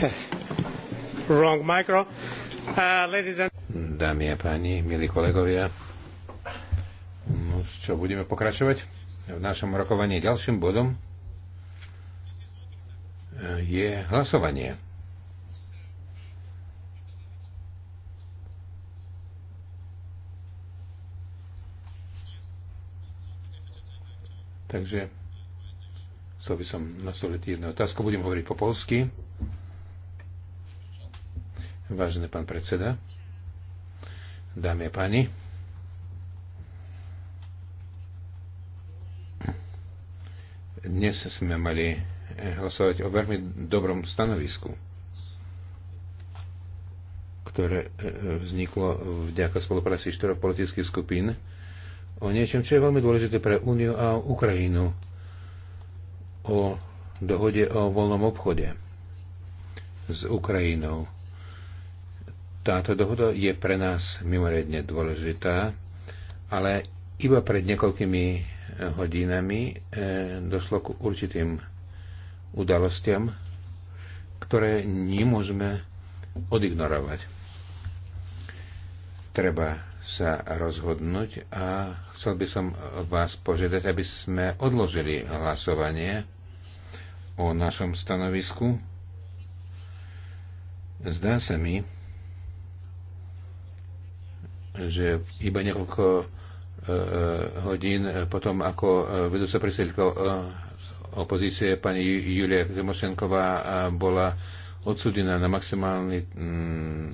Wrong micro. Uh, and... Dámy a páni, milí kolegovia, no, čo, budeme pokračovať v našom rokovaní. Ďalším bodom eh, je hlasovanie. Takže chcel by som nastoliť jednu otázku. Budem hovoriť po polsky. Vážený pán predseda, dámy a páni, dnes sme mali eh, hlasovať o veľmi dobrom stanovisku, ktoré eh, vzniklo vďaka spolupráci štyroch politických skupín o niečom, čo je veľmi dôležité pre Úniu a Ukrajinu, o dohode o voľnom obchode s Ukrajinou táto dohoda je pre nás mimoriadne dôležitá, ale iba pred niekoľkými eh, hodinami eh, došlo k určitým udalostiam, ktoré nemôžeme odignorovať. Treba sa rozhodnúť a chcel by som vás požiadať, aby sme odložili hlasovanie o našom stanovisku. Zdá sa mi, že iba niekoľko e, e, hodín e, potom, ako vedúca predsedka opozície pani Julia Timošenková bola odsudená na maximálny mm,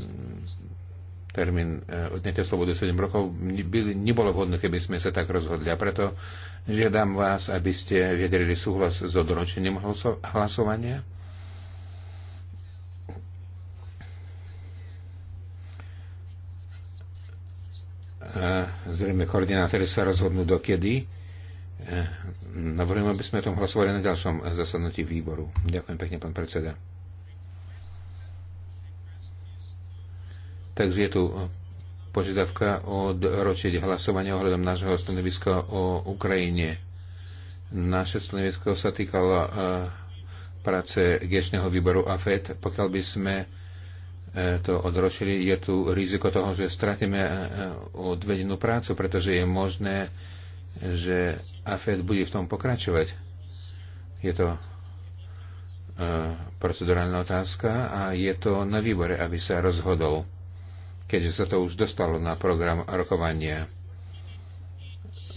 termín odňatia slobody 7 rokov, by nebolo vhodné, keby sme sa tak rozhodli. A preto žiadam vás, aby ste vyjadrili súhlas s odročením hlasovania Zrejme koordinátori sa rozhodnú dokedy. E, navrhujem, aby sme o tom hlasovali na ďalšom zasadnutí výboru. Ďakujem pekne, pán predseda. Takže je tu požiadavka odročiť hlasovanie ohľadom nášho stanoviska o Ukrajine. Naše stanovisko sa týkalo e, práce Gešného výboru AFED. Pokiaľ by sme E, to odročili, je tu riziko toho, že stratíme e, e, odvedenú prácu, pretože je možné, že AFED bude v tom pokračovať. Je to procedurálna otázka a je to na výbore, aby sa rozhodol, keďže sa to už dostalo na program rokovania.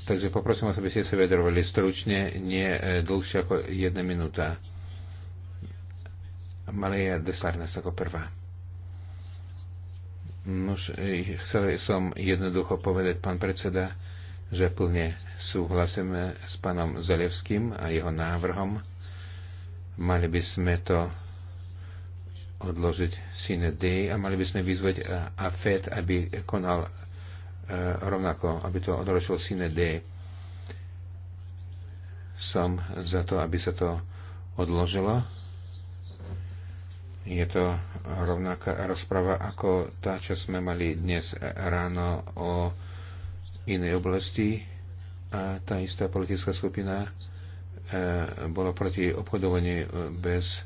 Takže poprosím vás, aby ste sa vedrovali stručne, nie dlhšie ako jedna minúta. Malia Desarnes ako prvá. Nož, chcel som jednoducho povedať, pán predseda, že plne súhlasíme s pánom Zalevským a jeho návrhom. Mali by sme to odložiť sine D a mali by sme vyzvať e, AFED, aby konal e, rovnako, aby to odložil sine D. Som za to, aby sa to odložilo. Je to rovnaká rozprava ako tá, čo sme mali dnes ráno o inej oblasti a tá istá politická skupina e, bola proti obchodovaniu bez e,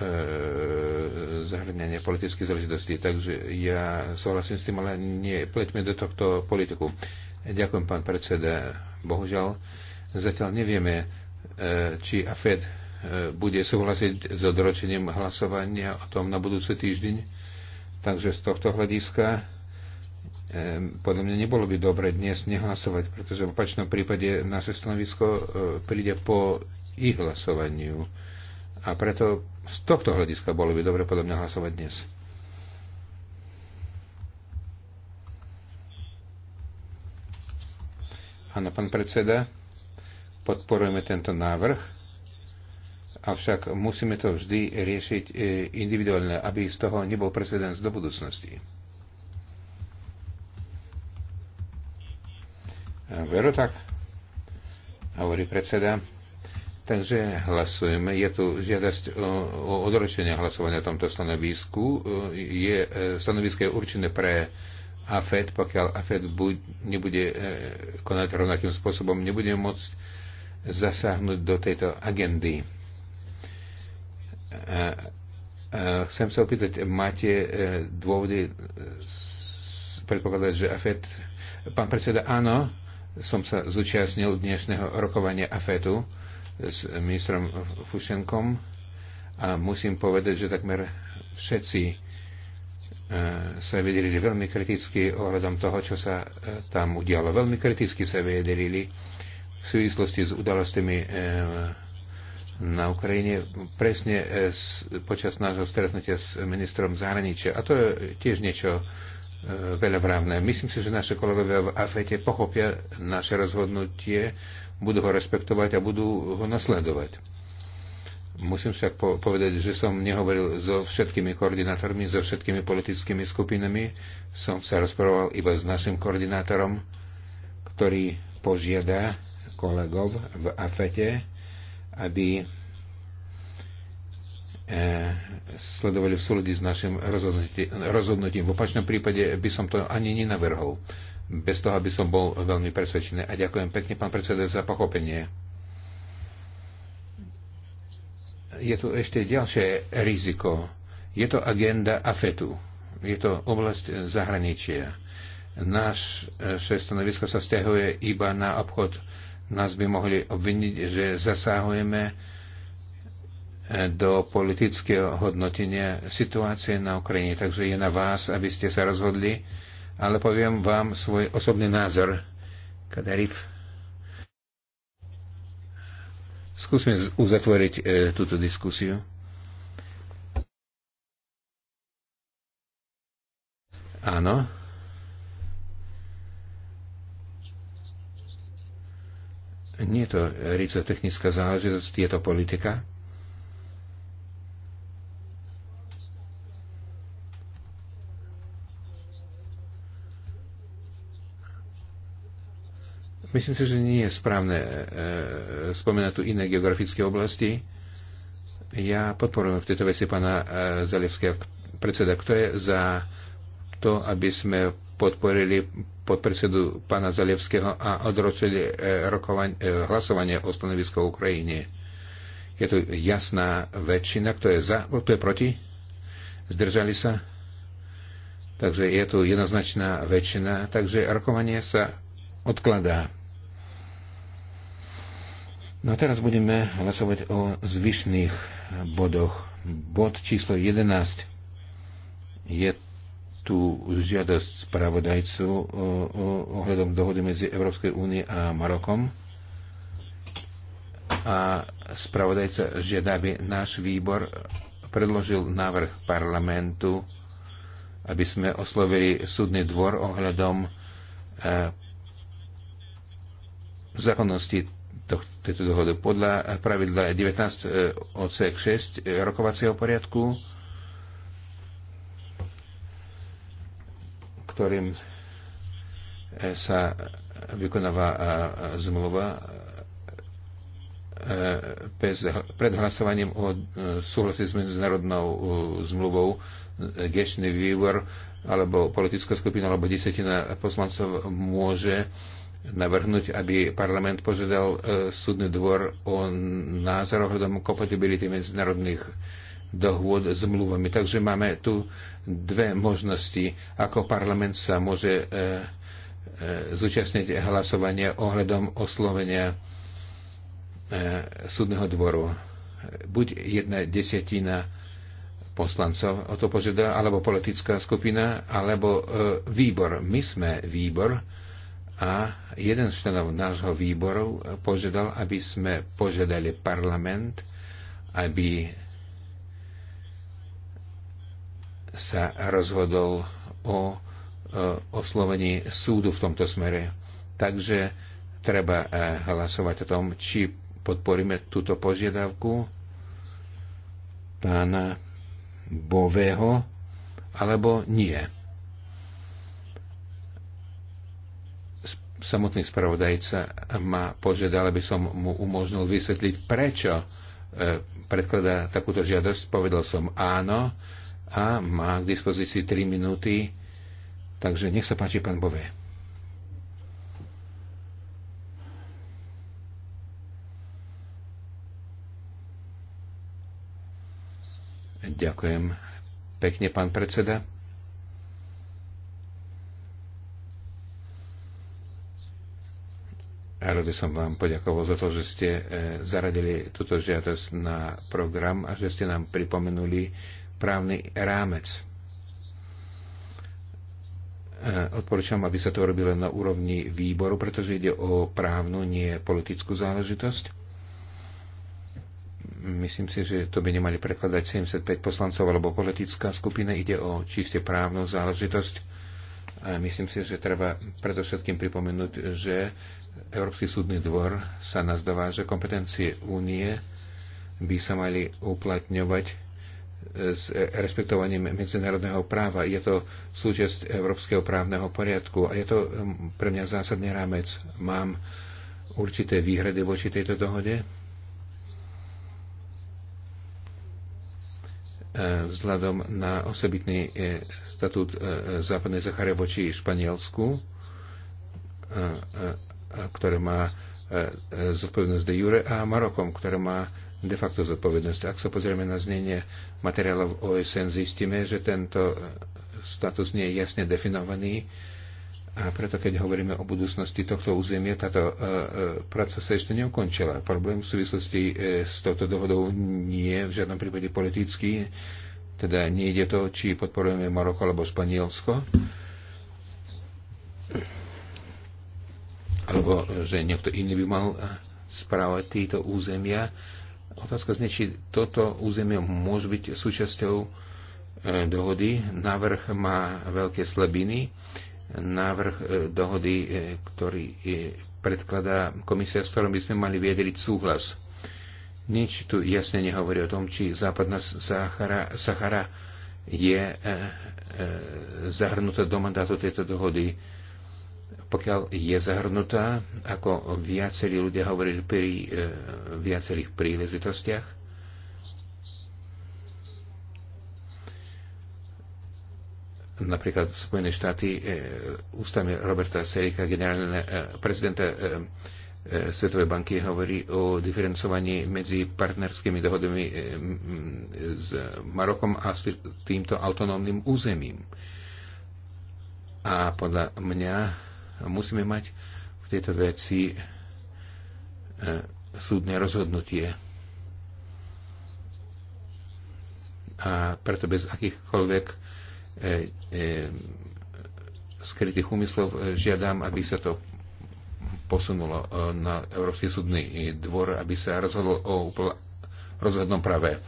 e, zahrňania politických záležitostí. Takže ja súhlasím s tým, ale nepleťme do tohto politiku. Ďakujem, pán predseda. Bohužiaľ, zatiaľ nevieme, či AFED bude súhlasiť s odročením hlasovania o tom na budúci týždeň. Takže z tohto hľadiska podľa mňa nebolo by dobre dnes nehlasovať, pretože v opačnom prípade naše stanovisko e, príde po ich hlasovaniu. A preto z tohto hľadiska bolo by dobre podľa mňa hlasovať dnes. Áno, pán predseda, podporujeme tento návrh Avšak musíme to vždy riešiť e, individuálne, aby z toho nebol precedens do budúcnosti. Veru tak, hovorí predseda. Takže hlasujeme. Je tu žiadosť o odročenie hlasovania o tomto stanovisku. E, je, e, stanovisko je určené pre AFED. Pokiaľ AFED buď, nebude konať rovnakým spôsobom, nebude môcť zasáhnuť do tejto agendy. Chcem sa opýtať, máte e, dôvody e, predpokladať, že AFET... Pán predseda, áno, som sa zúčastnil dnešného rokovania AFETu s ministrom Fušenkom a musím povedať, že takmer všetci e, sa vyjadrili veľmi kriticky ohľadom toho, čo sa tam udialo. Veľmi kriticky sa vyjadrili v súvislosti s udalostiami na Ukrajine presne e, počas nášho stretnutia s ministrom zahraničia. A to je tiež niečo e, veľavrávne. Myslím si, že naše kolegovia v AFETE pochopia naše rozhodnutie, budú ho respektovať a budú ho nasledovať. Musím však po- povedať, že som nehovoril so všetkými koordinátormi, so všetkými politickými skupinami. Som sa rozprával iba s našim koordinátorom, ktorý požiada kolegov v AFETE, aby eh, sledovali v súlade s našim rozhodnutím. V opačnom prípade by som to ani nenavrhol, bez toho, aby som bol veľmi presvedčený. A ďakujem pekne, pán predseda, za pochopenie. Je tu ešte ďalšie riziko. Je to agenda AFETu. Je to oblasť zahraničia. Naše stanovisko sa vzťahuje iba na obchod nás by mohli obviniť, že zasahujeme e, do politického hodnotenia situácie na Ukrajine. Takže je na vás, aby ste sa rozhodli, ale poviem vám svoj osobný názor. Kadarif. Skúsme uzatvoriť e, túto diskusiu. Áno. Nie je to rico technická záležitosť, je to politika. Myslím si, že nie je správne e, e, spomínať tu iné geografické oblasti. Ja podporujem v tejto veci pána e, Zalevského predseda, kto je za to, aby sme podporili podpredsedu pána Zalevského a odročili e, e, hlasovanie o stanovisko Ukrajine. Je tu jasná väčšina, kto je za, kto je proti. Zdržali sa. Takže je tu jednoznačná väčšina, takže rokovanie sa odkladá. No a teraz budeme hlasovať o zvyšných bodoch. Bod číslo 11 je tú žiadosť spravodajcu ohľadom dohody medzi Európskej únie a Marokom. A spravodajca žiada, aby náš výbor predložil návrh parlamentu, aby sme oslovili súdny dvor ohľadom e, zákonnosti tejto dohody podľa pravidla 19 e, odsek 6 rokovacieho poriadku ktorým e, sa vykonáva e, zmluva e, pred hlasovaním o súhlasí s medzinárodnou zmluvou gešný vývor alebo politická skupina alebo desetina poslancov môže navrhnúť, aby parlament požiadal súdny dvor o názor ohľadom kompatibility medzinárodných dohôd s mluvami. Takže máme tu dve možnosti, ako parlament sa môže e, e, zúčastniť hlasovanie ohľadom oslovenia e, súdneho dvoru. Buď jedna desiatina poslancov o to požiada, alebo politická skupina, alebo e, výbor. My sme výbor a jeden z členov nášho výboru požiadal, aby sme požiadali parlament, aby sa rozhodol o e, oslovení súdu v tomto smere. Takže treba e, hlasovať o tom, či podporíme túto požiadavku pána Bového alebo nie. Samotný spravodajca ma požiadal, aby som mu umožnil vysvetliť, prečo e, predkladá takúto žiadosť. Povedal som áno, a má k dispozícii 3 minúty. Takže nech sa páči, pán Bové. Ďakujem pekne, pán predseda. Rady som vám poďakoval za to, že ste eh, zaradili túto žiadosť na program a že ste nám pripomenuli právny rámec. E, odporúčam, aby sa to robilo na úrovni výboru, pretože ide o právnu, nie politickú záležitosť. Myslím si, že to by nemali prekladať 75 poslancov alebo politická skupina. Ide o čiste právnu záležitosť. A myslím si, že treba predovšetkým pripomenúť, že Európsky súdny dvor sa nazdáva, že kompetencie únie by sa mali uplatňovať s respektovaním medzinárodného práva. Je to súčasť európskeho právneho poriadku a je to um, pre mňa zásadný rámec. Mám určité výhrady voči tejto dohode? E, vzhľadom na osobitný e, statút e, Západnej Zachary voči Španielsku, ktoré má zodpovednosť de jure, a Marokom, ktoré má de facto zodpovednosť. Ak sa pozrieme na znenie materiálov OSN, zistíme, že tento e, status nie je jasne definovaný a preto, keď hovoríme o budúcnosti tohto územia, táto e, e, práca sa ešte neukončila. Problém v súvislosti e, s touto dohodou nie je v žiadnom prípade politický, teda nie ide to, či podporujeme Maroko alebo Španielsko, alebo že niekto iný by mal e, správať tieto územia. E, Otázka znie, či toto územie môže byť súčasťou e, dohody. Návrh má veľké slabiny. Návrh e, dohody, e, ktorý predkladá komisia, s ktorým by sme mali viedriť súhlas. Nič tu jasne nehovorí o tom, či západná Sahara, Sahara je zahrnutá do mandátu tejto dohody pokiaľ je zahrnutá, ako viacerí ľudia hovorili pri e, viacerých príležitostiach. Napríklad Spojené štáty e, ústami Roberta Serika, generálne, e, prezidenta e, e, Svetovej banky, hovorí o diferencovaní medzi partnerskými dohodami e, s Marokom a s týmto autonómnym územím. A podľa mňa musíme mať v tejto veci e, súdne rozhodnutie. A preto bez akýchkoľvek e, e, skrytých úmyslov žiadam, aby sa to posunulo na Európsky súdny dvor, aby sa rozhodol o rozhodnom práve.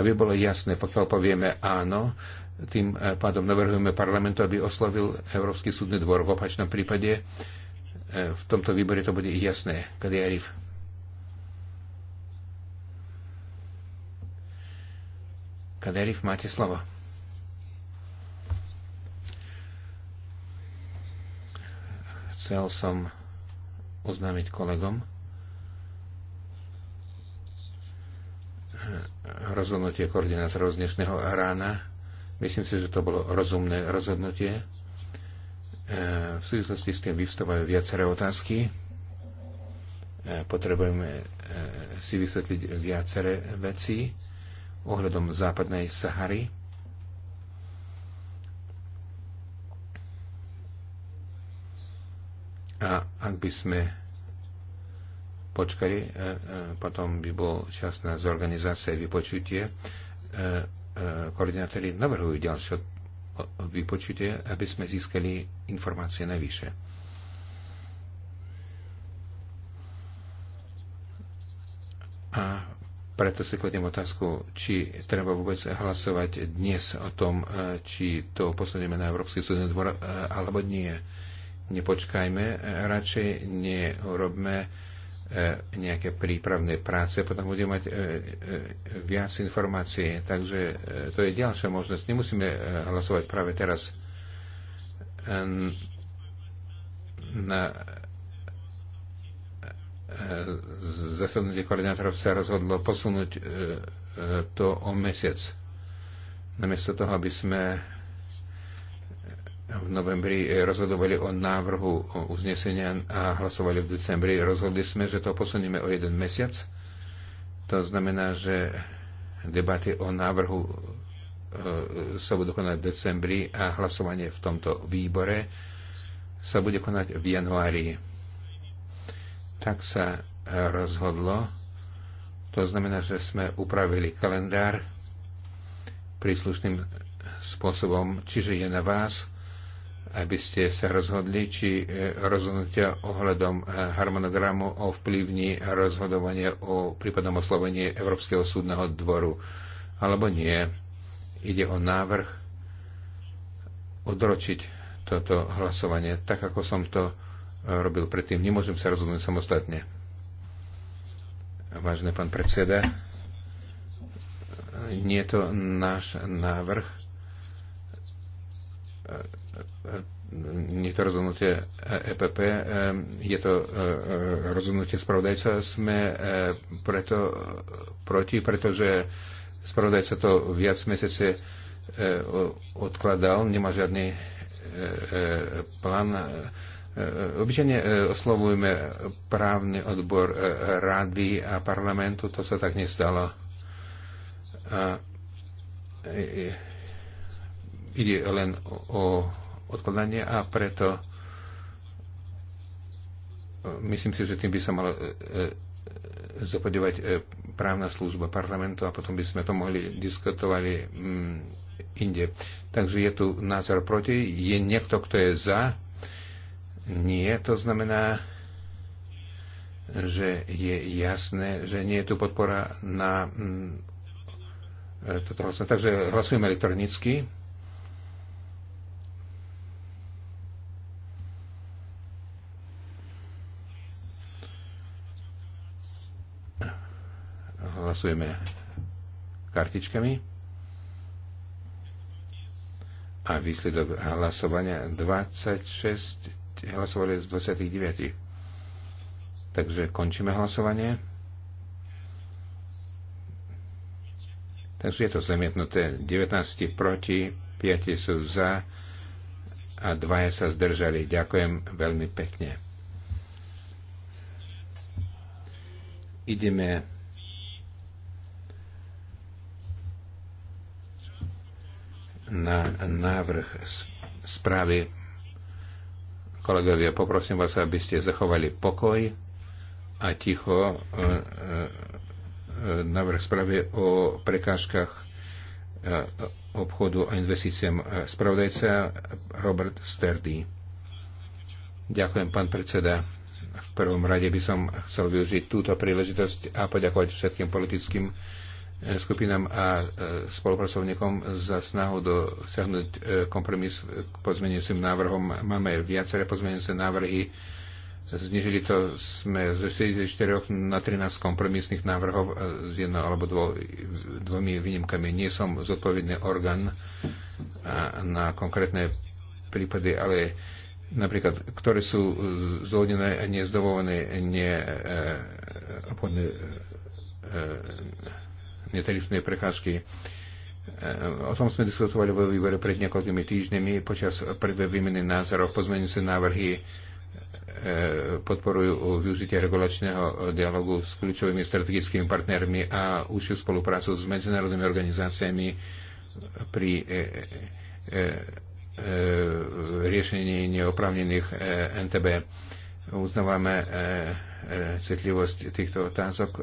Aby bolo jasné, pokiaľ povieme áno, tým eh, pádom navrhujeme parlamentu, aby oslovil Európsky súdny dvor. V opačnom prípade eh, v tomto výbore to bude jasné, kedy je Arif. Kaderif, máte slovo. Chcel som oznámiť kolegom eh, rozhodnutie koordinátorov z dnešného rána Myslím si, že to bolo rozumné rozhodnutie. E, v súvislosti s tým vyvstávajú viaceré otázky. E, potrebujeme e, si vysvetliť viaceré veci ohľadom západnej Sahary. A ak by sme počkali, potom by bol čas na zorganizácie vypočutie E, koordinátori navrhujú ďalšie vypočutie, aby sme získali informácie najvyššie. A preto si kladiem otázku, či treba vôbec hlasovať dnes o tom, e, či to posunieme na Európsky súdny dvor e, alebo nie. Nepočkajme, radšej neurobme E, nejaké prípravné práce, potom budeme mať e, e, viac informácií. Takže to je ďalšia možnosť. Nemusíme hlasovať práve teraz na zasadnutie koordinátorov sa rozhodlo posunúť to o mesiac. Namiesto toho, aby sme v novembri rozhodovali o návrhu uznesenia a hlasovali v decembri. Rozhodli sme, že to posunieme o jeden mesiac. To znamená, že debaty o návrhu e, sa budú konať v decembri a hlasovanie v tomto výbore sa bude konať v januári. Tak sa rozhodlo. To znamená, že sme upravili kalendár príslušným spôsobom. Čiže je na vás, aby ste sa rozhodli, či e, rozhodnutia ohľadom e, harmonogramu o vplyvni rozhodovanie o prípadnom oslovení Európskeho súdneho dvoru, alebo nie. Ide o návrh odročiť toto hlasovanie, tak ako som to e, robil predtým. Nemôžem sa rozhodnúť samostatne. Vážne pán predseda, nie je to náš návrh nie to rozhodnutie EPP, eh, je to eh, rozhodnutie spravodajca, sme eh, preto proti, pretože spravodajca to viac mesiace odkladal, nemá žiadny plán. Obyčajne oslovujeme právny odbor rady a parlamentu, to sa tak nestalo. A ide len o odkladanie a preto e, myslím si, že tým by sa mala e, e, zapodevať právna služba parlamentu a potom by sme to mohli diskutovali mm, inde. Takže je tu názor proti, je niekto, kto je za? Nie, to znamená, že je jasné, že nie je tu podpora na mm, toto hlasovanie. Takže hlasujeme elektronicky. Hlasujeme kartičkami. A výsledok hlasovania 26 hlasovali z 29. Takže končíme hlasovanie. Takže je to zamietnuté 19 proti, 5 sú za a 2 sa zdržali. Ďakujem veľmi pekne. Ideme na návrh správy. Kolegovia, poprosím vás, aby ste zachovali pokoj a ticho e, e, návrh správy o prekážkach e, obchodu a investíciám spravodajca Robert Sterdy. Ďakujem, pán predseda. V prvom rade by som chcel využiť túto príležitosť a poďakovať všetkým politickým E, skupinám a e, spolupracovníkom za snahu dosiahnuť e, kompromis k pozmeniacim návrhom. Máme viaceré pozmeniace návrhy. Znižili to sme zo 44 na 13 kompromisných návrhov s jednou alebo dvo, dvomi výnimkami. Nie som zodpovedný orgán na konkrétne prípady, ale napríklad, ktoré sú zvodené a nezdovolené neobchodné e, netarifné prekážky. E, o tom sme diskutovali vo výbore pred niekoľkými týždňami počas prvej výmeny názorov. Pozmenujúce návrhy e, podporujú využitie regulačného dialogu s kľúčovými strategickými partnermi a užšiu spoluprácu s medzinárodnými organizáciami pri e, riešení neoprávnených NTB. Uznávame E, citlivosť týchto otázok e,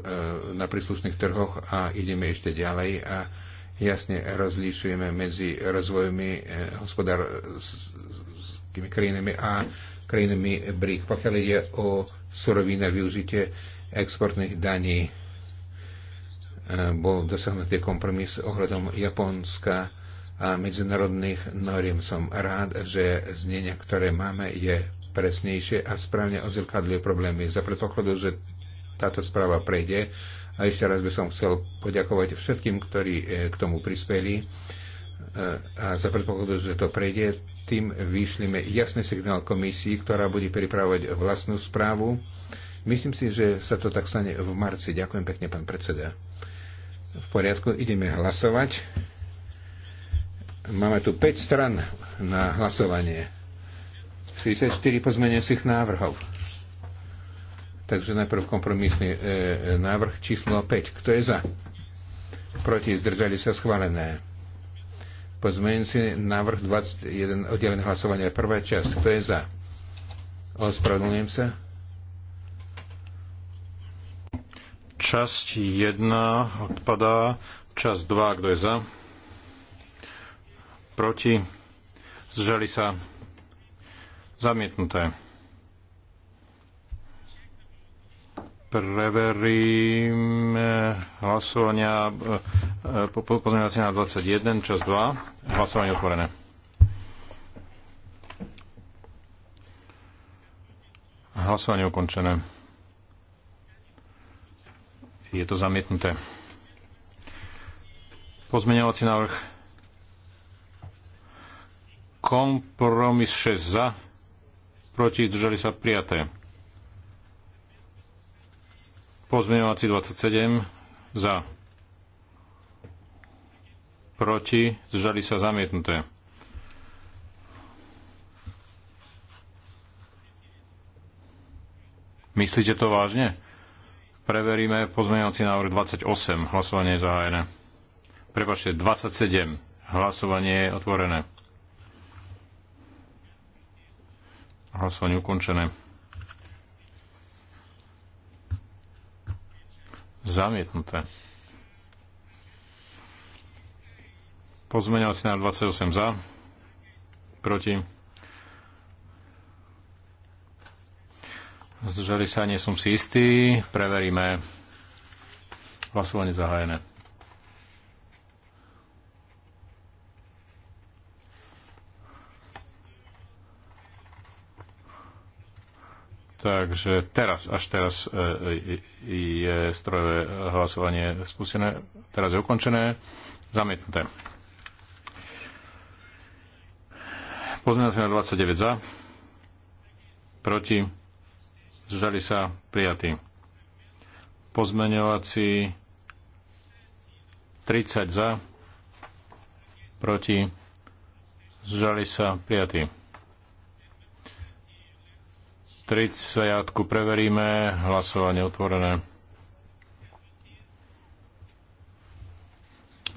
na príslušných trhoch a ideme ešte ďalej a jasne rozlišujeme medzi rozvojmi e, hospodárskými krajinami a krajinami BRIC. Pokiaľ ide o surovíne využitie exportných daní, bol dosiahnutý kompromis ohľadom Japonska a medzinárodných noriem. Som rád, že znenia, ktoré máme, je presnejšie a správne odzrkadľuje problémy. Za predpokladu, že táto správa prejde. A ešte raz by som chcel poďakovať všetkým, ktorí e, k tomu prispeli. E, a za predpokladu, že to prejde, tým vyšlime jasný signál komisii, ktorá bude pripravovať vlastnú správu. Myslím si, že sa to tak stane v marci. Ďakujem pekne, pán predseda. V poriadku, ideme hlasovať. Máme tu 5 stran na hlasovanie. 64 pozmeňujúcich návrhov. Takže najprv kompromisný e, e návrh číslo 5. Kto je za? Proti zdržali sa schválené. Pozmeňujúci návrh 21, oddelené hlasovanie. Prvá časť. Kto je za? Ospravedlňujem sa. Časť 1 odpadá. Časť 2. Kto je za? Proti? Zdržali sa Zamietnuté. Preverím eh, hlasovania pozmeňovacie na 21, čas 2. Hlasovanie otvorené. Hlasovanie ukončené. Je to zamietnuté. Pozmeňovací návrh. Kompromis 6 za proti, zdržali sa prijaté. Pozmeňovací 27 za. Proti. Zdržali sa zamietnuté. Myslíte to vážne? Preveríme pozmeňovací návrh 28. Hlasovanie je zahájené. Prepačte, 27. Hlasovanie je otvorené. Hlasovanie ukončené. Zamietnuté. si na 28 za. Proti. Zdržali sa, nie som si istý. Preveríme. Hlasovanie zahájené. Takže teraz, až teraz e, e, je strojové hlasovanie spustené, teraz je ukončené, zamietnuté. sa na 29 za, proti, zdržali sa, prijatí. Pozmeňovací 30 za, proti, zdržali sa, prijatí. 30 preveríme, hlasovanie otvorené.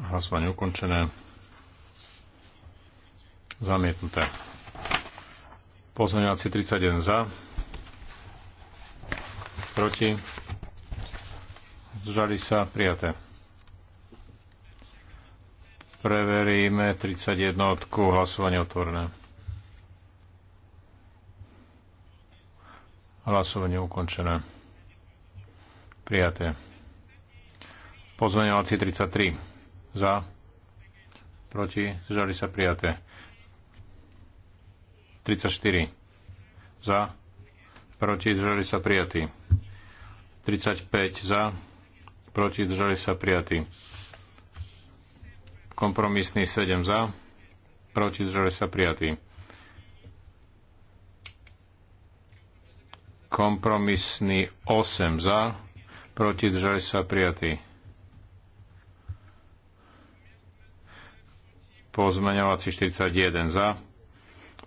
Hlasovanie ukončené. Zamietnuté. Pozmeňovací 31 za. Proti. Zdržali sa prijaté. Preveríme 31. Hlasovanie otvorené. Hlasovanie ukončené. Prijaté. Pozmeňovací 33. Za. Proti. Zdržali sa prijaté. 34. Za. Proti. Zdržali sa prijatí. 35. Za. Proti. Zdržali sa prijatí. Kompromisný 7 za. Proti. Zdržali sa prijatí. Kompromisný 8 za, proti zdržali sa prijatí. Pozmeňovací 41 za,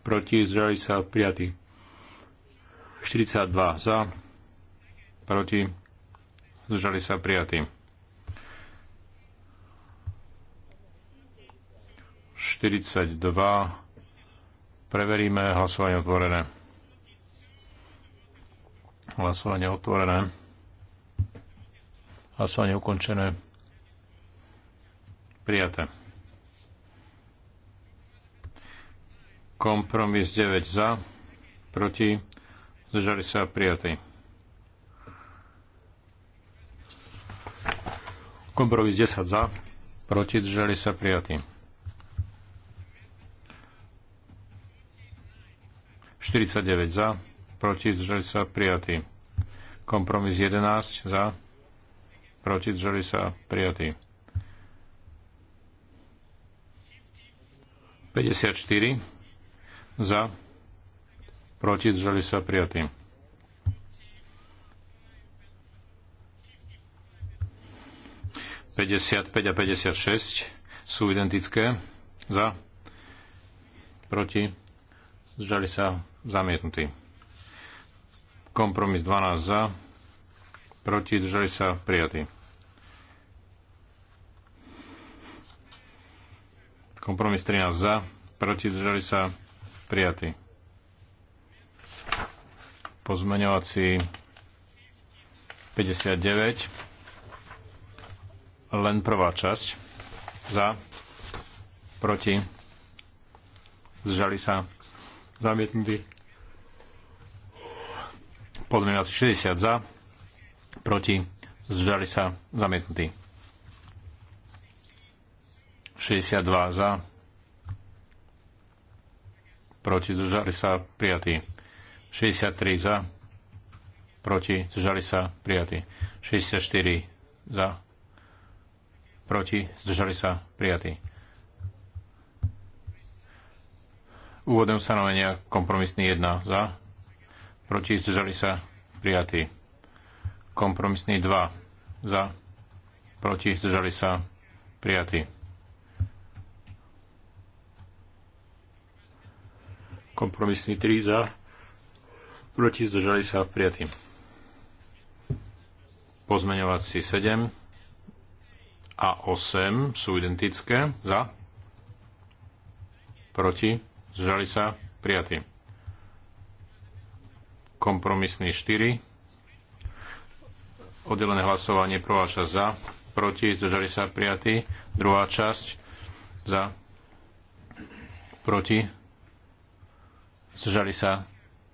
proti zdržali sa prijatí. 42 za, proti zdržali sa prijatí. 42 preveríme hlasovanie otvorené. Hlasovanie otvorené. Hlasovanie ukončené. Prijaté. Kompromis 9 za, proti, zdržali sa prijatí. Kompromis 10 za, proti, zdržali sa prijatí. 49 za, proti zdržali sa prijatí. Kompromis 11 za, proti zdržali sa prijatí. 54 za, proti zdržali sa prijatí. 55 a 56 sú identické. Za, proti, zdržali sa zamietnutí. Kompromis 12 za, proti, držali sa, prijatý. Kompromis 13 za, proti, držali sa, prijatý. Pozmeňovací 59, len prvá časť, za, proti, zžali sa, zamietnutý Pozmeňovací 60 za, proti, zdržali sa, zamietnutí. 62 za, proti, zdržali sa, prijatí. 63 za, proti, zdržali sa, prijatí. 64 za, proti, zdržali sa, prijatí. Úvodné ustanovenia, kompromisný 1 za, proti, zdržali sa, prijatí. Kompromisný 2 za, proti, zdržali sa, prijatí. Kompromisný 3 za, proti, zdržali sa, prijatí. Pozmeňovací 7 a 8 sú identické za, proti, zdržali sa, prijatí Kompromisný 4. Oddelené hlasovanie, prvá časť za, proti, zdržali sa prijatí, druhá časť za, proti, zdržali sa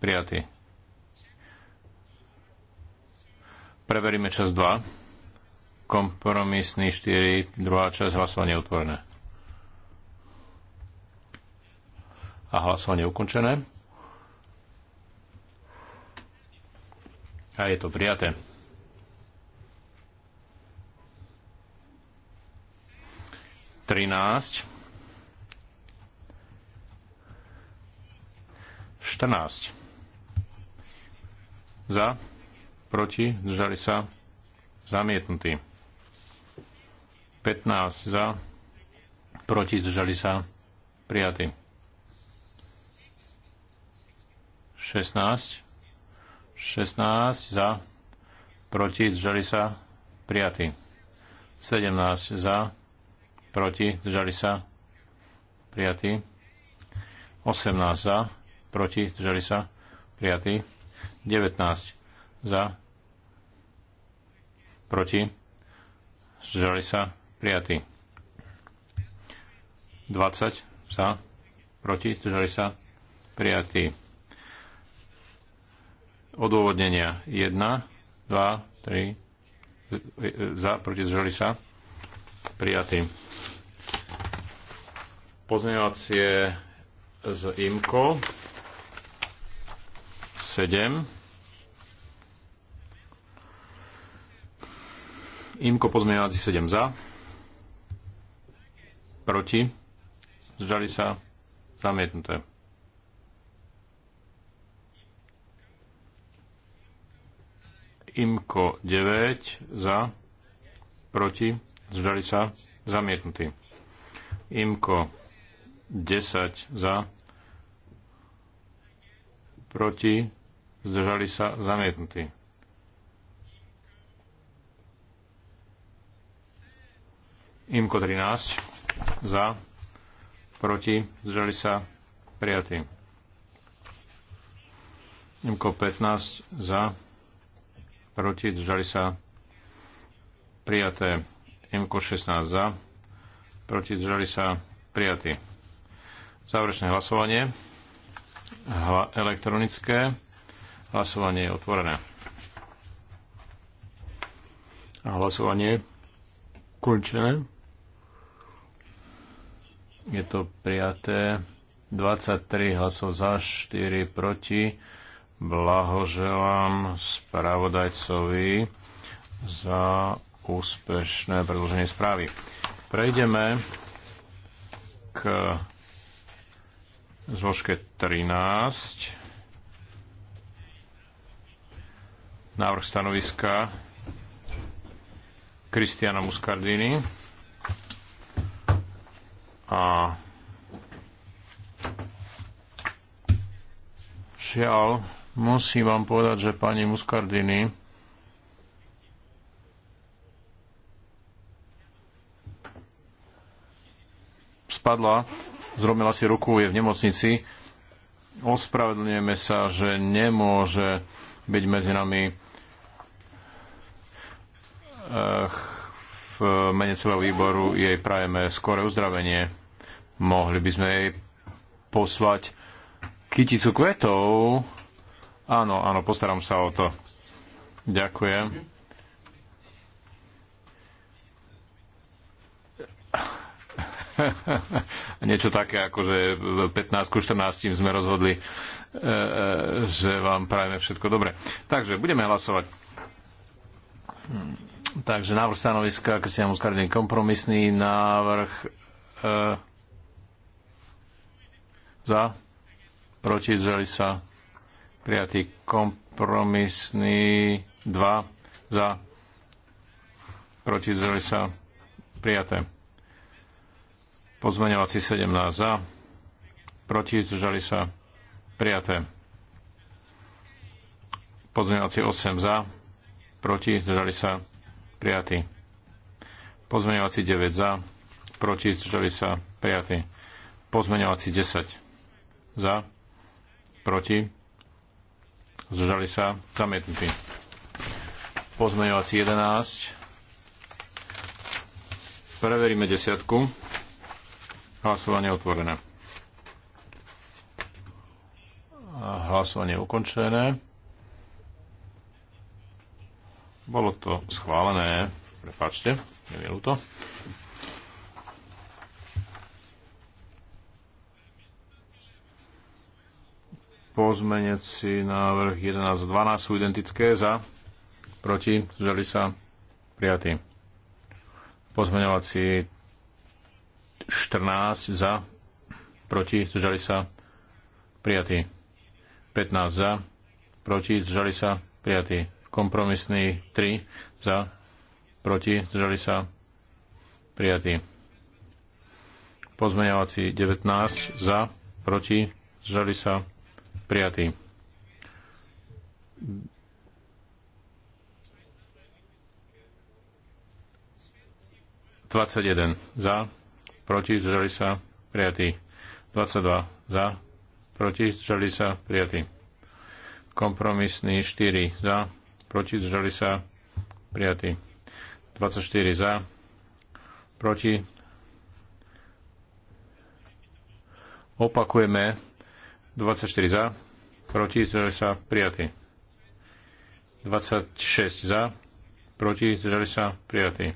prijatí. Preveríme čas 2. Kompromisný 4, druhá časť, hlasovanie otvorené. A hlasovanie ukončené. A je to prijaté. Trináct. Štrnáct. Za. Proti. Zdržali sa. zamietnutí. 15 za. Proti. Zdržali sa. prijatí. 16 16 za, proti, zdržali sa, prijatí. 17 za, proti, zdržali sa, prijatí. 18 za, proti, zdržali sa, prijatí. 19 za, proti, zdržali sa, prijatí. 20 za, proti, zdržali sa, prijatí. Odôvodnenia 1, 2, 3, za, proti, zdržali sa, prijatý. Pozmeňovacie z IMKO 7. IMKO pozmeňovací 7 za. Proti. Zdržali sa. Zamietnuté. IMKO 9 za, proti, zdržali sa, zamietnutý. IMKO 10 za, proti, zdržali sa, zamietnutý. IMKO 13 za, proti, zdržali sa, prijatý. IMKO 15 za, proti, zdržali sa prijaté. MK 16 za, proti, zdržali sa prijatí. Záverečné hlasovanie, Hla, elektronické, hlasovanie je otvorené. A hlasovanie končené. Je to prijaté. 23 hlasov za, 4 proti. Blahoželám spravodajcovi za úspešné predloženie správy. Prejdeme k zložke 13. Návrh stanoviska Kristiana Muscardini a žiaľ Musím vám povedať, že pani Muscardini spadla, zromila si ruku, je v nemocnici. Ospravedlňujeme sa, že nemôže byť medzi nami eh, v mene celého výboru jej prajeme skore uzdravenie. Mohli by sme jej poslať kyticu kvetov, Áno, áno, postaram sa o to. Ďakujem. Niečo také, ako že 15 ku 14 sme rozhodli, e, e, že vám prajeme všetko dobre. Takže budeme hlasovať. Takže návrh stanoviska Kristian Muskardin kompromisný návrh e, za, proti, zdržali sa, prijatý kompromisný 2 za, proti zdržali sa prijaté. Pozmeňovací 17 za, proti zdržali sa prijaté. Pozmeňovací 8 za, proti zdržali sa prijatý. Pozmeňovací 9 za, proti zdržali sa prijatý. Pozmeňovací 10 za, proti zdržali sa, zamietnutý. Pozmeňovací 11, preveríme desiatku, hlasovanie otvorené. Hlasovanie ukončené. Bolo to schválené, prepačte, je to. Pozmeneci návrh 11 a 12 sú identické za, proti, zdržali sa, prijatí. Pozmeňovací 14 za, proti, zdržali sa, prijatí. 15 za, proti, zdržali sa, prijatí. Kompromisný 3 za, proti, zdržali sa, prijatí. Pozmeňovací 19 za, proti, zdržali sa, prijatý. 21 za, proti, zdržali sa, prijatý. 22 za, proti, zdržali sa, prijatý. Kompromisný 4 za, proti, zdržali sa, prijatý. 24 za, proti. Opakujeme 24 za, proti, zdržali sa prijatí. 26 za, proti, zdržali sa prijatí.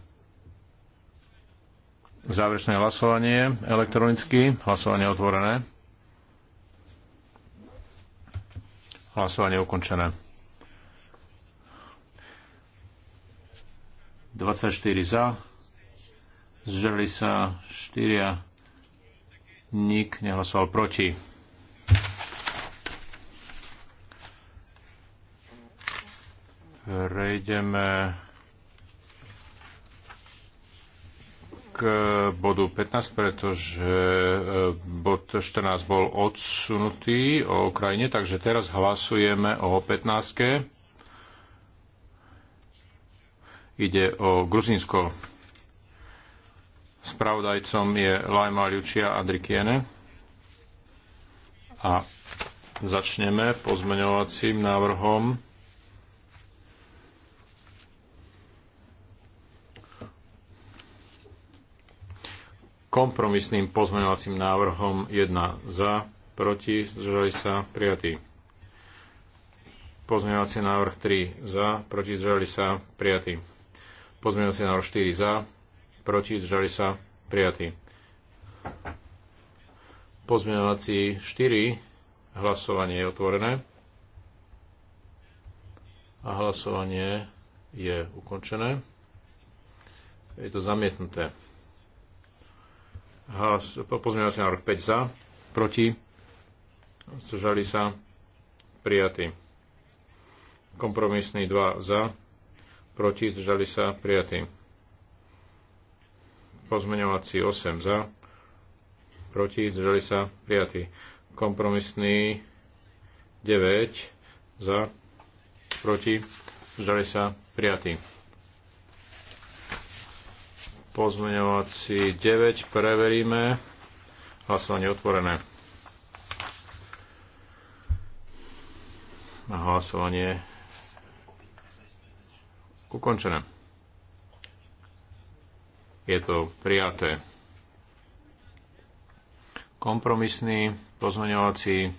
Záverečné hlasovanie elektronicky, hlasovanie otvorené. Hlasovanie ukončené. 24 za, zdržali sa 4, nik nehlasoval proti. Prejdeme k bodu 15, pretože e, bod 14 bol odsunutý o Ukrajine, takže teraz hlasujeme o 15. Ide o Gruzinsko. Spravodajcom je Lajma Ľučia Andrikiene. A začneme pozmeňovacím návrhom kompromisným pozmeňovacím návrhom 1 za, proti, zdržali sa, prijatý. Pozmeňovací návrh 3 za, proti, zdržali sa, prijatý. Pozmeňovací návrh 4 za, proti, zdržali sa, prijatý. Pozmeňovací 4, hlasovanie je otvorené a hlasovanie je ukončené. Je to zamietnuté. Pozmeňovací návrh 5 za, proti, zdržali sa, prijatý. Kompromisný 2 za, proti, zdržali sa, prijatý. Pozmeňovací 8 za, proti, zdržali sa, prijatý. Kompromisný 9 za, proti, zdržali sa, prijatý Pozmeňovací 9 preveríme. Hlasovanie otvorené. na hlasovanie ukončené. Je to prijaté. Kompromisný pozmeňovací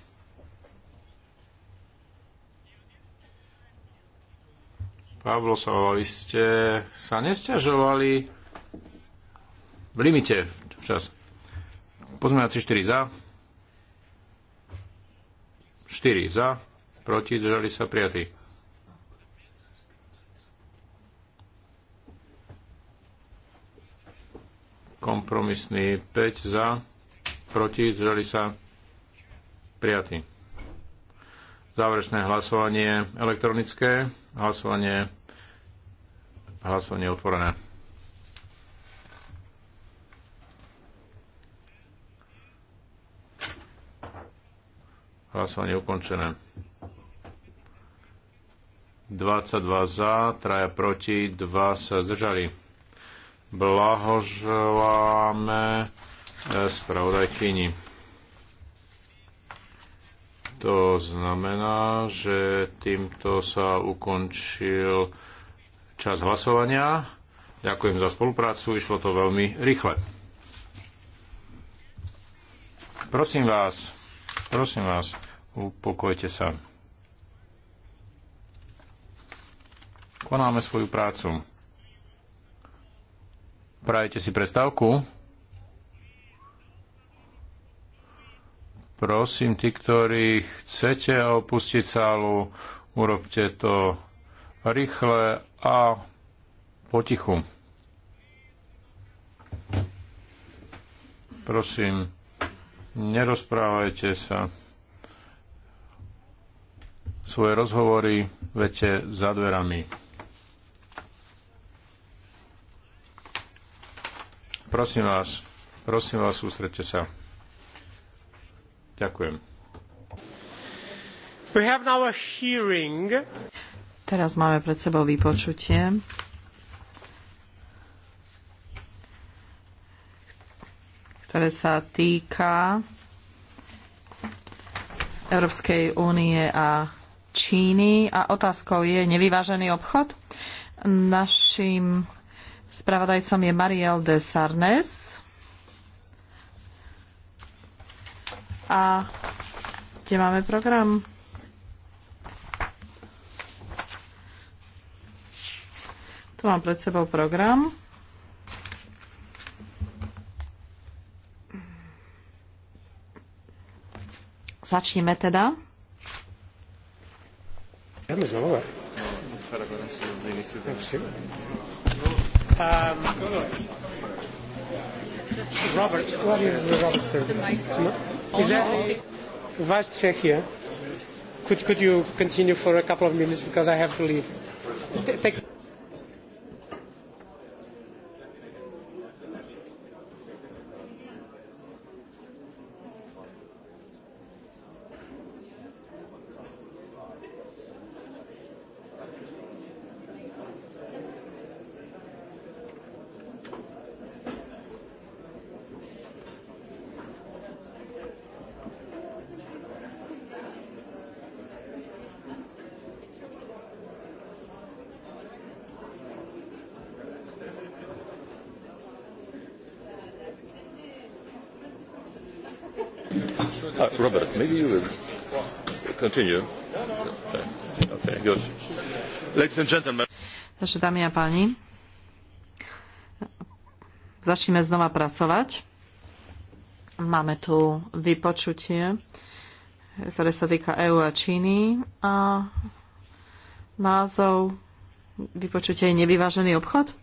Pavlo sa, vy ste sa nestiažovali v limite včas. Pozmeňovací 4 za, 4 za, proti, zdržali sa prijatí. Kompromisný 5 za, proti, zdržali sa prijatí. Záverečné hlasovanie elektronické, hlasovanie, hlasovanie otvorené. Hlasovanie ukončené. 22 za, 3 proti, 2 sa zdržali. Blahoželáme eh, spravodajkyni. To znamená, že týmto sa ukončil čas hlasovania. Ďakujem za spoluprácu, išlo to veľmi rýchle. Prosím vás, prosím vás, upokojte sa. Konáme svoju prácu. Prajete si prestávku? Prosím, tí, ktorí chcete opustiť sálu, urobte to rýchle a potichu. Prosím, nerozprávajte sa svoje rozhovory vete za dverami. Prosím vás, prosím vás, sústrete sa. Ďakujem. We have now a hearing. Teraz máme pred sebou vypočutie. ktoré sa týka Európskej únie a Číny a otázkou je nevyvážený obchod. Naším spravodajcom je Mariel de Sarnes. A kde máme program? Tu mám pred sebou program. Začneme teda. Carlos, no, va. Um, Robert, what is the Robert service? Is that the Vice Chair here? Could, could you continue for a couple of minutes because I have to leave? Take Robert, maybe you will continue. Okay, good. Ladies and gentlemen. Takže dámy a páni, začneme znova pracovať. Máme tu vypočutie, ktoré sa týka EU a Číny a názov vypočutie je nevyvážený obchod.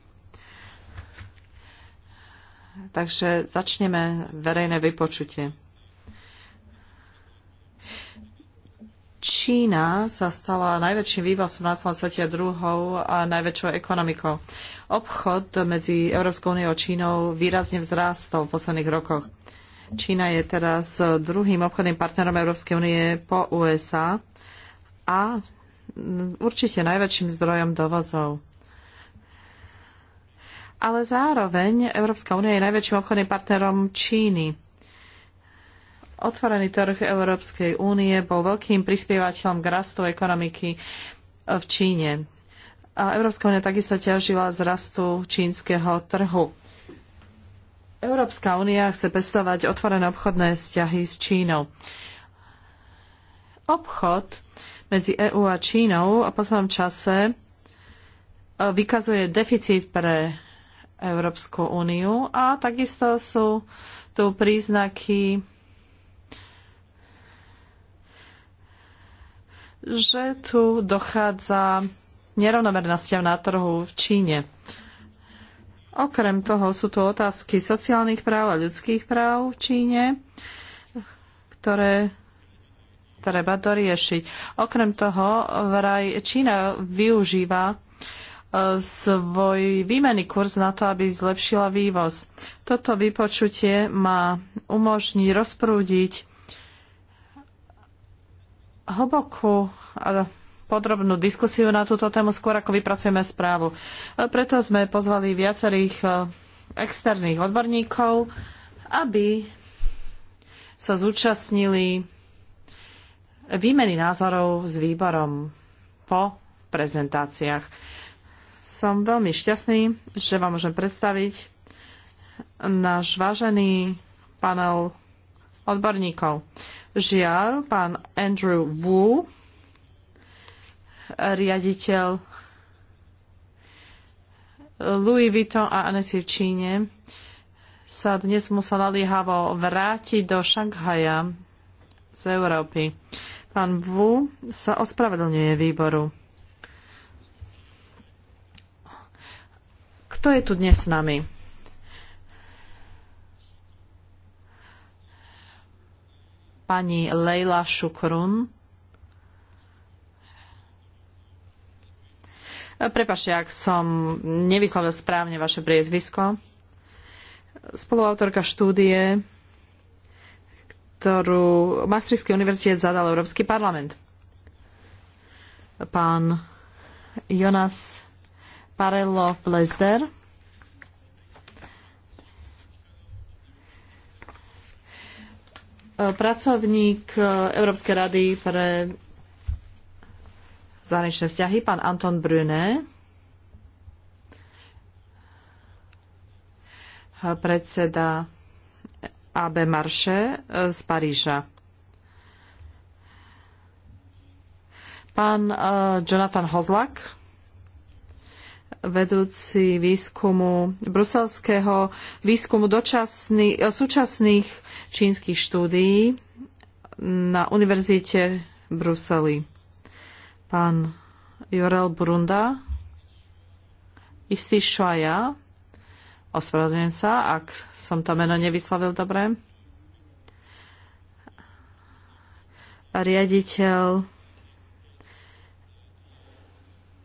Takže začneme verejné vypočutie. Čína sa stala najväčším vývozom na celom svete a druhou a najväčšou ekonomikou. Obchod medzi Európskou úniou a Čínou výrazne vzrástol v posledných rokoch. Čína je teraz druhým obchodným partnerom Európskej únie po USA a určite najväčším zdrojom dovozov. Ale zároveň Európska únia je najväčším obchodným partnerom Číny Otvorený trh Európskej únie bol veľkým prispievateľom k rastu ekonomiky v Číne. A Európska únia takisto ťažila z rastu čínskeho trhu. Európska únia chce pestovať otvorené obchodné vzťahy s Čínou. Obchod medzi EÚ a Čínou v poslednom čase e, vykazuje deficit pre Európsku úniu a takisto sú tu príznaky že tu dochádza nerovnomernostiam na trhu v Číne. Okrem toho sú tu otázky sociálnych práv a ľudských práv v Číne, ktoré treba doriešiť. Okrem toho vraj Čína využíva e, svoj výmenný kurz na to, aby zlepšila vývoz. Toto vypočutie má umožniť rozprúdiť hlbokú a podrobnú diskusiu na túto tému skôr, ako vypracujeme správu. Preto sme pozvali viacerých e, externých odborníkov, aby sa zúčastnili výmeny názorov s výborom po prezentáciách. Som veľmi šťastný, že vám môžem predstaviť náš vážený panel odborníkov. Žiaľ, pán Andrew Wu, riaditeľ Louis Vuitton a Anesi v Číne, sa dnes musel naliehavo vrátiť do Šanghaja z Európy. Pán Wu sa ospravedlňuje výboru. Kto je tu dnes s nami? pani Leila Šukrun. Prepašte, ak som nevyslovil správne vaše priezvisko. Spoluautorka štúdie, ktorú Maastrichtský univerzite zadal Európsky parlament. Pán Jonas Parello Plezder. E, pracovník e, Európskej rady pre zahraničné vzťahy, pán Anton Brune, e, predseda AB Marše z Paríža. Pán Jonathan Hozlak, vedúci výskumu bruselského výskumu dočasný, eh, súčasných čínskych štúdií na Univerzite Bruseli. Pán Jorel Brunda, istý Švaja, ospravedlňujem sa, ak som to meno nevyslovil dobre, riaditeľ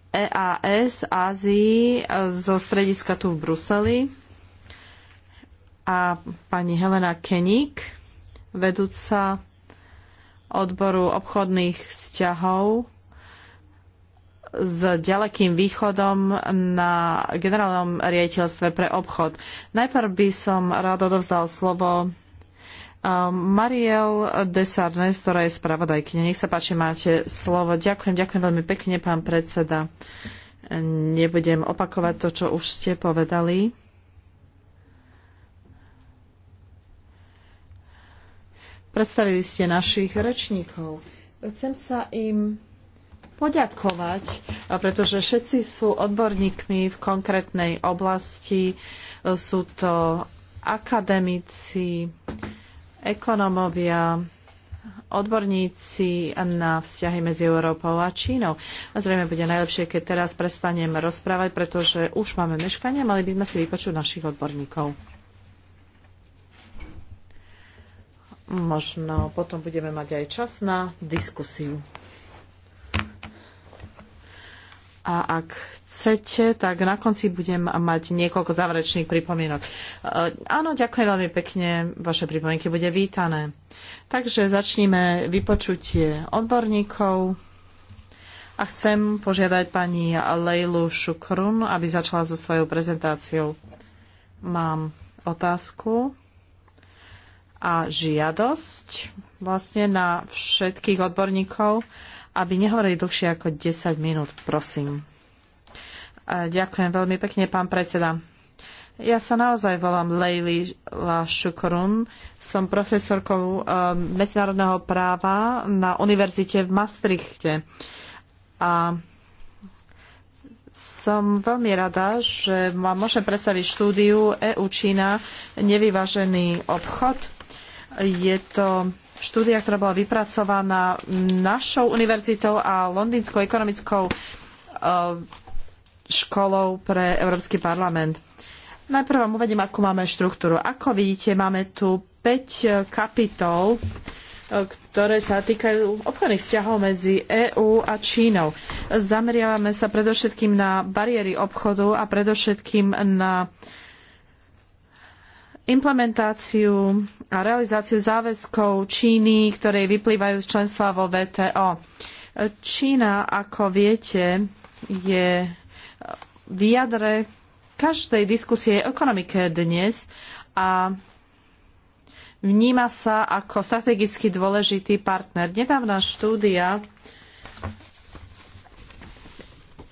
EAS Ázii eh, zo strediska tu v Bruseli a pani Helena Kenik, vedúca odboru obchodných vzťahov s ďalekým východom na generálnom riaditeľstve pre obchod. Najprv by som rád odovzdal slovo Ehm, Mariel de Sarnes, ktorá je spravodajkyňa. Nech sa páči, máte slovo. Ďakujem, ďakujem veľmi pekne, pán predseda. Nebudem opakovať to, čo už ste povedali. Predstavili ste našich rečníkov. Chcem sa im poďakovať, pretože všetci sú odborníkmi v konkrétnej oblasti. Sú to akademici, ekonómovia, odborníci na vzťahy medzi Európou a Čínou. A zrejme bude najlepšie, keď teraz prestaneme rozprávať, pretože už máme meškanie, mali by sme si vypočuť našich odborníkov. Možno potom budeme mať aj čas na diskusiu. A ak chcete, tak na konci budem mať niekoľko záverečných pripomienok. E, áno, ďakujem veľmi pekne, vaše pripomienky bude vítané. Takže začníme vypočutie odborníkov a chcem požiadať pani Lejlu Šukrun, aby začala so svojou prezentáciou. Mám otázku a žiadosť vlastne na všetkých odborníkov aby nehovorili dlhšie ako 10 minút, prosím. Ďakujem veľmi pekne, pán predseda. Ja sa naozaj volám Leili Šukorun. Som profesorkou um, medzinárodného práva na univerzite v Maastrichte. A som veľmi rada, že vám môžem predstaviť štúdiu EU-Čína, nevyvážený obchod. Je to štúdia, ktorá bola vypracovaná našou univerzitou a Londýnskou ekonomickou eh, školou pre Európsky parlament. Najprv vám uvedím, akú máme štruktúru. Ako vidíte, máme tu 5 eh, kapitol, eh, ktoré sa týkajú obchodných vzťahov medzi EÚ a Čínou. Zameriavame sa predovšetkým na bariéry obchodu a predovšetkým na uh, implementáciu a realizáciu záväzkov Číny, ktoré vyplývajú z členstva vo VTO. Čína, ako viete, je v jadre každej diskusie o ekonomike dnes a vníma sa ako strategicky dôležitý partner. Nedávna štúdia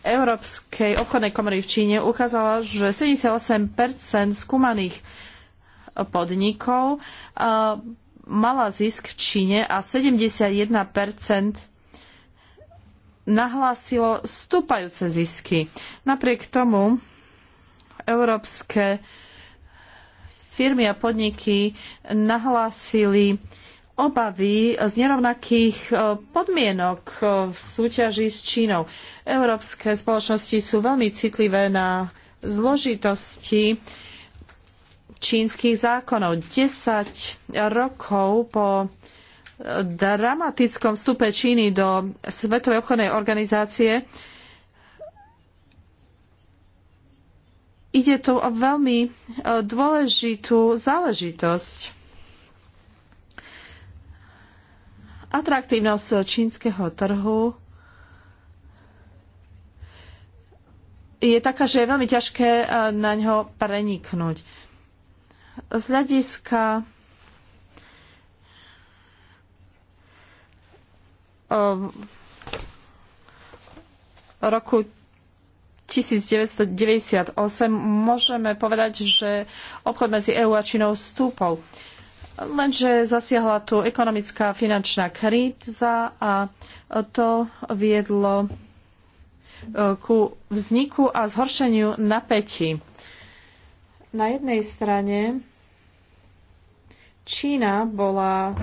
Európskej obchodnej komory v Číne ukázala, že 78 skúmaných podnikov e, mala zisk v Číne a 71 nahlásilo stúpajúce zisky. Napriek tomu európske firmy a podniky nahlásili obavy z nerovnakých e, podmienok e, v súťaži s Čínou. Európske spoločnosti sú veľmi citlivé na zložitosti čínskych zákonov. 10 rokov po dramatickom vstupe Číny do Svetovej obchodnej organizácie ide tu o veľmi e, dôležitú záležitosť. Atraktívnosť čínskeho trhu je taká, že je veľmi ťažké e, na ňo preniknúť z hľadiska roku 1998 môžeme povedať, že obchod medzi EÚ a Čínou stúpol. Lenže zasiahla tu ekonomická finančná kríza a to viedlo e, ku vzniku a zhoršeniu napätí. Na jednej strane Čína bola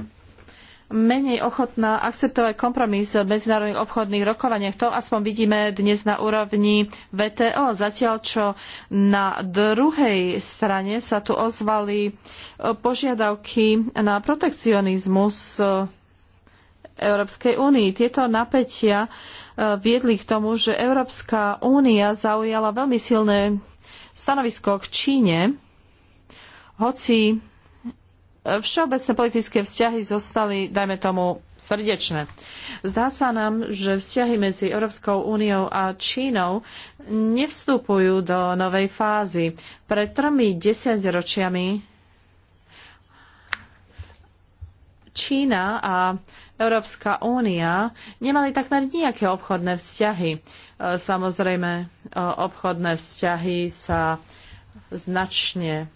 menej ochotná akceptovať kompromis v medzinárodných obchodných rokovaniach. To aspoň vidíme dnes na úrovni VTO, zatiaľ čo na druhej strane sa tu ozvali požiadavky na protekcionizmus Európskej únii. Tieto napätia viedli k tomu, že Európska únia zaujala veľmi silné stanovisko k Číne, hoci všeobecné politické vzťahy zostali, dajme tomu, srdečné. Zdá sa nám, že vzťahy medzi Európskou úniou a Čínou nevstupujú do novej fázy. Pred tromi desaťročiami Čína a Európska únia nemali takmer nejaké obchodné vzťahy. E, samozrejme, e, obchodné vzťahy sa značne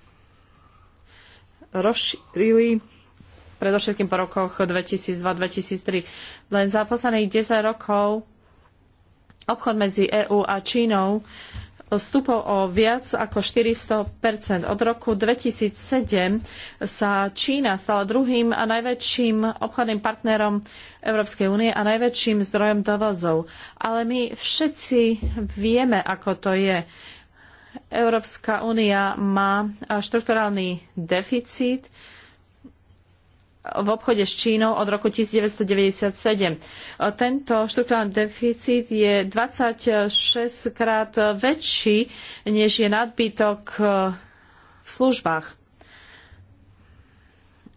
rozšírili predovšetkým po rokoch 2002-2003. Len za posledných 10 rokov obchod medzi EÚ a Čínou stúpol o viac ako 400 Od roku 2007 sa Čína stala druhým a najväčším obchodným partnerom Európskej únie a najväčším zdrojom dovozov. Ale my všetci vieme, ako to je. Európska únia má štrukturálny deficit, v obchode s Čínou od roku 1997. Tento štrukturálny deficit je 26 krát väčší, než je nadbytok v službách.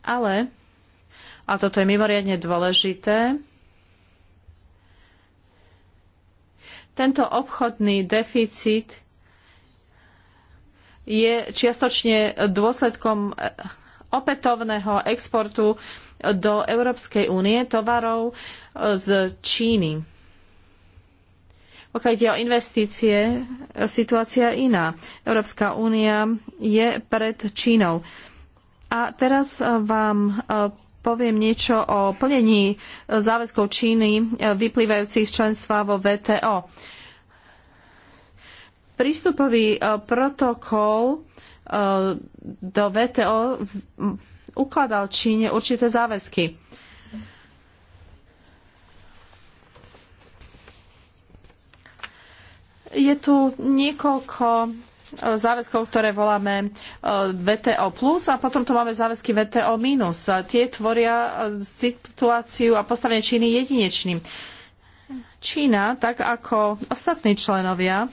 Ale, a toto je mimoriadne dôležité, tento obchodný deficit je čiastočne dôsledkom opätovného exportu do Európskej únie tovarov e, z Číny. Pokiaľ ide o investície, e, situácia je iná. Európska únia je pred Čínou. A teraz e, vám poviem niečo o plnení záväzkov Číny vyplývajúcich z členstva vo VTO. Prístupový protokol Eh, do VTO ukladal Číne určité záväzky. Je tu niekoľko eh, záväzkov, ktoré voláme eh, VTO+, plus, a potom tu máme záväzky VTO-. minus. Tie tvoria situáciu a postavenie Číny jedinečným. Čína, tak ako ostatní členovia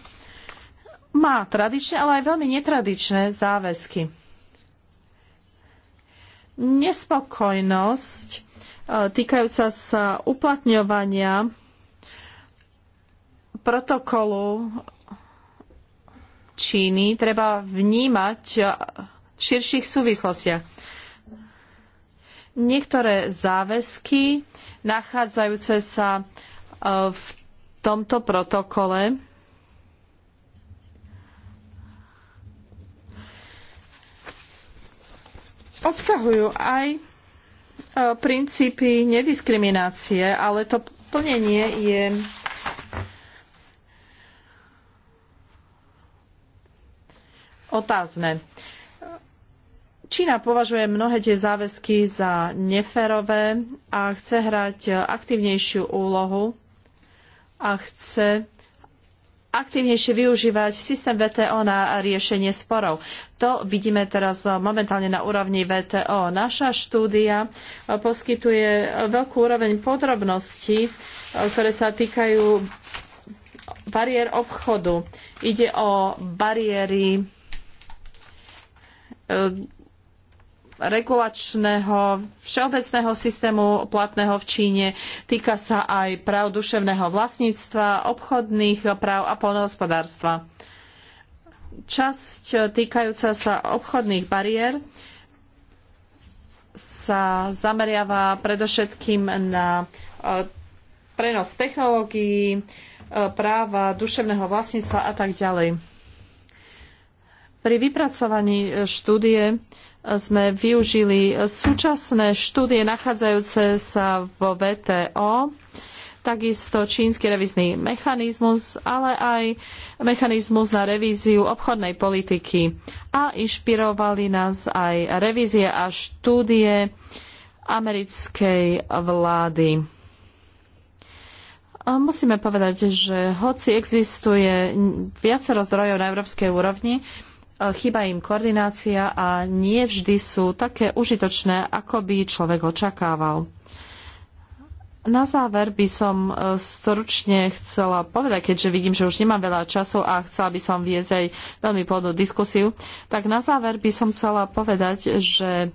má tradičné, ale aj veľmi netradičné záväzky. Nespokojnosť e, týkajúca sa uplatňovania protokolu Číny treba vnímať v širších súvislostiach. Niektoré záväzky nachádzajúce sa e, v tomto protokole obsahujú aj e, princípy nediskriminácie, ale to plnenie je otázne. Čína považuje mnohé tie záväzky za neférové a chce hrať aktívnejšiu úlohu a chce aktívnejšie využívať systém VTO na riešenie sporov. To vidíme teraz momentálne na úrovni VTO. Naša štúdia e, poskytuje e, veľkú úroveň podrobností, e, ktoré sa týkajú bariér obchodu. Ide o bariéry regulačného všeobecného systému platného v Číne. Týka sa aj práv duševného vlastníctva, obchodných práv a poľnohospodárstva. Časť týkajúca sa obchodných bariér sa zameriava predovšetkým na e, prenos technológií, e, práva duševného vlastníctva a tak ďalej. Pri vypracovaní e, štúdie sme využili súčasné štúdie nachádzajúce sa vo VTO, takisto čínsky revizný mechanizmus, ale aj mechanizmus na revíziu obchodnej politiky. A inšpirovali nás aj revízie a štúdie americkej vlády musíme povedať, že hoci existuje viacero zdrojov na európskej úrovni, chýba im koordinácia a nie vždy sú také užitočné, ako by človek očakával. Na záver by som e, stručne chcela povedať, keďže vidím, že už nemám veľa času a chcela by som viesť aj veľmi plodnú diskusiu, tak na záver by som chcela povedať, že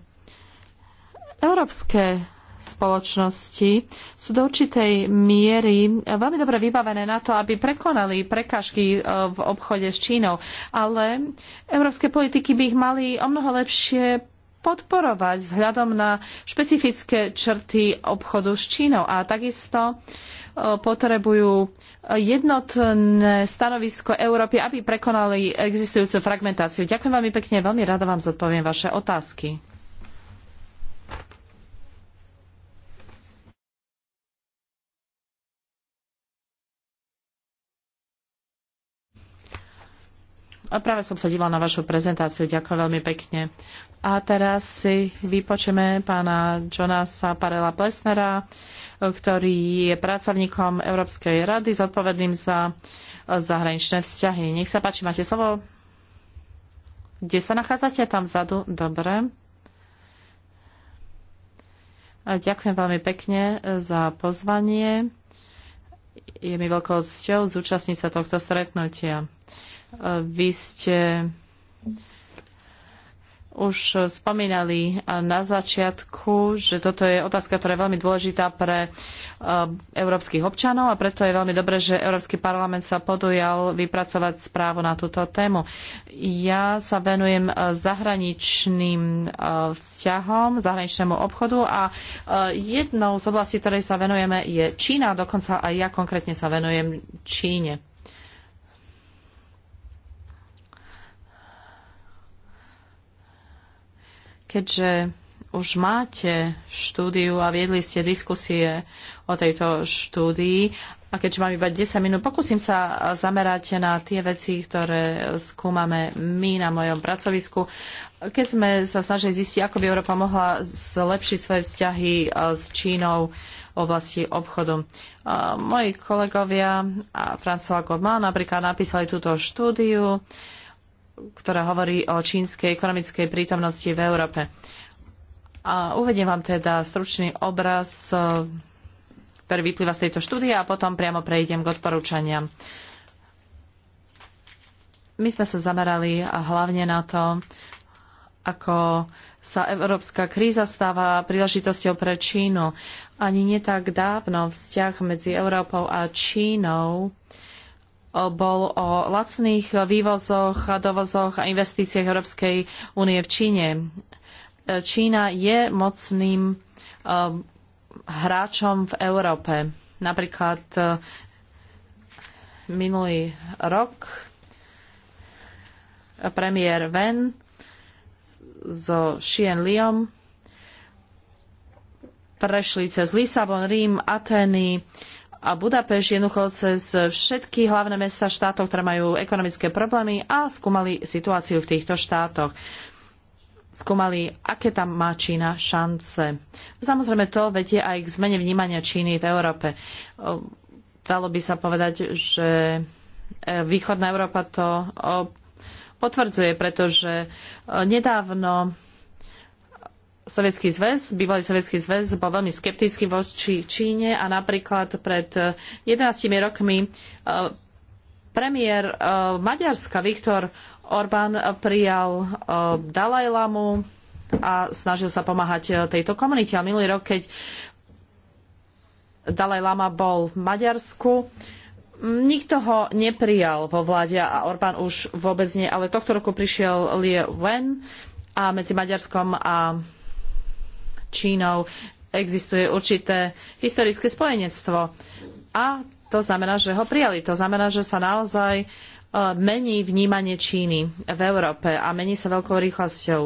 európske spoločnosti sú do určitej miery veľmi dobre vybavené na to, aby prekonali prekažky e, v obchode s Čínou. Ale európske politiky by ich mali o mnoho lepšie podporovať vzhľadom na špecifické črty obchodu s Čínou. A takisto e, potrebujú jednotné stanovisko Európy, aby prekonali existujúcu fragmentáciu. Ďakujem veľmi pekne, veľmi rada vám zodpoviem vaše otázky. Práve som sa dívala na vašu prezentáciu. Ďakujem veľmi pekne. A teraz si vypočujeme pána Jonasa Parela Plesnera, ktorý je pracovníkom Európskej rady zodpovedným za zahraničné vzťahy. Nech sa páči, máte slovo. Kde sa nachádzate? Tam vzadu. Dobre. A ďakujem veľmi pekne za pozvanie. Je mi veľkou cťou zúčastniť sa tohto stretnutia. Vy ste už spomínali na začiatku, že toto je otázka, ktorá je veľmi dôležitá pre e, európskych občanov a preto je veľmi dobré, že Európsky parlament sa podujal vypracovať správu na túto tému. Ja sa venujem e, zahraničným e, vzťahom, zahraničnému obchodu a jednou z oblastí, ktorej sa venujeme, je Čína. Dokonca aj ja konkrétne sa venujem Číne. Keďže už máte štúdiu a viedli ste diskusie o tejto štúdii. A keďže mám iba 10 minút, pokúsim sa zamerať na tie veci, ktoré skúmame my na mojom pracovisku. Keď sme sa snažili zistiť, ako by Európa mohla zlepšiť svoje vzťahy e, s Čínou v oblasti obchodu. E, moji kolegovia a François Gobman napríklad napísali túto štúdiu ktorá hovorí o čínskej ekonomickej prítomnosti v Európe. A uvediem vám teda stručný obraz, e, ktorý vyplýva z tejto štúdie a potom priamo prejdem k odporúčaniam. My sme sa zamerali hlavne na to, ako sa európska kríza stáva príležitosťou pre Čínu. Ani netak dávno vzťah medzi Európou a Čínou uh, bol o lacných vývozoch, dovozoch a investíciách Európskej únie v Číne. Čína je mocným um, hráčom v Európe. Napríklad um, minulý rok premiér Wen so Xien Liom prešli cez Lisabon, Rím, Ateny a Budapešť jednoducho cez všetky hlavné mesta štátov, ktoré majú ekonomické problémy a skúmali situáciu v týchto štátoch. Skúmali, aké tam má Čína šance. Samozrejme to vedie aj k zmene vnímania Číny v Európe. Dalo by sa povedať, že e, východná Európa to potvrdzuje, pretože e, nedávno Sovietský zväz, bývalý Sovietský zväz bol veľmi skeptický voči Číne a napríklad pred 11 eh, rokmi eh, premiér eh, Maďarska Viktor Orbán prijal Dalajlamu a snažil sa pomáhať tejto komunite. A minulý rok, keď Dalajlama bol v Maďarsku, mm, nikto ho neprijal vo vláde a Orbán už vôbec nie, ale tohto roku prišiel Lie Wen a medzi Maďarskom a Čínou. Existuje určité historické spojenectvo. A to znamená, že ho prijali. To znamená, že sa naozaj e, mení vnímanie Číny v Európe a mení sa veľkou rýchlosťou.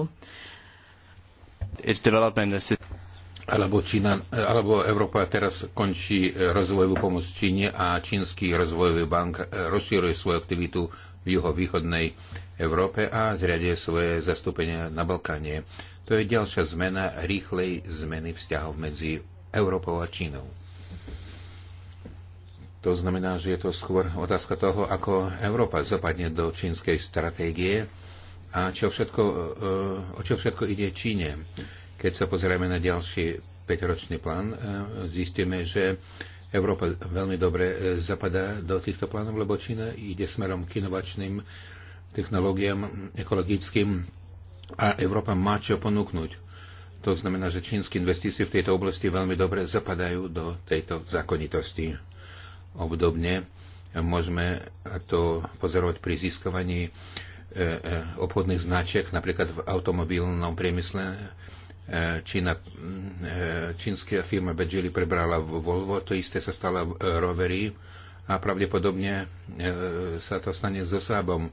Alebo, Čína, e, alebo Európa teraz končí e, rozvojovú pomoc Číne a Čínsky rozvojový bank rozšíruje svoju aktivitu v juhovýchodnej Európe a zriaduje svoje zastúpenie na Balkáne. To je ďalšia zmena rýchlej zmeny vzťahov medzi Európou a Čínou. To znamená, že je to skôr otázka toho, ako Európa zapadne do čínskej stratégie a čo všetko, e, o čo všetko ide Číne. Keď sa pozrieme na ďalší 5-ročný plán, e, zistíme, že Európa veľmi dobre e, zapadá do týchto plánov, lebo Čína ide smerom k inovačným technológiám ekologickým a Európa má čo ponúknuť. To znamená, že čínske investície v tejto oblasti veľmi dobre zapadajú do tejto zákonitosti. Obdobne môžeme to pozorovať pri získavaní e, e, obchodných značiek, napríklad v automobilnom priemysle. E, Čína, čínske firma Bedžili prebrala v Volvo, to isté sa stalo v Rovery a pravdepodobne sa to stane so Sábom.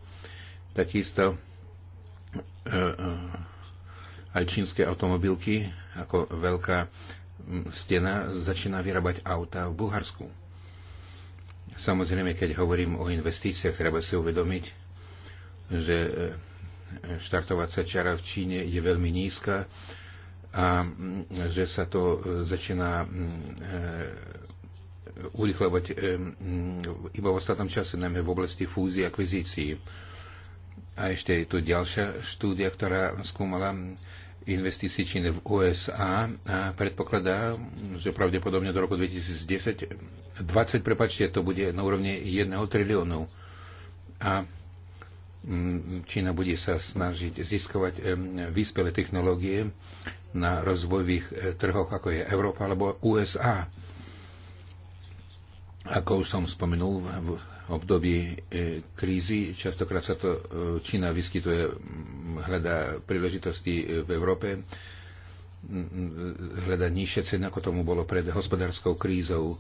Takisto E, e, aj čínske automobilky, ako veľká stena, začína vyrábať auta v Bulharsku. Samozrejme, keď hovorím o investíciách, treba si uvedomiť, že e, štartovacia čara v Číne je veľmi nízka a že sa to začína urychľovať iba v ostatnom čase, najmä v oblasti fúzie a akvizícií. A ešte je tu ďalšia štúdia, ktorá skúmala investície Číny v USA a predpokladá, že pravdepodobne do roku 2010, 20, prepačte, to bude na úrovni 1 triliónu. A mm, Čína bude sa snažiť získovať vyspelé technológie na rozvojových e, trhoch, ako je Európa alebo USA. Ako už som spomenul v období e, krízy. Častokrát sa to e, Čína vyskytuje, hľadá príležitosti e, v Európe, hľada nižšie ceny, ako tomu bolo pred hospodárskou krízou.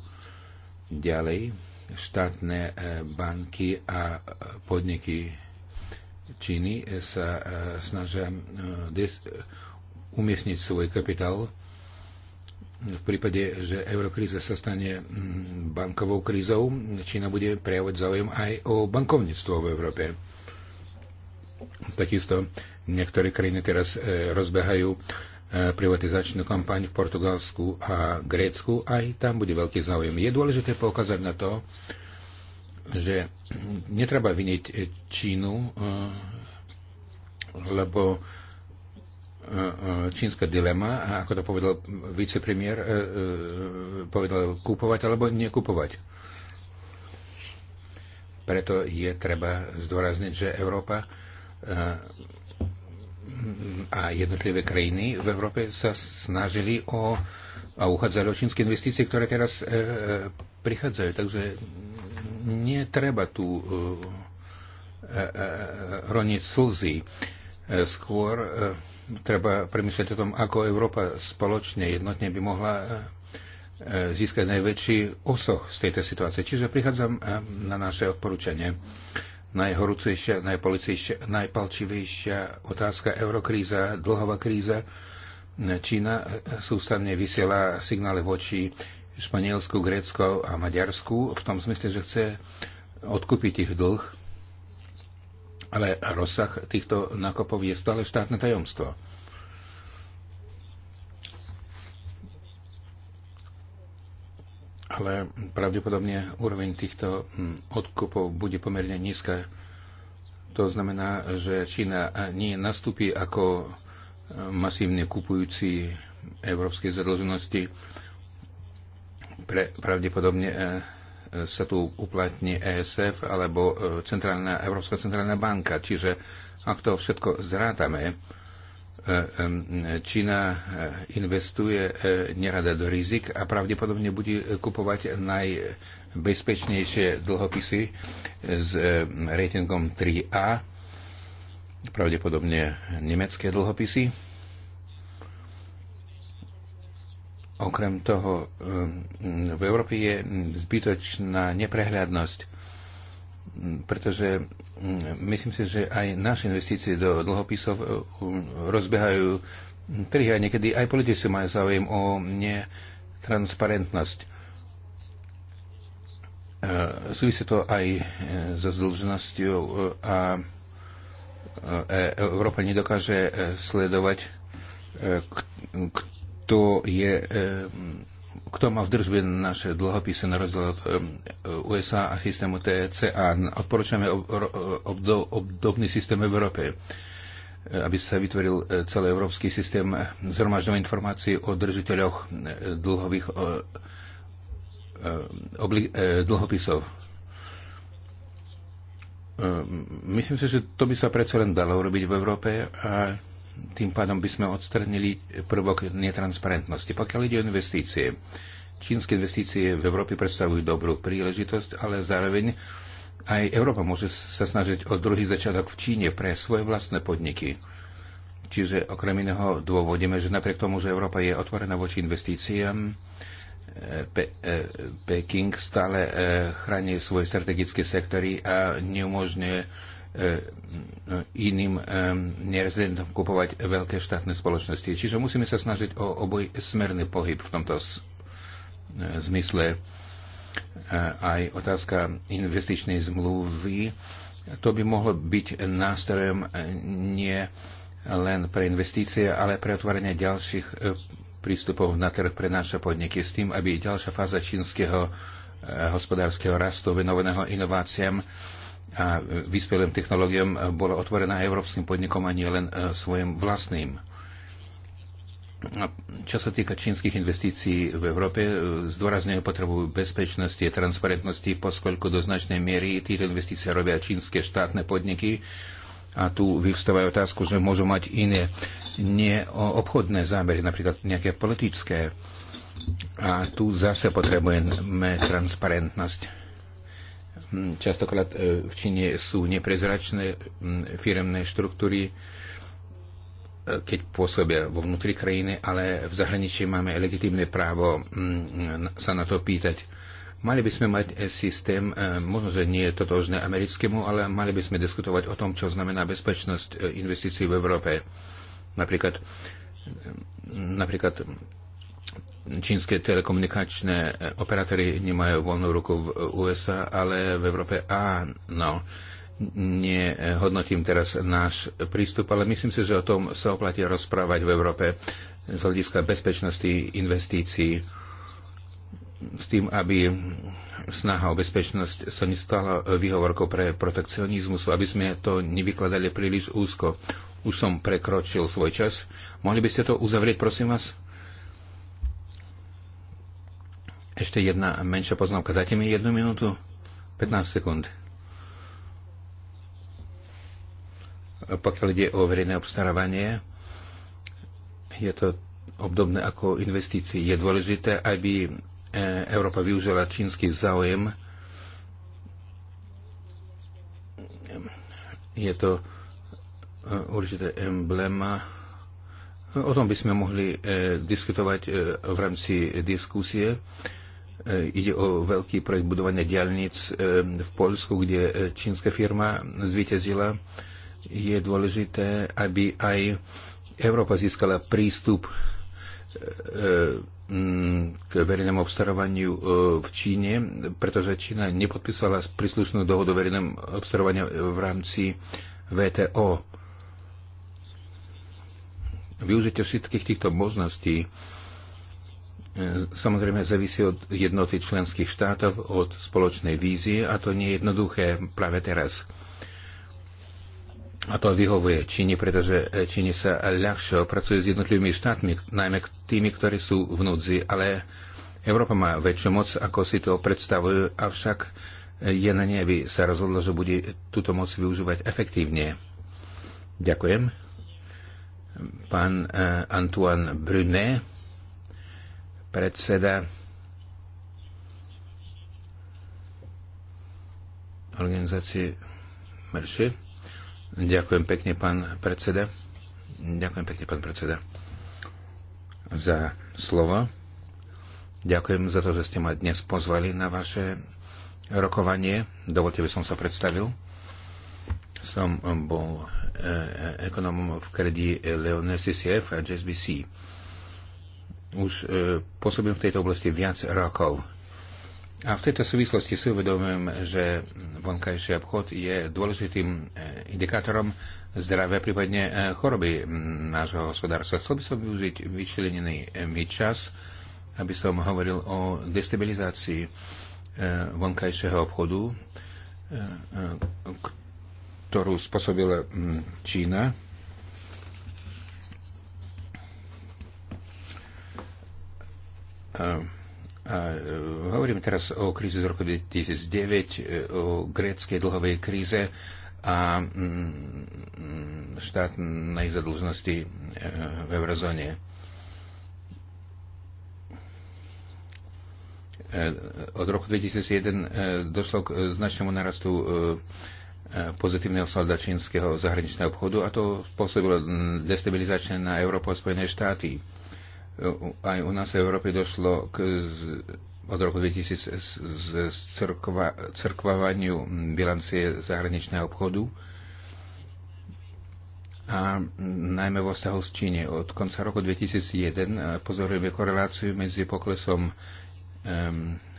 Ďalej, štátne banky a podniky Číny sa snažia umiestniť svoj kapitál v prípade, že eurokríza sa stane mm, bankovou krízou, Čína bude prejavovať záujem aj o bankovníctvo v Európe. Takisto niektoré krajiny teraz e, rozbehajú e, privatizačnú kampaň v Portugalsku a Grécku. Aj tam bude veľký záujem. Je dôležité poukázať na to, že netreba vyniť Čínu, e, lebo čínska dilema, ako to povedal vicepremiér, e, e, povedal kúpovať alebo nekupovať. Preto je treba zdôrazniť, že Európa e, a jednotlivé krajiny v Európe sa snažili o a uchádzali o čínske investície, ktoré teraz e, prichádzajú. Takže netreba tu e, e, roniť slzy. E, skôr e, treba premyšľať o tom, ako Európa spoločne, jednotne by mohla e, e, získať najväčší osoch z tejto situácie. Čiže prichádzam e, na naše odporúčanie. Najhorúcejšia, najpalčivejšia otázka eurokríza, dlhová kríza. Čína sústavne vysiela signály voči Španielsku, Grécku a Maďarsku v tom smysle, že chce odkúpiť ich dlh ale rozsah týchto nákopov je stále štátne tajomstvo. ale pravdepodobne úroveň týchto hm, odkupov bude pomerne nízka. To znamená, že Čína nie nastúpi ako hm, masívne kupujúci európskej zadlženosti. Pre, pravdepodobne hm, sa tu uplatní ESF alebo e, Centrálna, Európska centrálna banka. Čiže ak to všetko zrátame, e, Čína e, investuje nerada do rizik a pravdepodobne bude kupovať najbezpečnejšie dlhopisy s ratingom 3A, pravdepodobne nemecké dlhopisy Okrem toho, ehm, v Európe je zbytočná neprehľadnosť, pretože myslím si, že aj naše investície do dlhopisov e, um, rozbehajú trhy a niekedy aj politici majú záujem o netransparentnosť. E, súvisí to aj e, so zdlženosťou a Európa nedokáže sledovať, kto, je, kto má v držbe naše dlhopisy na rozdiel od USA a systému TCA. Odporúčame obdobný systém v Európe e, aby sa vytvoril e, celý európsky systém zhromažďovania informácií o držiteľoch e, dlhových obli- dlhopisov. Myslím si, že to by sa predsa len dalo urobiť v Európe a tým pádom by sme odstranili prvok netransparentnosti. Pokiaľ ide o investície, čínske investície v Európe predstavujú dobrú príležitosť, ale zároveň aj Európa môže sa snažiť o druhý začiatok v Číne pre svoje vlastné podniky. Čiže okrem iného dôvodíme, že napriek tomu, že Európa je otvorená voči investíciám, e, Pe- e, Peking stále e, chráni svoje strategické sektory a neumožňuje Eh, iným eh, nerezidentom kupovať veľké štátne spoločnosti. Čiže musíme sa snažiť o oboj smerný pohyb v tomto eh, zmysle. Aj otázka investičnej zmluvy, to by mohlo byť nástrojom nie len pre investície, ale pre otvorenie ďalších prístupov na trh pre naše podniky s tým, aby ďalšia fáza čínskeho hospodárskeho rastu venovaného inováciám a vyspelým technológiám bola otvorená európskym podnikom a nie len e, svojim vlastným. No, čo sa týka čínskych investícií v Európe, e, zdôrazňujú potrebu bezpečnosti a transparentnosti, poskoľko do značnej miery tieto investície robia čínske štátne podniky. A tu vyvstávajú otázku, že môžu mať iné neobchodné zábery, napríklad nejaké politické. A tu zase potrebujeme transparentnosť Hm, častokrát e, v Číne sú neprezračné hm, firemné štruktúry, e, keď pôsobia vo vnútri krajiny, ale v zahraničí máme legitímne právo hm, sa na to pýtať. Mali by sme mať e, systém, možno, že nie je totožné americkému, ale mali by sme diskutovať o tom, čo znamená bezpečnosť investícií v Európe. Napríklad, napríklad čínske telekomunikačné e, operátory nemajú voľnú ruku v e, USA, ale v Európe áno. Nehodnotím e, teraz náš prístup, ale myslím si, že o tom sa oplatí rozprávať v Európe z hľadiska bezpečnosti investícií s tým, aby snaha o bezpečnosť sa nestala výhovorkou pre protekcionizmus, aby sme to nevykladali príliš úzko. Už som prekročil svoj čas. Mohli by ste to uzavrieť, prosím vás? Ešte jedna menšia poznámka. Dajte mi jednu minútu? 15 sekúnd. Pokiaľ ide o verejné obstarávanie, je to obdobné ako investícii. Je dôležité, aby e, Európa využila čínsky záujem. Je to e, určité emblema. O tom by sme mohli e, diskutovať v rámci diskusie E, ide o veľký projekt budovania diálnic e, v Polsku, kde e, čínska firma zvíťazila. Je dôležité, aby aj Európa získala prístup k verejnému obstarovaniu v Číne, pretože Čína nepodpísala príslušnú dohodu o verejnom obstarovaniu v rámci VTO. Využite všetkých týchto možností E, samozrejme závisí od jednoty členských štátov, od spoločnej vízie a to nie je jednoduché práve teraz. A to vyhovuje Číne, pretože Číne sa ľahšie pracuje s jednotlivými štátmi, najmä tými, ktorí sú v núdzi, ale Európa má väčšiu moc, ako si to predstavujú, avšak je na aby sa rozhodlo, že bude túto moc využívať efektívne. Ďakujem. Pán e, Antoine Brunet predseda organizácie Merši. Ďakujem pekne, pán predseda. Ďakujem pekne, pán predseda, za slovo. Ďakujem za to, že ste ma dnes pozvali na vaše rokovanie. Dovolte, by som sa predstavil. Som eh, bol eh, eh, ekonomom v kredi Leone CCF a JSBC. Už e, pôsobím v tejto oblasti viac rokov. A v tejto súvislosti si uvedomujem, že vonkajší obchod je dôležitým e, indikátorom zdravia, prípadne e, choroby nášho hospodárstva. Chcel by som využiť vyčlenený e, mi čas, aby som hovoril o destabilizácii vonkajšieho obchodu, ktorú spôsobila Čína E, Hovorím teraz o kríze z roku 2009, e, o gréckej dlhovej kríze a mm, štátnej zadlžnosti e, v eurozóne. Od roku 2001 došlo k značnému narastu pozitívneho salda čínskeho zahraničného obchodu a to spôsobilo destabilizačné na Európu a Spojené štáty. E, aj u nás v Európe došlo k od roku 2000 z cirkva, cirkvavaniu bilancie zahraničného obchodu a najmä vo vzťahu s Číne. Od konca roku 2001 e, pozorujeme koreláciu medzi poklesom um,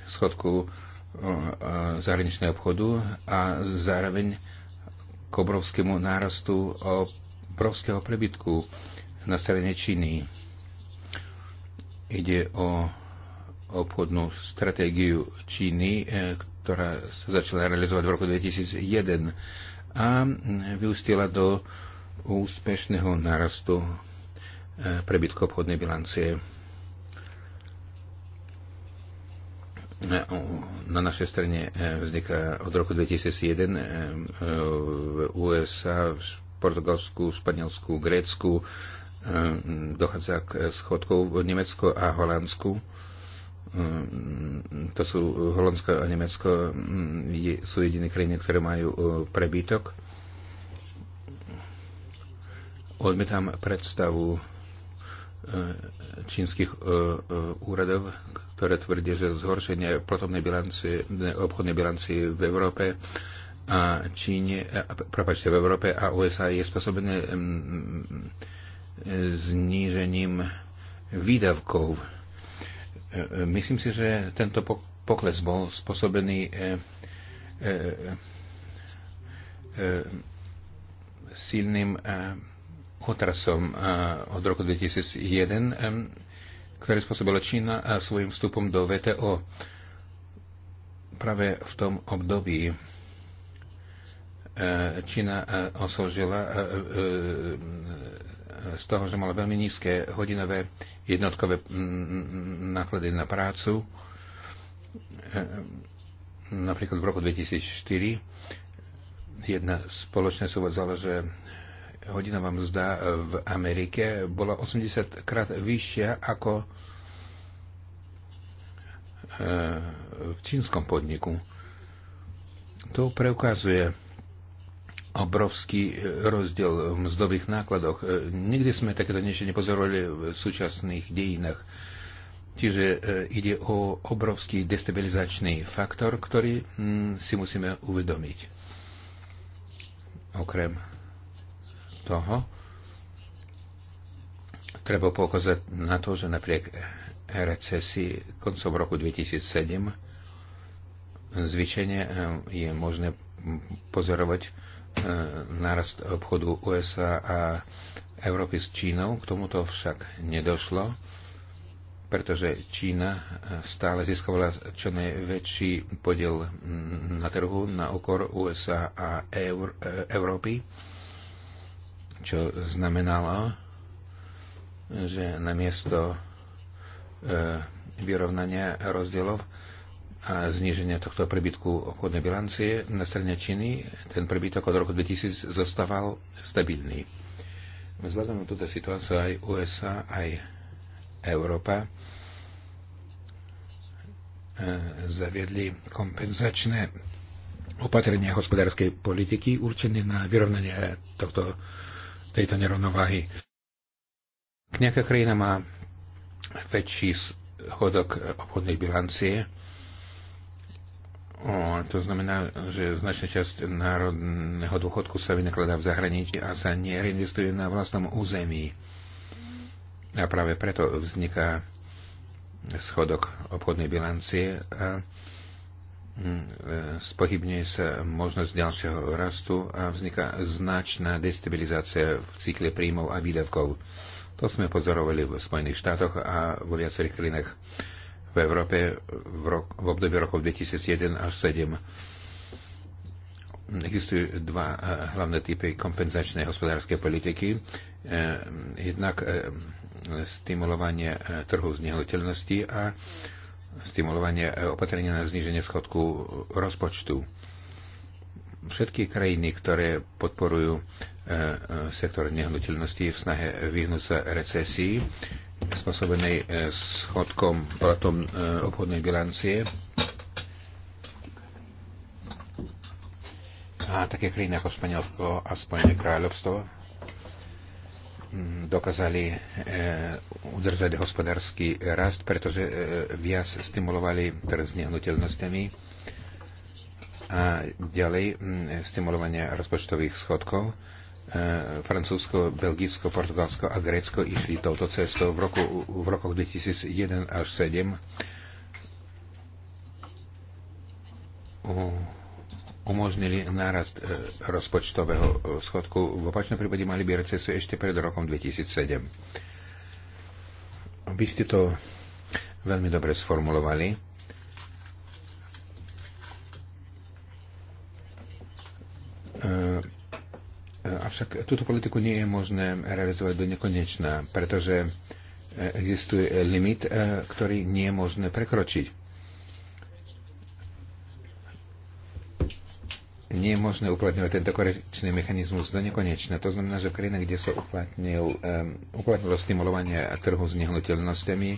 schodku e, zahraničného obchodu a zároveň k obrovskému nárastu obrovského prebytku na strane Číny Ide o obchodnú stratégiu Číny, e, ktorá sa začala realizovať v roku 2001 a vyústila do úspešného narastu e, prebytku obchodnej bilancie. E, na našej strane vzniká od roku 2001 v USA, v Portugalsku, Španielsku, Grécku, Ehm, dochádza k schodkov v Nemecku a Holandsku. Ehm, to sú Holandsko a Nemecko ehm, sú jediné krajiny, ktoré majú e, prebytok. Odmietam predstavu e, čínskych e, úradov, ktoré tvrdia, že zhoršenie platobnej bilancie, obchodnej bilancie v Európe a Číne, prepačte, v Európe a USA je spôsobené znížením výdavkov. Myslím si, že tento pokles bol spôsobený e, e, e, silným otrasom od roku 2001, ktorý spôsobila Čína a svojim vstupom do VTO. Práve v tom období Čína osložila z toho, že mal veľmi nízke hodinové jednotkové mm, mm, náklady na prácu. E, napríklad v roku 2004 jedna spoločnosť uvádzala, že hodinová mzda v Amerike bola 80 krát vyššia ako e, v čínskom podniku. To preukazuje obrovský e, rozdiel v mzdových nákladoch. E, nikdy sme takéto niečo nepozorovali v súčasných dejinách. Čiže e, ide o obrovský destabilizačný faktor, ktorý mm, si musíme uvedomiť. Okrem toho, treba poukázať na to, že napriek recesii koncom roku 2007 zvyčajne je možné pozorovať E, nárast obchodu USA a Európy s Čínou. K tomuto však nedošlo, pretože Čína stále získovala čo najväčší podiel na trhu na okor USA a e, Európy, čo znamenalo, že namiesto e, vyrovnania rozdielov a zniženia tohto prebytku obchodnej bilancie na strane Číny, ten prebytok od roku 2000 zostával stabilný. Vzhľadom na túto situáciu aj USA, aj Európa e, zaviedli kompenzačné opatrenia hospodárskej politiky určené na vyrovnanie tohto, tejto nerovnováhy. Nejaká krajina má väčší schodok obchodnej bilancie, O, to znamená, že značná časť národného dôchodku sa vynakladá v zahraničí a sa nereinvestuje na vlastnom území. A práve preto vzniká schodok obchodnej bilancie a mm, e, spochybňuje sa možnosť ďalšieho rastu a vzniká značná destabilizácia v cykle príjmov a výdavkov. To sme pozorovali v Spojených štátoch a vo viacerých krajinách v Európe v, rok, v období rokov 2001 až 2007. Existujú dva eh, hlavné typy kompenzačnej hospodárskej politiky. Eh, jednak eh, stimulovanie trhu z nehnuteľnosti a stimulovanie opatrenia na zníženie schodku rozpočtu. Všetky krajiny, ktoré podporujú sektor nehnuteľnosti v snahe vyhnúť sa recesii, spôsobenej schodkom platom e, obchodnej bilancie. A také krajiny ako Španielsko a Spojené kráľovstvo mm, dokázali e, udržať hospodársky rast, pretože e, viac stimulovali trh s nehnuteľnosťami a ďalej mm, stimulovanie rozpočtových schodkov E, Francúzsko, Belgicko, Portugalsko a Grécko išli touto cestou v, roku, v rokoch 2001 až 2007. umožnili nárast e, rozpočtového e, schodku. V opačnom prípade mali by recesiu ešte pred rokom 2007. Vy ste to veľmi dobre sformulovali. Avšak túto politiku nie je možné realizovať do nekonečna, pretože e, existuje e, limit, e, ktorý nie je možné prekročiť. nie je možné uplatňovať tento korekčný mechanizmus do nekonečna. To znamená, že v krajinách, kde sa um, uplatnilo stimulovanie trhu s nehnuteľnosťami,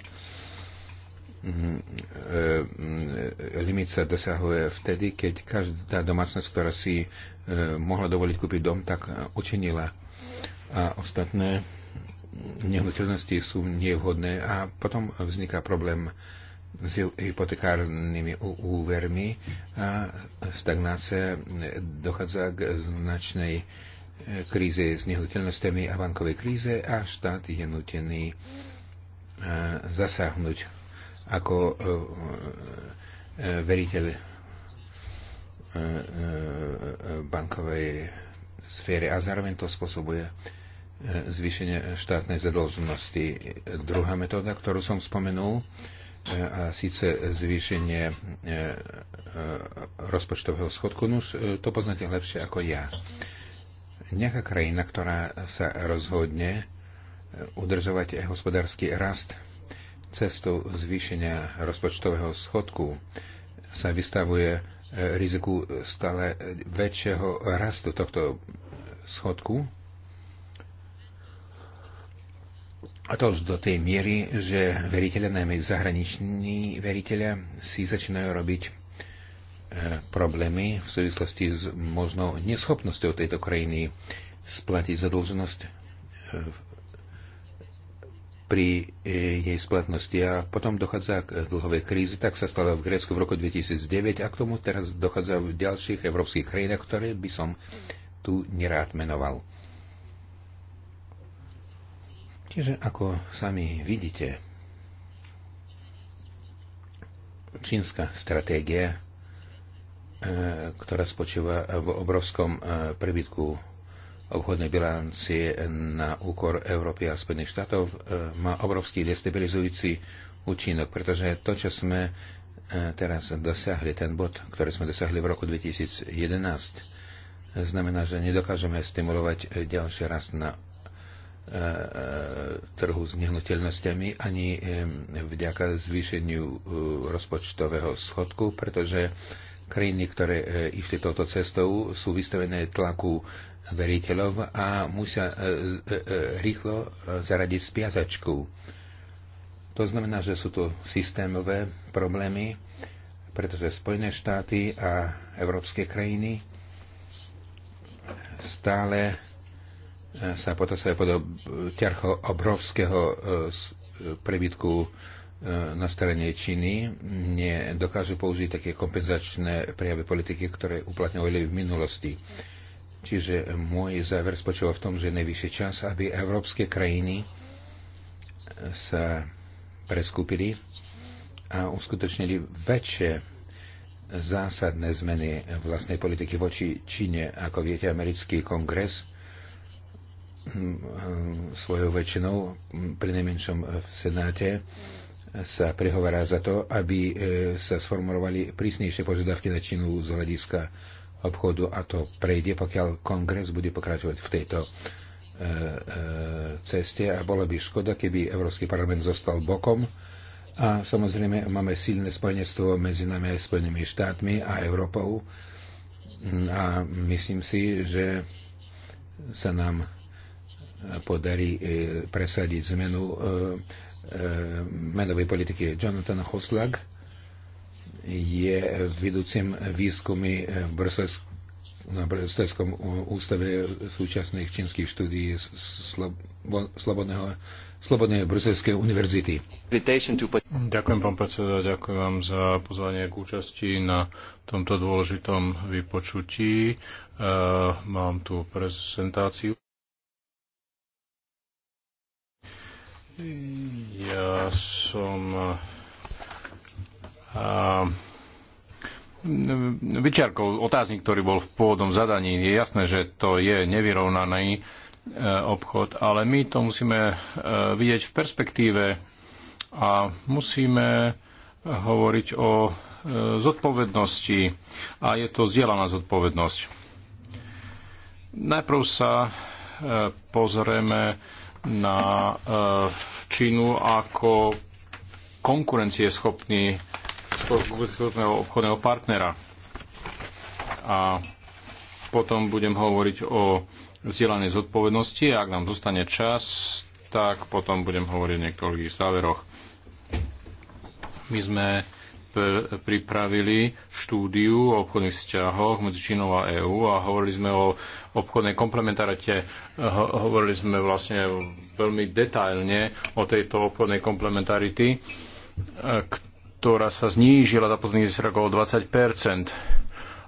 Mhm. E, e, limit sa dosahuje vtedy, keď každá domácnosť, ktorá si e, mohla dovoliť kúpiť dom, tak učinila. A ostatné nehnuteľnosti sú nevhodné a potom vzniká problém s hypotekárnymi úvermi a stagnácia dochádza k značnej kríze s nehnuteľnosťami a bankovej kríze a štát je nutený zasáhnuť ako e, e, veriteľ e, bankovej sféry a zároveň to spôsobuje zvýšenie štátnej zadlženosti. Druhá metóda, ktorú som spomenul, a síce zvýšenie rozpočtového schodku, no už to poznáte lepšie ako ja. Nejaká krajina, ktorá sa rozhodne udržovať hospodársky rast cestou zvýšenia rozpočtového schodku sa vystavuje e, riziku stále väčšieho rastu tohto schodku. A to už do tej miery, že veriteľe, najmä zahraniční veriteľe, si začínajú robiť e, problémy v súvislosti s možnou neschopnosťou tejto krajiny splatiť zadlženosť e, v pri e, jej splatnosti a potom dochádza k dlhovej krízi. Tak sa stalo v Grécku v roku 2009 a k tomu teraz dochádza v ďalších európskych krajinách, ktoré by som tu nerád menoval. Čiže ako sami vidíte, čínska stratégia, e, ktorá spočíva v obrovskom e, prebytku obchodnej bilancie na úkor Európy a Spojených štátov e, má obrovský destabilizujúci účinok, pretože to, čo sme e, teraz dosiahli, ten bod, ktorý sme dosiahli v roku 2011, znamená, že nedokážeme stimulovať ďalší rast na e, trhu s nehnuteľnosťami ani vďaka zvýšeniu rozpočtového schodku, pretože krajiny, ktoré išli touto cestou, sú vystavené tlaku veriteľov a musia e, e, e, rýchlo zaradiť spiatačku. To znamená, že sú to systémové problémy, pretože Spojené štáty a európske krajiny stále sa potasajú pod ťarcho obrovského prebytku na strane Číny nedokážu použiť také kompenzačné prejavy politiky, ktoré uplatňovali v minulosti. Čiže e, môj záver spočíval v tom, že je najvyšší čas, aby európske krajiny e, sa preskúpili a uskutočnili väčšie zásadné zmeny vlastnej politiky voči Číne. Ako viete, americký kongres e, svojou väčšinou, pri najmenšom v Senáte, sa prihovorá za to, aby sa sformulovali prísnejšie požiadavky na Čínu z hľadiska obchodu a to prejde, pokiaľ kongres bude pokračovať v tejto e, e, ceste a bola by škoda, keby Európsky parlament zostal bokom. A samozrejme máme silné spojenstvo medzi nami aj Spojenými štátmi a Európou a myslím si, že sa nám podarí e, presadiť zmenu e, e, menovej politiky Jonathan Hoslag je vedúcim výskumy v Bruselsku na Bresteckom ústave súčasných čínskych štúdií Slobodného, Slobodnej Bruselskej univerzity. Ďakujem, pán predseda, ďakujem vám za pozvanie k účasti na tomto dôležitom vypočutí. E, mám tu prezentáciu. Ja som Ehm, vyčiarkol otáznik, ktorý bol v pôvodnom zadaní. Je jasné, že to je nevyrovnaný e, obchod, ale my to musíme e, vidieť v perspektíve a musíme hovoriť o e, zodpovednosti a je to zdieľaná zodpovednosť. Najprv sa pozrieme na Čínu ako konkurencieschopný obchodného partnera. A potom budem hovoriť o vzdielanej zodpovednosti a ak nám zostane čas, tak potom budem hovoriť o niektorých záveroch. My sme pripravili štúdiu o obchodných vzťahoch medzi Čínou a EÚ a hovorili sme o obchodnej komplementarite. Hovorili sme vlastne veľmi detailne o tejto obchodnej komplementarity, e, ktorá sa znížila za posledných 10 rokov o 20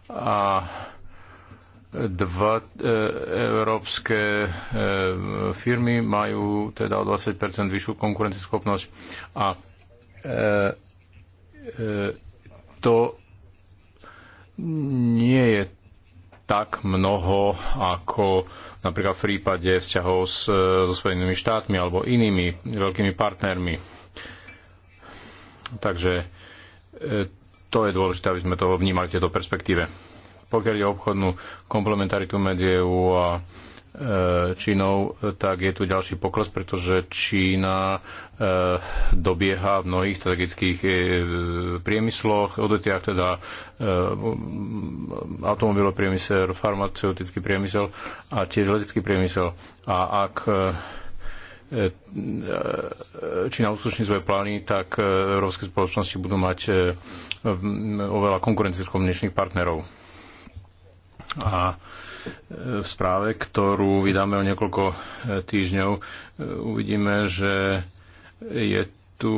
a dva e, európske e, firmy majú teda o 20 vyššiu konkurencieschopnosť a e, e, to nie je tak mnoho ako napríklad v prípade vzťahov s, so Spojenými štátmi alebo inými veľkými partnermi Takže e, to je dôležité, aby sme to vnímali v tejto perspektíve. Pokiaľ je obchodnú komplementaritu medzi EU a e, Čínou, tak je tu ďalší pokles, pretože Čína e, dobieha v mnohých strategických priemysloch, odvetiach teda automobilový priemysel, farmaceutický priemysel a tiež letecký priemysel. A ak E, e, Čína uskutoční svoje plány, tak e, európske spoločnosti budú mať oveľa konkurencieschopnejších partnerov. A v správe, ktorú vydáme o niekoľko týždňov, uvidíme, že je tu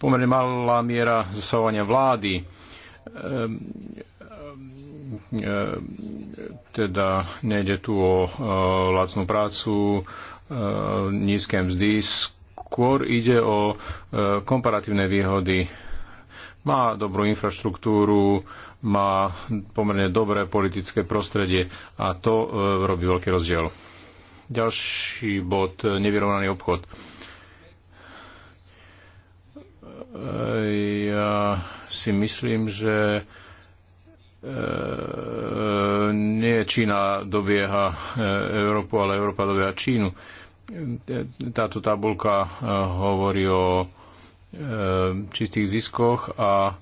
pomerne malá miera zasahovania vlády Ehm, ehm, teda nejde tu o e, lacnú prácu, e, nízke mzdy, skôr ide o e, komparatívne výhody. Má dobrú infraštruktúru, má pomerne dobré politické prostredie a to robí veľký rozdiel. Ďalší bod, nevyrovnaný obchod. Ja si myslím, že E, e, nie Čína dobieha e, Európu, ale Európa dobieha Čínu. Táto tabulka hovorí o čistých ziskoch a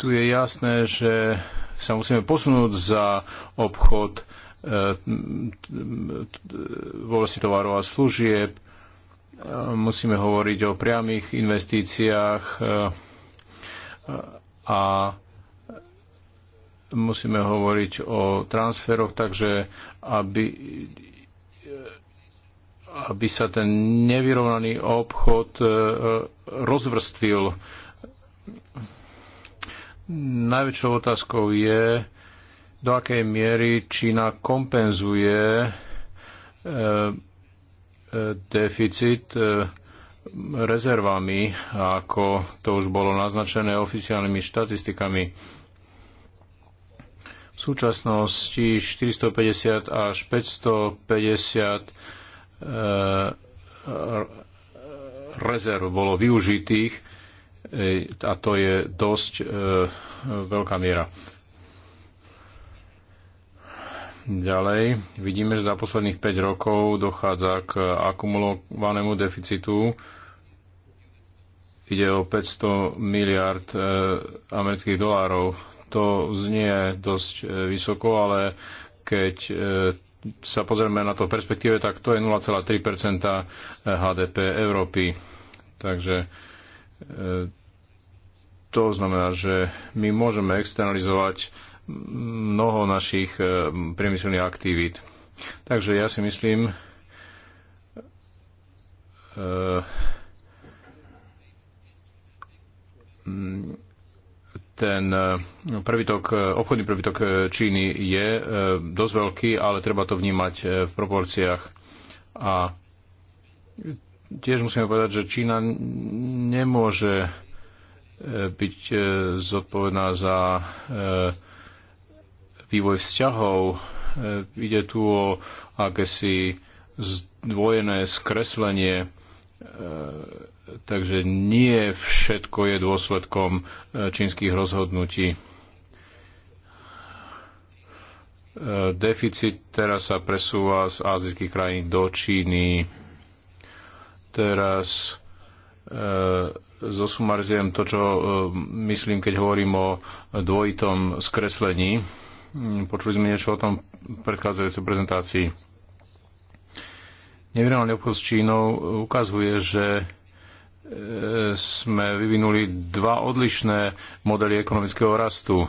tu je jasné, že sa musíme posunúť za obchod v oblasti tovarov a služieb. Musíme hovoriť o priamých investíciách a musíme hovoriť o transferoch, takže aby, aby sa ten nevyrovnaný obchod e, e, rozvrstvil. Najväčšou otázkou je, do akej miery Čína kompenzuje e, deficit rezervami, ako to už bolo naznačené oficiálnymi štatistikami v súčasnosti 450 až 550 eh, rezerv bolo využitých eh, a to je dosť eh, veľká miera. Ďalej vidíme, že za posledných 5 rokov dochádza k akumulovanému deficitu. Ide o 500 miliard amerických dolárov to znie dosť e, vysoko, ale keď e, sa pozrieme na to v perspektíve, tak to je 0,3 e, HDP Európy. Takže to znamená, že my môžeme externalizovať mnoho našich priemyselných aktivít. Takže ja si myslím, ten eh, prebytok, eh, obchodný prebytok eh, Číny je dosť veľký, ale treba to vnímať v proporciách. A tiež musíme povedať, že Čína nemôže byť zodpovedná za vývoj vzťahov. Ide tu o akési zdvojené skreslenie Takže nie všetko je dôsledkom e, čínskych rozhodnutí. E, deficit teraz sa presúva z azijských krajín do Číny. Teraz e, zosumarizujem to, čo myslím, keď hovorím o dvojitom skreslení. Mm, počuli sme niečo o tom v predchádzajúcej prezentácii. Nevyrovnaný obchod s Čínou ukazuje, že E, sme vyvinuli dva odlišné modely ekonomického rastu. E,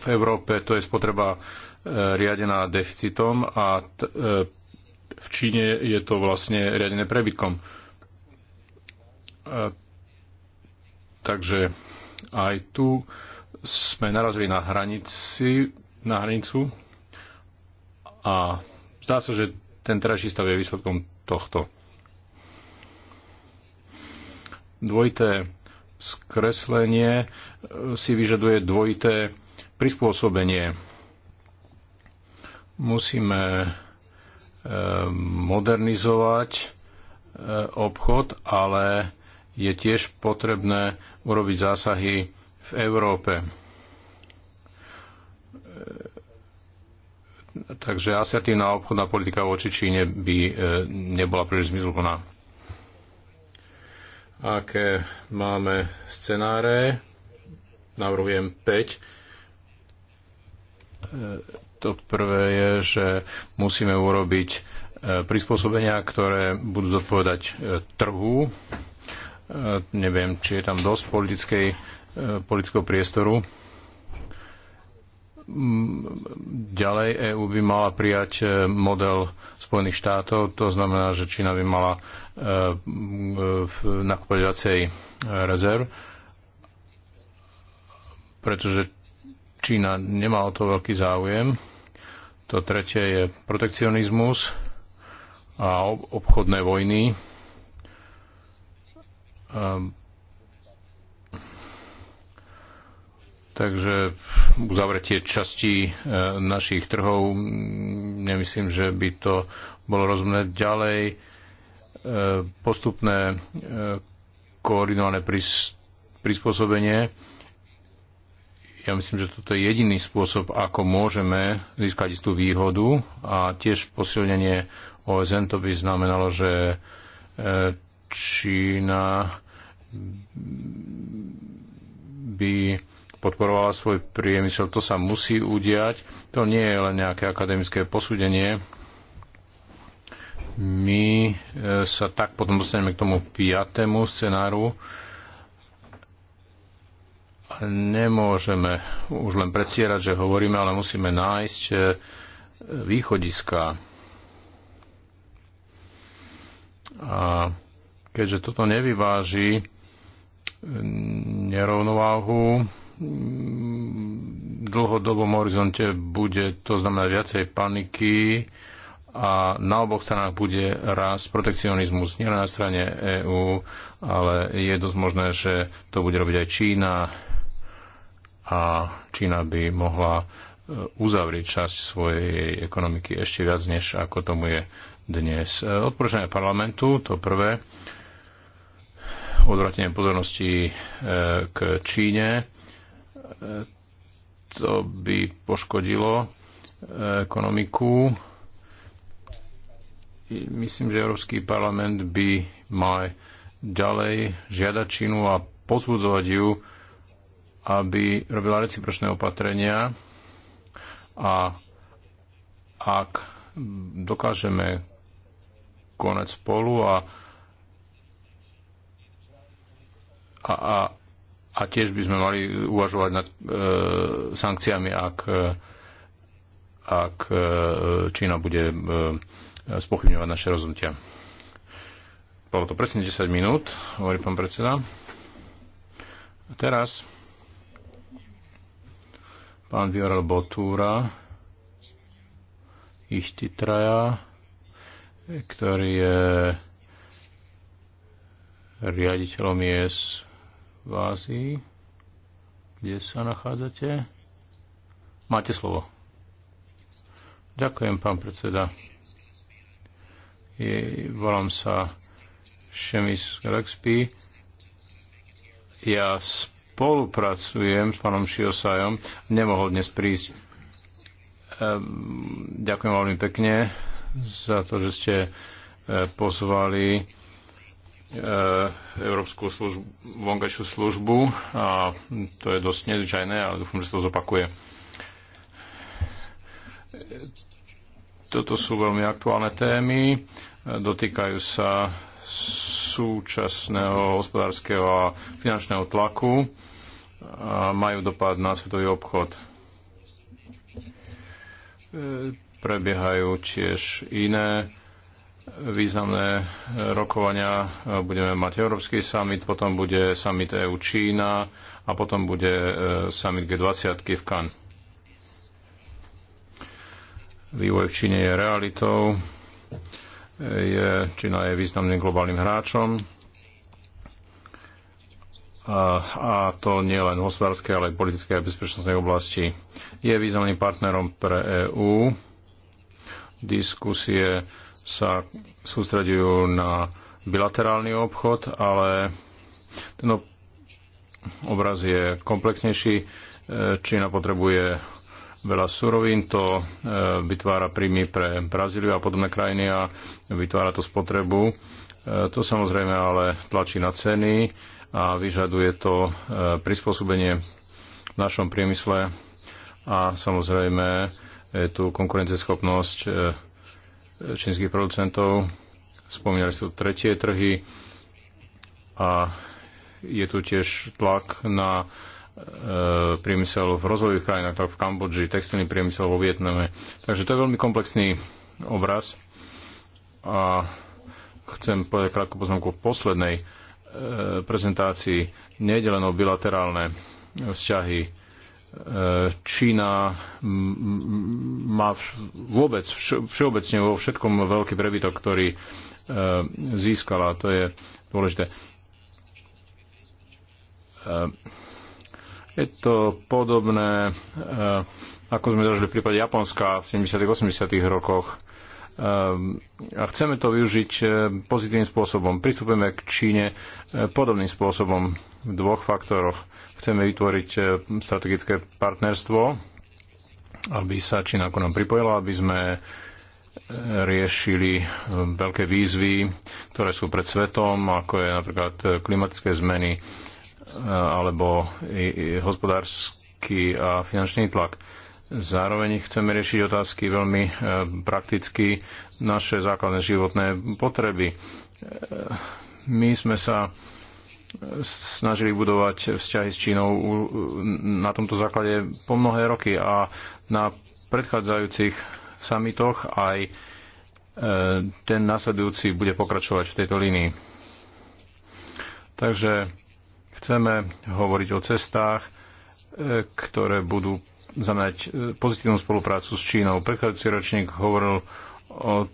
v Európe to je spotreba e, riadená deficitom a v Číne je to vlastne riadené prebytkom. Takže aj tu sme narazili na hranici, na hranicu a zdá sa, že ten terajší stav je výsledkom tohto dvojité skreslenie e, si vyžaduje dvojité prispôsobenie. Musíme e, modernizovať e, obchod, ale je tiež potrebné urobiť zásahy v Európe. Takže asertívna obchodná politika voči Číne by nebola príliš zmizlúplná aké máme scenáre. Navrhujem 5. E, to prvé je, že musíme urobiť e, prispôsobenia, ktoré budú zodpovedať e, trhu. Neviem, či je tam dosť politického priestoru Ďalej EÚ by mala prijať e, model Spojených štátov, to znamená, že Čína by mala e, e, nakúpať viacej rezerv, pretože Čína nemá o to veľký záujem. To tretie je protekcionizmus a obchodné vojny. Ehm, Takže uzavretie časti e, našich trhov nemyslím, že by to bolo rozumné ďalej. E, postupné e, koordinované prispôsobenie. Ja myslím, že toto je jediný spôsob, ako môžeme získať istú výhodu a tiež posilnenie OSN to by znamenalo, že Čína by podporovala svoj priemysel. To sa musí udiať. To nie je len nejaké akademické posúdenie. My e, sa tak potom dostaneme k tomu piatému scenáru. Nemôžeme už len predstierať, že hovoríme, ale musíme nájsť e, východiska. A keďže toto nevyváži nerovnováhu, Mm, dlhodobom horizonte bude to znamená viacej paniky a na oboch stranách bude rast protekcionizmus, nie na strane EÚ, ale je dosť možné, že to bude robiť aj Čína a Čína by mohla e, uzavrieť časť svojej ekonomiky ešte viac, než ako tomu je dnes. E, odporúčanie parlamentu, to prvé, odvratenie pozornosti e, k Číne to by poškodilo e, ekonomiku. Myslím, že Európsky parlament by mal ďalej žiadať Čínu a pozbudzovať ju, aby robila recipročné opatrenia a ak dokážeme konať spolu a, a, a a tiež by sme mali uvažovať nad e, sankciami, ak, e, ak e, Čína bude e, spochybňovať naše rozhodnutia. Bolo to presne 10 minút, hovorí pán predseda. A teraz pán Viorel Botúra, Ichtitraja, ktorý je riaditeľom IS v Ázii. Kde sa nachádzate? Máte slovo. Ďakujem, pán predseda. Je, volám sa Šemis Lexpi. Ja spolupracujem s pánom Šiosajom. Nemohol dnes prísť. Ehm, ďakujem veľmi pekne za to, že ste e, pozvali E, Európsku službu, vonkajšiu službu a to je dosť nezvyčajné, ale dúfam, že sa to zopakuje. Toto sú veľmi aktuálne témy, dotýkajú sa súčasného hospodárskeho a finančného tlaku a majú dopad na svetový obchod. E, prebiehajú tiež iné významné rokovania. Budeme mať Európsky summit, potom bude summit EU Čína a potom bude e, summit G20 v Cannes. Vývoj v Číne je realitou. Je, Čína je významným globálnym hráčom. A, a to nie len v hospodárskej, ale aj politickej a bezpečnostnej oblasti. Je významným partnerom pre EÚ. Diskusie sa sústredujú na bilaterálny obchod, ale ten obraz je komplexnejší. E, Čína potrebuje veľa surovín, to e, vytvára príjmy pre Brazíliu a podobné krajiny a vytvára to spotrebu. E, to samozrejme ale tlačí na ceny a vyžaduje to prispôsobenie v našom priemysle a samozrejme tú tu konkurenceschopnosť čínskych producentov. Spomínali sú tretie trhy a je tu tiež tlak na e, priemysel v rozvojových krajinách, tak v Kambodži, textilný priemysel vo Vietname. Takže to je veľmi komplexný obraz a chcem povedať krátku poznámku v poslednej e, prezentácii. Nejde len o bilaterálne vzťahy Čína má vôbec, všeobecne vo všetkom veľký prebytok, ktorý e, získala. To je dôležité. E, je to podobné, e, ako sme zažili v prípade Japonska v 70. -tych, 80. rokoch. A chceme to využiť pozitívnym spôsobom. Pristupujeme k Číne podobným spôsobom v dvoch faktoroch Chceme vytvoriť e, strategické partnerstvo, aby sa Čína ku nám pripojila, aby sme e, riešili e, veľké výzvy, ktoré sú pred svetom, ako je napríklad klimatické zmeny alebo hospodársky a finančný tlak. Zároveň chceme riešiť otázky veľmi prakticky naše základné životné potreby. My sme sa snažili budovať vzťahy s Čínou na tomto základe po mnohé roky a na predchádzajúcich samitoch aj e, ten nasledujúci bude pokračovať v tejto línii. Takže chceme hovoriť o cestách, e, ktoré budú znamenať e, pozitívnu spoluprácu s Čínou. Predchádzajúci ročník hovoril o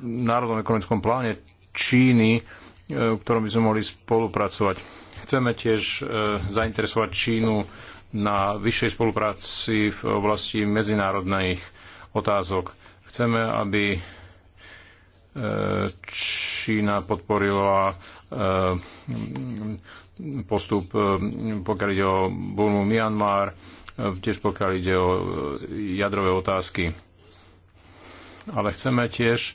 národnom ekonomickom pláne Číny, E, v ktorom by sme mohli spolupracovať. Chceme tiež e, zainteresovať Čínu na vyššej spolupráci v oblasti medzinárodných otázok. Chceme, aby e, Čína podporila postup, pokiaľ ide o Burmu Myanmar, tiež pokiaľ ide o jadrové otázky. Ale chceme tiež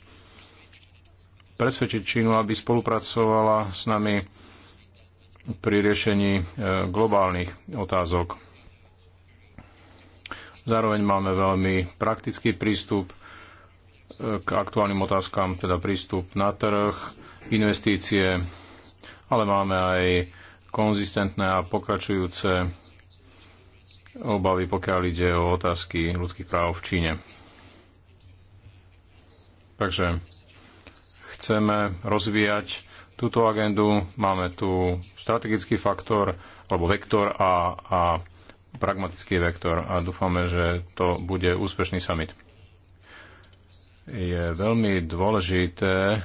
presvedčiť Čínu, aby spolupracovala s nami pri riešení e, globálnych otázok. Zároveň máme veľmi praktický prístup e, k aktuálnym otázkam, teda prístup na trh, investície, ale máme aj konzistentné a pokračujúce obavy, pokiaľ ide o otázky ľudských práv v Číne. Takže chceme rozvíjať túto agendu. Máme tu strategický faktor, alebo vektor a, a pragmatický vektor a dúfame, že to bude úspešný summit. Je veľmi dôležité,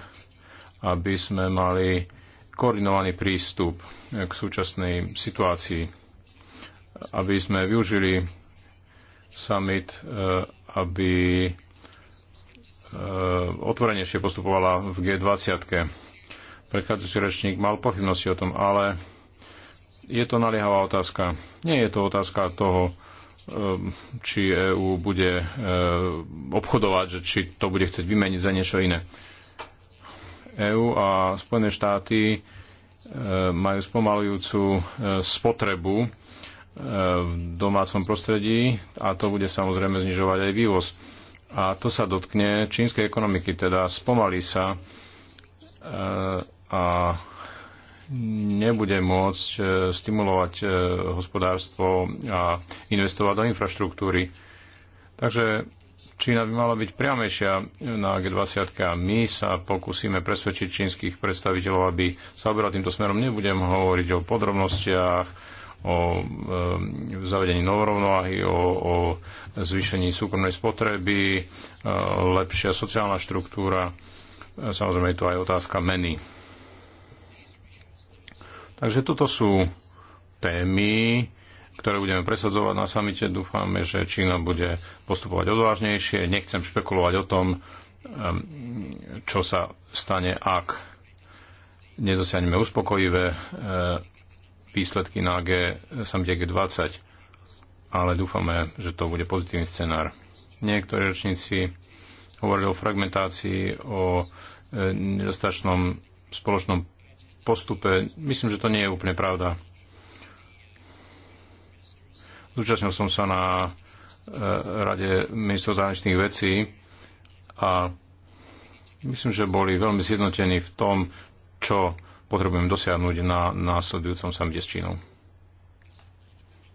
aby sme mali koordinovaný prístup k súčasnej situácii, aby sme využili summit, e, aby E, otvorenejšie postupovala v G20. Predchádzajúci rečník mal pochybnosti o tom, ale je to naliehavá otázka. Nie je to otázka toho, e, či EÚ bude e, obchodovať, že či to bude chcieť vymeniť za niečo iné. EÚ a Spojené štáty majú spomalujúcu spotrebu v domácom prostredí a to bude samozrejme znižovať aj vývoz a to sa dotkne čínskej ekonomiky, teda spomalí sa e, a nebude môcť e, stimulovať e, hospodárstvo a investovať do infraštruktúry. Takže Čína by mala byť priamejšia na G20 a my sa pokúsime presvedčiť čínskych predstaviteľov, aby sa obrali týmto smerom. Nebudem hovoriť o podrobnostiach, o zavedení novorovnováhy, o, o zvýšení súkromnej spotreby, e, lepšia sociálna štruktúra. E, samozrejme je tu aj otázka meny. Takže toto sú témy, ktoré budeme presadzovať na samite. Dúfame, že Čína bude postupovať odvážnejšie. Nechcem špekulovať o tom, čo sa stane, ak nedosiahneme uspokojivé e, výsledky na G, samite G20, ale dúfame, že to bude pozitívny scenár. Niektorí ročníci hovorili o fragmentácii, o e, nedostačnom spoločnom postupe. Myslím, že to nie je úplne pravda. Zúčastnil som sa na e, Rade ministrov zahraničných vecí a myslím, že boli veľmi zjednotení v tom, čo potrebujem dosiahnuť na následujúcom samite s Čínou.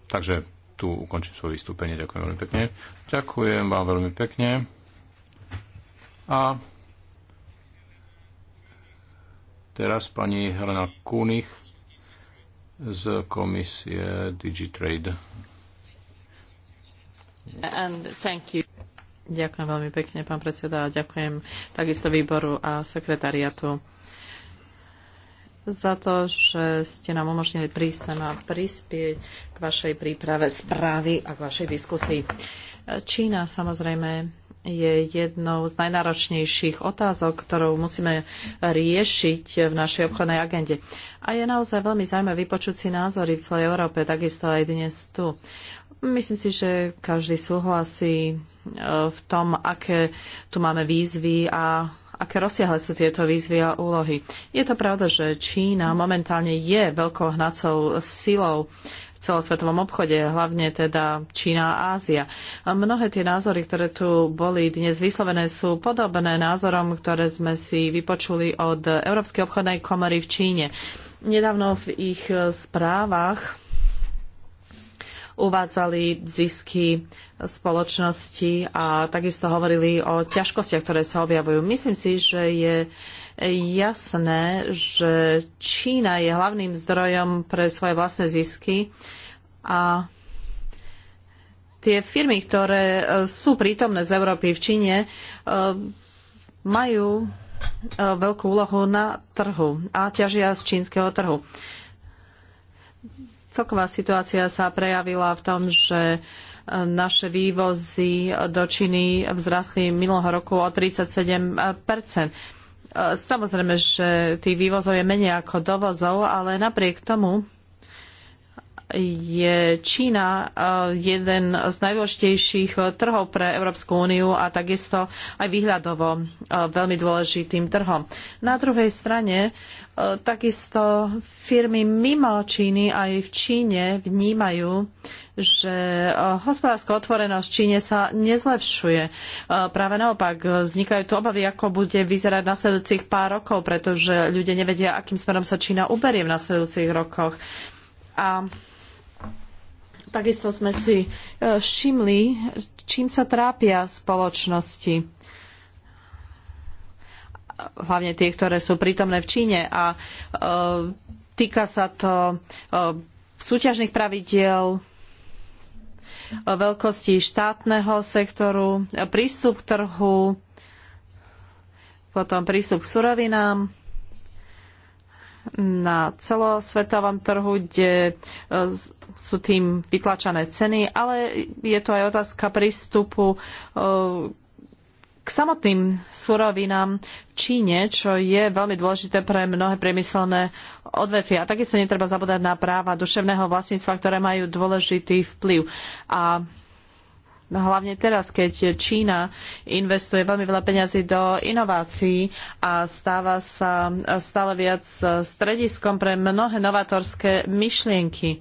Takže tu ukončím svoje vystúpenie. Ďakujem veľmi pekne. Ďakujem vám veľmi pekne. A teraz pani Helena Kunich z komisie Digitrade. And thank you. Ďakujem veľmi pekne, pán predseda, a ďakujem takisto výboru a sekretariatu za to, že ste nám umožnili prísť sem a prispieť k vašej príprave správy a k vašej diskusii. Čína samozrejme je jednou z najnáročnejších otázok, ktorú musíme riešiť v našej obchodnej agende. A je naozaj veľmi zaujímavé vypočuť si názory v celej Európe, takisto aj dnes tu. Myslím si, že každý súhlasí e, v tom, aké tu máme výzvy a aké rozsiahle sú tieto výzvy a úlohy. Je to pravda, že Čína momentálne je veľkou hnacou silou v celosvetovom obchode, hlavne teda Čína a Ázia. A mnohé tie názory, ktoré tu boli dnes vyslovené, sú podobné názorom, ktoré sme si vypočuli od Európskej obchodnej komory v Číne. Nedávno v ich správach uvádzali zisky spoločnosti a takisto hovorili o ťažkostiach, ktoré sa objavujú. Myslím si, že je jasné, že Čína je hlavným zdrojom pre svoje vlastné zisky a tie firmy, ktoré sú prítomné z Európy v Číne, majú e, veľkú úlohu na trhu a ťažia z čínskeho trhu. Celková situácia sa prejavila v tom, že e, naše vývozy do Číny vzrastli minulého roku o 37 e, e, Samozrejme, že tých vývozov je menej ako dovozov, ale napriek tomu je Čína e, jeden z najdôležitejších trhov pre Európsku úniu a takisto aj výhľadovo e, veľmi dôležitým trhom. Na druhej strane e, takisto firmy mimo Číny aj v Číne vnímajú, že hospodárska otvorenosť v Číne sa nezlepšuje. Práve naopak, vznikajú tu obavy, ako bude vyzerať v nasledujúcich pár rokov, pretože ľudia nevedia, akým smerom sa Čína uberie v nasledujúcich rokoch. A Takisto sme si e, všimli, čím sa trápia spoločnosti. Hlavne tie, ktoré sú prítomné v Číne. A e, týka sa to e, súťažných pravidiel, veľkosti štátneho sektoru, prístup k trhu, potom prístup k surovinám na celosvetovom trhu, kde e, sú tým vytlačané ceny, ale je to aj otázka prístupu e, k samotným surovinám v Číne, čo je veľmi dôležité pre mnohé priemyselné odvetvia. A takisto netreba zabúdať na práva duševného vlastníctva, ktoré majú dôležitý vplyv. A No, hlavne teraz, keď Čína investuje veľmi veľa peňazí do inovácií a stáva sa stále viac strediskom pre mnohé novatorské myšlienky.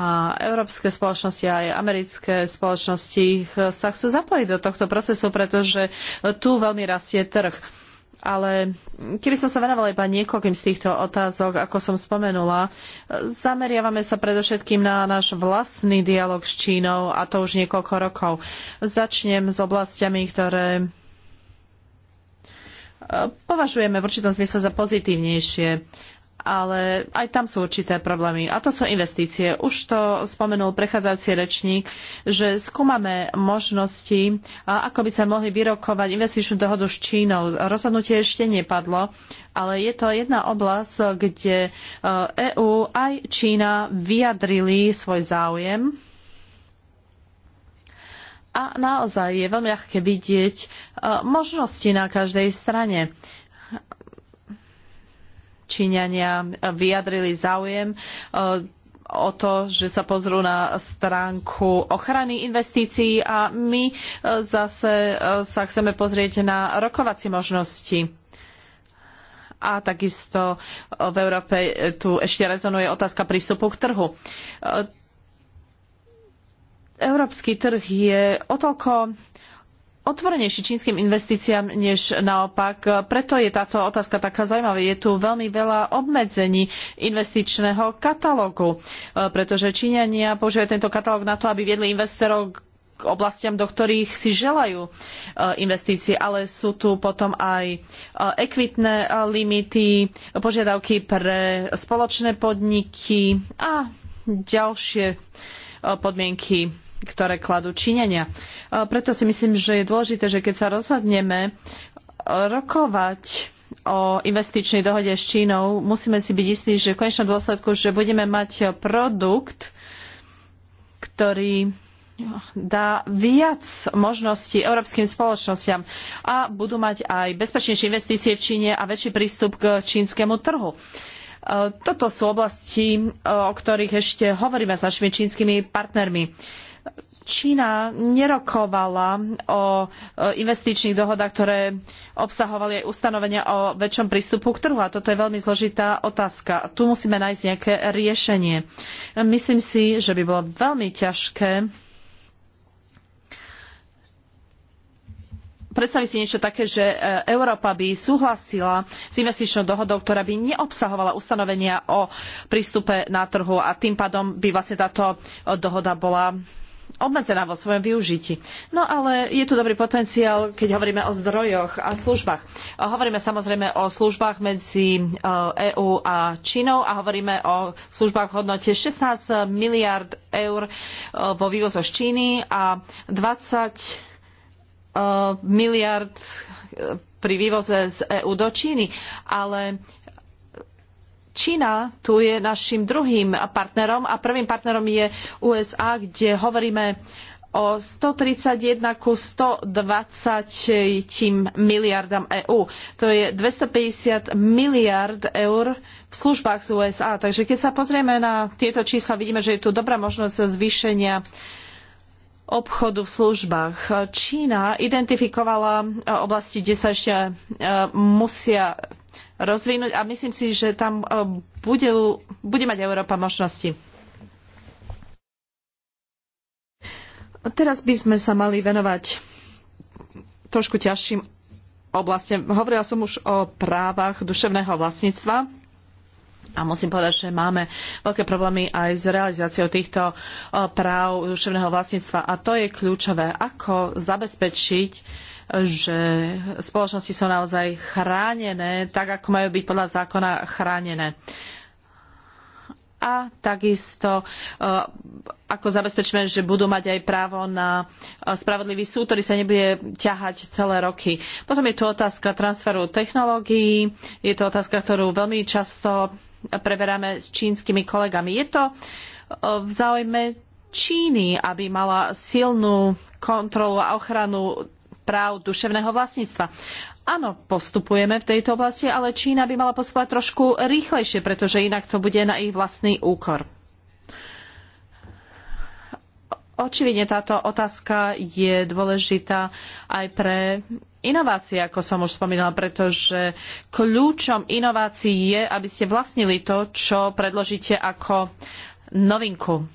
A európske spoločnosti a aj americké spoločnosti sa chcú zapojiť do tohto procesu, pretože tu veľmi rastie trh ale keby som sa venovala iba niekoľkým z týchto otázok, ako som spomenula, zameriavame sa predovšetkým na náš vlastný dialog s Čínou a to už niekoľko rokov. Začnem s oblastiami, ktoré e, považujeme v určitom zmysle za pozitívnejšie ale aj tam sú určité problémy. A to sú investície. Už to spomenul prechádzajúci rečník, že skúmame možnosti, ako by sa mohli vyrokovať investičnú dohodu s Čínou. Rozhodnutie ešte nepadlo, ale je to jedna oblasť, kde EÚ e aj Čína vyjadrili svoj záujem. A naozaj je veľmi ľahké vidieť e, možnosti na každej strane. Číňania vyjadrili záujem e, o to, že sa pozrú na stránku ochrany investícií a my e, zase e, sa chceme pozrieť na rokovacie možnosti. A takisto v Európe tu ešte rezonuje otázka prístupu k trhu. Európsky trh je o toľko otvorenejší čínskym investíciám než naopak. Preto je táto otázka taká zaujímavá. Je tu veľmi veľa obmedzení investičného katalógu, e, pretože Číňania používajú tento katalóg na to, aby viedli investorov k oblastiam, do ktorých si želajú e, investície, ale sú tu potom aj e, ekvitné limity, požiadavky pre spoločné podniky a ďalšie podmienky ktoré kladú Číňania. E, preto si myslím, že je dôležité, že keď sa rozhodneme rokovať o investičnej dohode s Čínou, musíme si byť istí, že v konečnom dôsledku, že budeme mať produkt, ktorý dá viac možností európskym spoločnostiam a budú mať aj bezpečnejšie investície v Číne a väčší prístup k čínskemu trhu. E, toto sú oblasti, o ktorých ešte hovoríme s našimi čínskymi partnermi. Čína nerokovala o e, investičných dohodách, ktoré obsahovali aj ustanovenia o väčšom prístupu k trhu. A toto je veľmi zložitá otázka. Tu musíme nájsť nejaké riešenie. Myslím si, že by bolo veľmi ťažké predstaviť si niečo také, že e, Európa by súhlasila s investičnou dohodou, ktorá by neobsahovala ustanovenia o prístupe na trhu a tým pádom by vlastne táto e, dohoda bola obmedzená vo svojom využití. No ale je tu dobrý potenciál, keď hovoríme o zdrojoch a službách. Hovoríme samozrejme o službách medzi EÚ eh, e a Čínou a hovoríme o službách v hodnote 16 miliard eur eh, vo vývozu z Číny a 20 eh, miliard pri vývoze z EÚ do Číny. Ale Čína tu je našim druhým partnerom a prvým partnerom je USA, kde hovoríme o 131 ku 120 miliardám EÚ. To je 250 miliard eur v službách z USA. Takže keď sa pozrieme na tieto čísla, vidíme, že je tu dobrá možnosť zvýšenia obchodu v službách. Čína identifikovala oblasti, kde sa ešte e, musia rozvinúť a myslím si, že tam e, bude, bude mať Európa možnosti. Teraz by sme sa mali venovať trošku ťažším oblastiam. Hovorila som už o právach duševného vlastníctva a musím povedať, že máme veľké problémy aj s realizáciou týchto e, práv duševného vlastníctva a to je kľúčové, ako zabezpečiť že spoločnosti sú naozaj chránené, tak ako majú byť podľa zákona chránené a takisto eh, ako zabezpečíme, že budú mať aj právo na eh, spravodlivý súd, ktorý sa nebude ťahať celé roky. Potom je tu otázka transferu technológií, je to otázka, ktorú veľmi často preberáme s čínskymi kolegami. Je to eh, v záujme Číny, aby mala silnú kontrolu a ochranu práv duševného vlastníctva. Áno, postupujeme v tejto oblasti, ale Čína by mala postupovať trošku rýchlejšie, pretože inak to bude na ich vlastný úkor. Očividne táto otázka je dôležitá aj pre inovácie, ako som už spomínala, pretože kľúčom inovácií je, aby ste vlastnili to, čo predložíte ako novinku.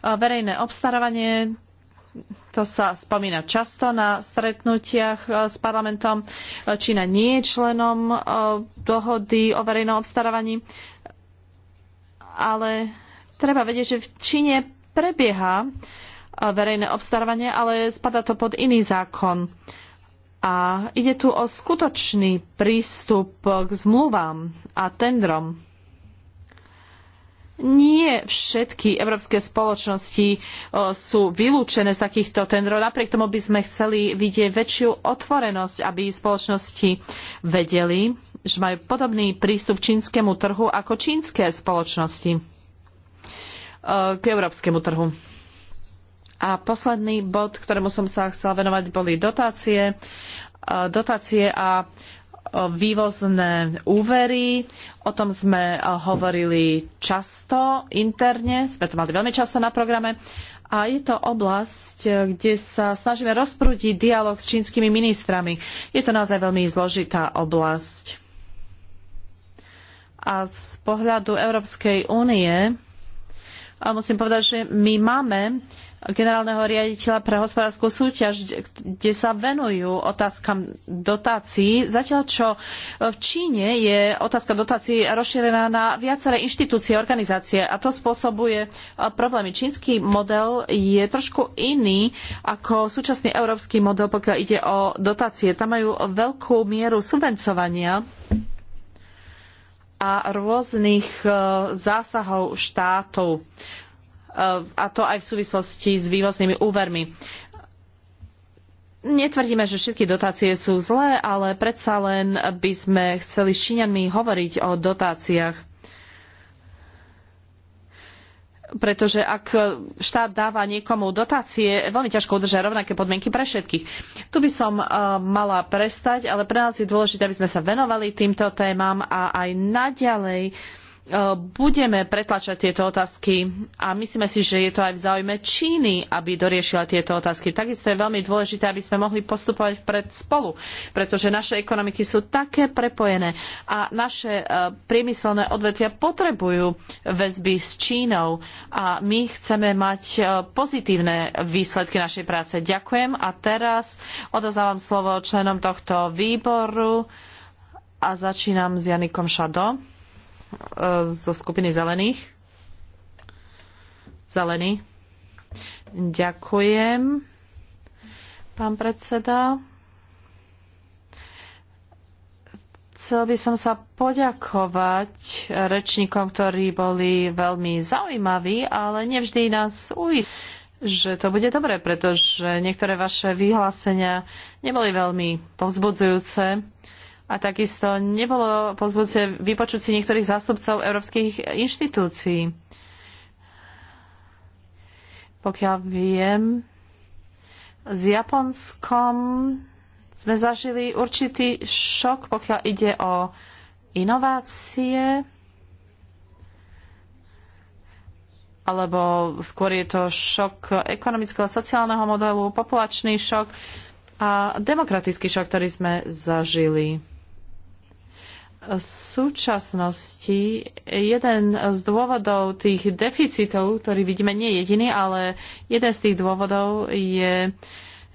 Verejné obstarávanie to sa spomína často na stretnutiach e, s parlamentom. E, Čína nie je členom e, dohody o verejnom obstarávaní, ale treba vedieť, že v Číne prebieha verejné obstarávanie, ale spada to pod iný zákon. A ide tu o skutočný prístup k zmluvám a tendrom nie všetky európske spoločnosti e, sú vylúčené z takýchto tendrov. Napriek tomu by sme chceli vidieť väčšiu otvorenosť, aby spoločnosti vedeli, že majú podobný prístup k čínskemu trhu ako čínske spoločnosti e, k európskemu trhu. A posledný bod, ktorému som sa chcela venovať, boli dotácie e, dotácie a vývozné úvery. O tom sme eh, hovorili často interne, sme to mali veľmi často na programe. A je to oblasť, eh, kde sa snažíme rozprúdiť dialog s čínskymi ministrami. Je to naozaj veľmi zložitá oblasť. A z pohľadu Európskej únie musím povedať, že my máme generálneho riaditeľa pre hospodárskú súťaž, kde sa venujú otázkam dotácií, zatiaľ čo v Číne je otázka dotácií rozšírená na viaceré inštitúcie, organizácie a to spôsobuje e, problémy. Čínsky model je trošku iný ako súčasný európsky model, pokiaľ ide o dotácie. Tam majú veľkú mieru subvencovania a rôznych e, zásahov štátov a to aj v súvislosti s vývoznými úvermi. Netvrdíme, že všetky dotácie sú zlé, ale predsa len by sme chceli s Číňanmi hovoriť o dotáciách. Pretože ak štát dáva niekomu dotácie, veľmi ťažko udržia rovnaké podmienky pre všetkých. Tu by som eh, mala prestať, ale pre nás je dôležité, aby sme sa venovali týmto témam a aj naďalej uh, E, budeme pretlačať tieto otázky a myslíme si, že je to aj v záujme Číny, aby doriešila tieto otázky. Takisto je veľmi dôležité, aby sme mohli postupovať vpred spolu, pretože naše ekonomiky sú také prepojené a naše e, priemyselné odvetvia potrebujú väzby s Čínou a my chceme mať e, pozitívne výsledky našej práce. Ďakujem a teraz odozávam slovo členom tohto výboru a začínam s Janikom Šadom. E, zo skupiny zelených. Zelený. Ďakujem, pán predseda. Chcel by som sa poďakovať rečníkom, ktorí boli veľmi zaujímaví, ale nevždy nás uj, že to bude dobre, pretože niektoré vaše vyhlásenia neboli veľmi povzbudzujúce a takisto nebolo pozbudce vypočuť si niektorých zástupcov európskych inštitúcií. Pokiaľ viem, s Japonskom sme zažili určitý šok, pokiaľ ide o inovácie, alebo skôr je to šok ekonomického a sociálneho modelu, populačný šok a demokratický šok, ktorý sme zažili. V súčasnosti jeden z dôvodov tých deficitov, ktorý vidíme, nie je jediný, ale jeden z tých dôvodov je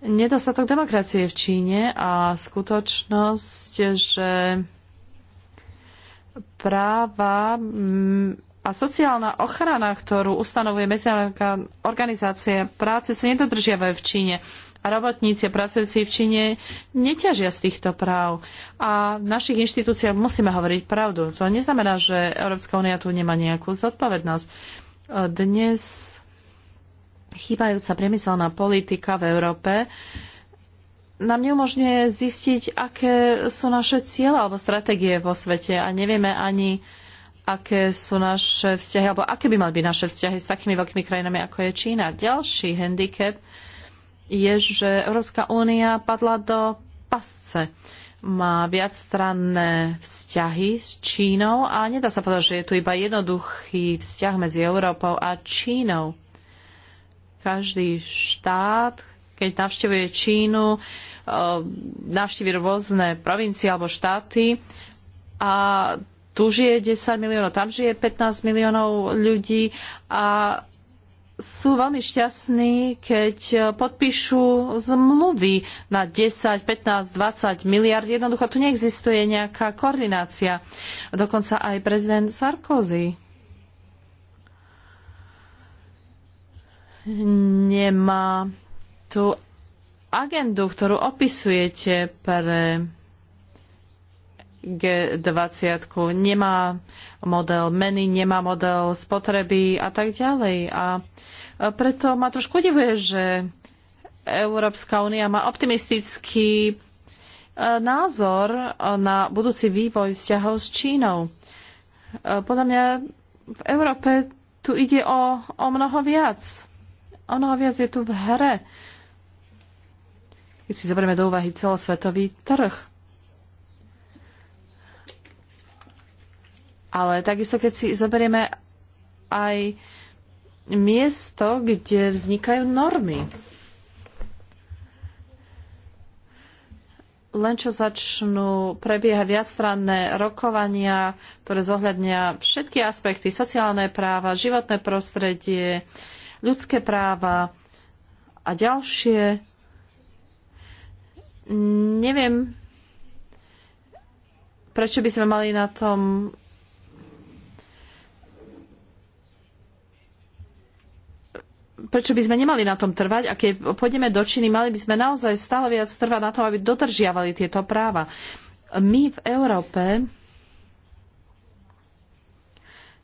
nedostatok demokracie v Číne a skutočnosť, že práva mm, a sociálna ochrana, ktorú ustanovuje Medzinárodná organizácia práce, sa nedodržiavajú v Číne. A robotníci a pracujúci v Číne neťažia z týchto práv. A v našich inštitúciách musíme hovoriť pravdu. To neznamená, že Európska únia tu nemá nejakú zodpovednosť. Dnes chýbajúca priemyselná politika v Európe nám neumožňuje zistiť, aké sú naše cieľa alebo stratégie vo svete a nevieme ani, aké sú naše vzťahy, alebo aké by mali byť naše vzťahy s takými veľkými krajinami, ako je Čína. Ďalší handicap je, že Európska únia padla do pasce. Má viacstranné vzťahy s Čínou a nedá sa povedať, že je tu iba jednoduchý vzťah medzi Európou a Čínou. Každý štát, keď navštevuje Čínu, navštívi rôzne provincie alebo štáty a tu žije 10 miliónov, tam žije 15 miliónov ľudí a sú veľmi šťastní, keď e, podpíšu zmluvy na 10, 15, 20 miliard. Jednoducho tu neexistuje nejaká koordinácia. Dokonca aj prezident Sarkozy nemá tú agendu, ktorú opisujete pre G20 nemá model meny, nemá model spotreby a tak ďalej. A preto ma trošku divuje, že Európska únia má optimistický e, názor na budúci vývoj vzťahov s Čínou. E, podľa mňa v Európe tu ide o, o mnoho viac. O mnoho viac je tu v hre. Keď si zoberieme do úvahy celosvetový trh Ale takisto, keď si zoberieme aj miesto, kde vznikajú normy. Len čo začnú prebiehať viacstranné rokovania, ktoré zohľadnia všetky aspekty, sociálne práva, životné prostredie, ľudské práva a ďalšie. Neviem, prečo by sme mali na tom prečo by sme nemali na tom trvať a keď pôjdeme do Číny, mali by sme naozaj stále viac trvať na tom, aby dodržiavali tieto práva. My v Európe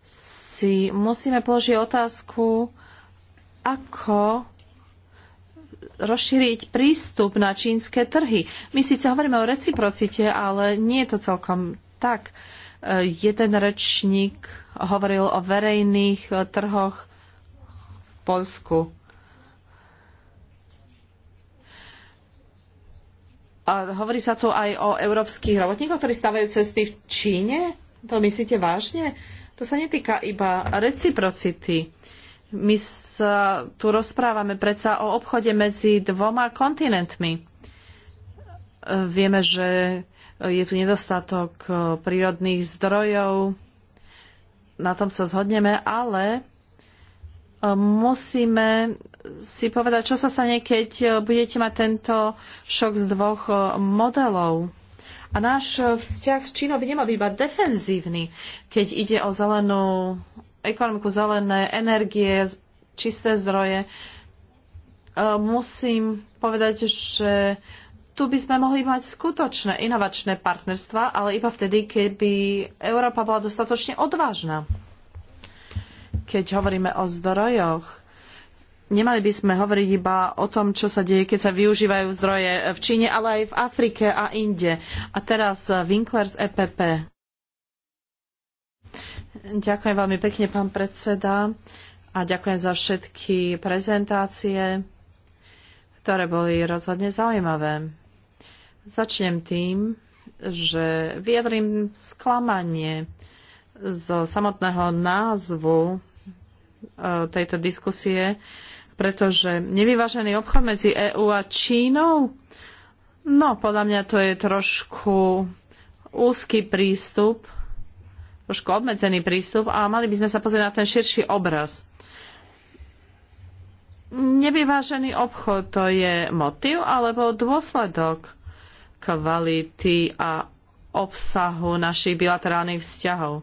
si musíme položiť otázku, ako rozšíriť prístup na čínske trhy. My síce hovoríme o reciprocite, ale nie je to celkom tak. E, jeden rečník hovoril o verejných e, trhoch Polsku. A hovorí sa tu aj o európskych robotníkoch, ktorí stavajú cesty v Číne? To myslíte vážne? To sa netýka iba reciprocity. My sa tu rozprávame predsa o obchode medzi dvoma kontinentmi. Vieme, že je tu nedostatok prírodných zdrojov, na tom sa zhodneme, ale musíme si povedať, čo sa stane, keď budete mať tento šok z dvoch e, modelov. A náš e, vzťah s Čínou by nemal byť iba defenzívny, keď ide o zelenú ekonomiku, zelené energie, čisté zdroje. E, musím povedať, že tu by sme mohli mať skutočné inovačné partnerstva, ale iba vtedy, keby Európa bola dostatočne odvážna keď hovoríme o zdrojoch, nemali by sme hovoriť iba o tom, čo sa deje, keď sa využívajú zdroje v Číne, ale aj v Afrike a inde. A teraz Winkler z EPP. Ďakujem veľmi pekne, pán predseda, a ďakujem za všetky prezentácie, ktoré boli rozhodne zaujímavé. Začnem tým, že vyjadrím sklamanie zo samotného názvu Eh, tejto diskusie, pretože nevyvážený obchod medzi EÚ a Čínou, no podľa mňa to je trošku úzky prístup, trošku obmedzený prístup a mali by sme sa pozrieť na ten širší obraz. Nevyvážený obchod to je motiv alebo dôsledok kvality a obsahu našich bilaterálnych vzťahov.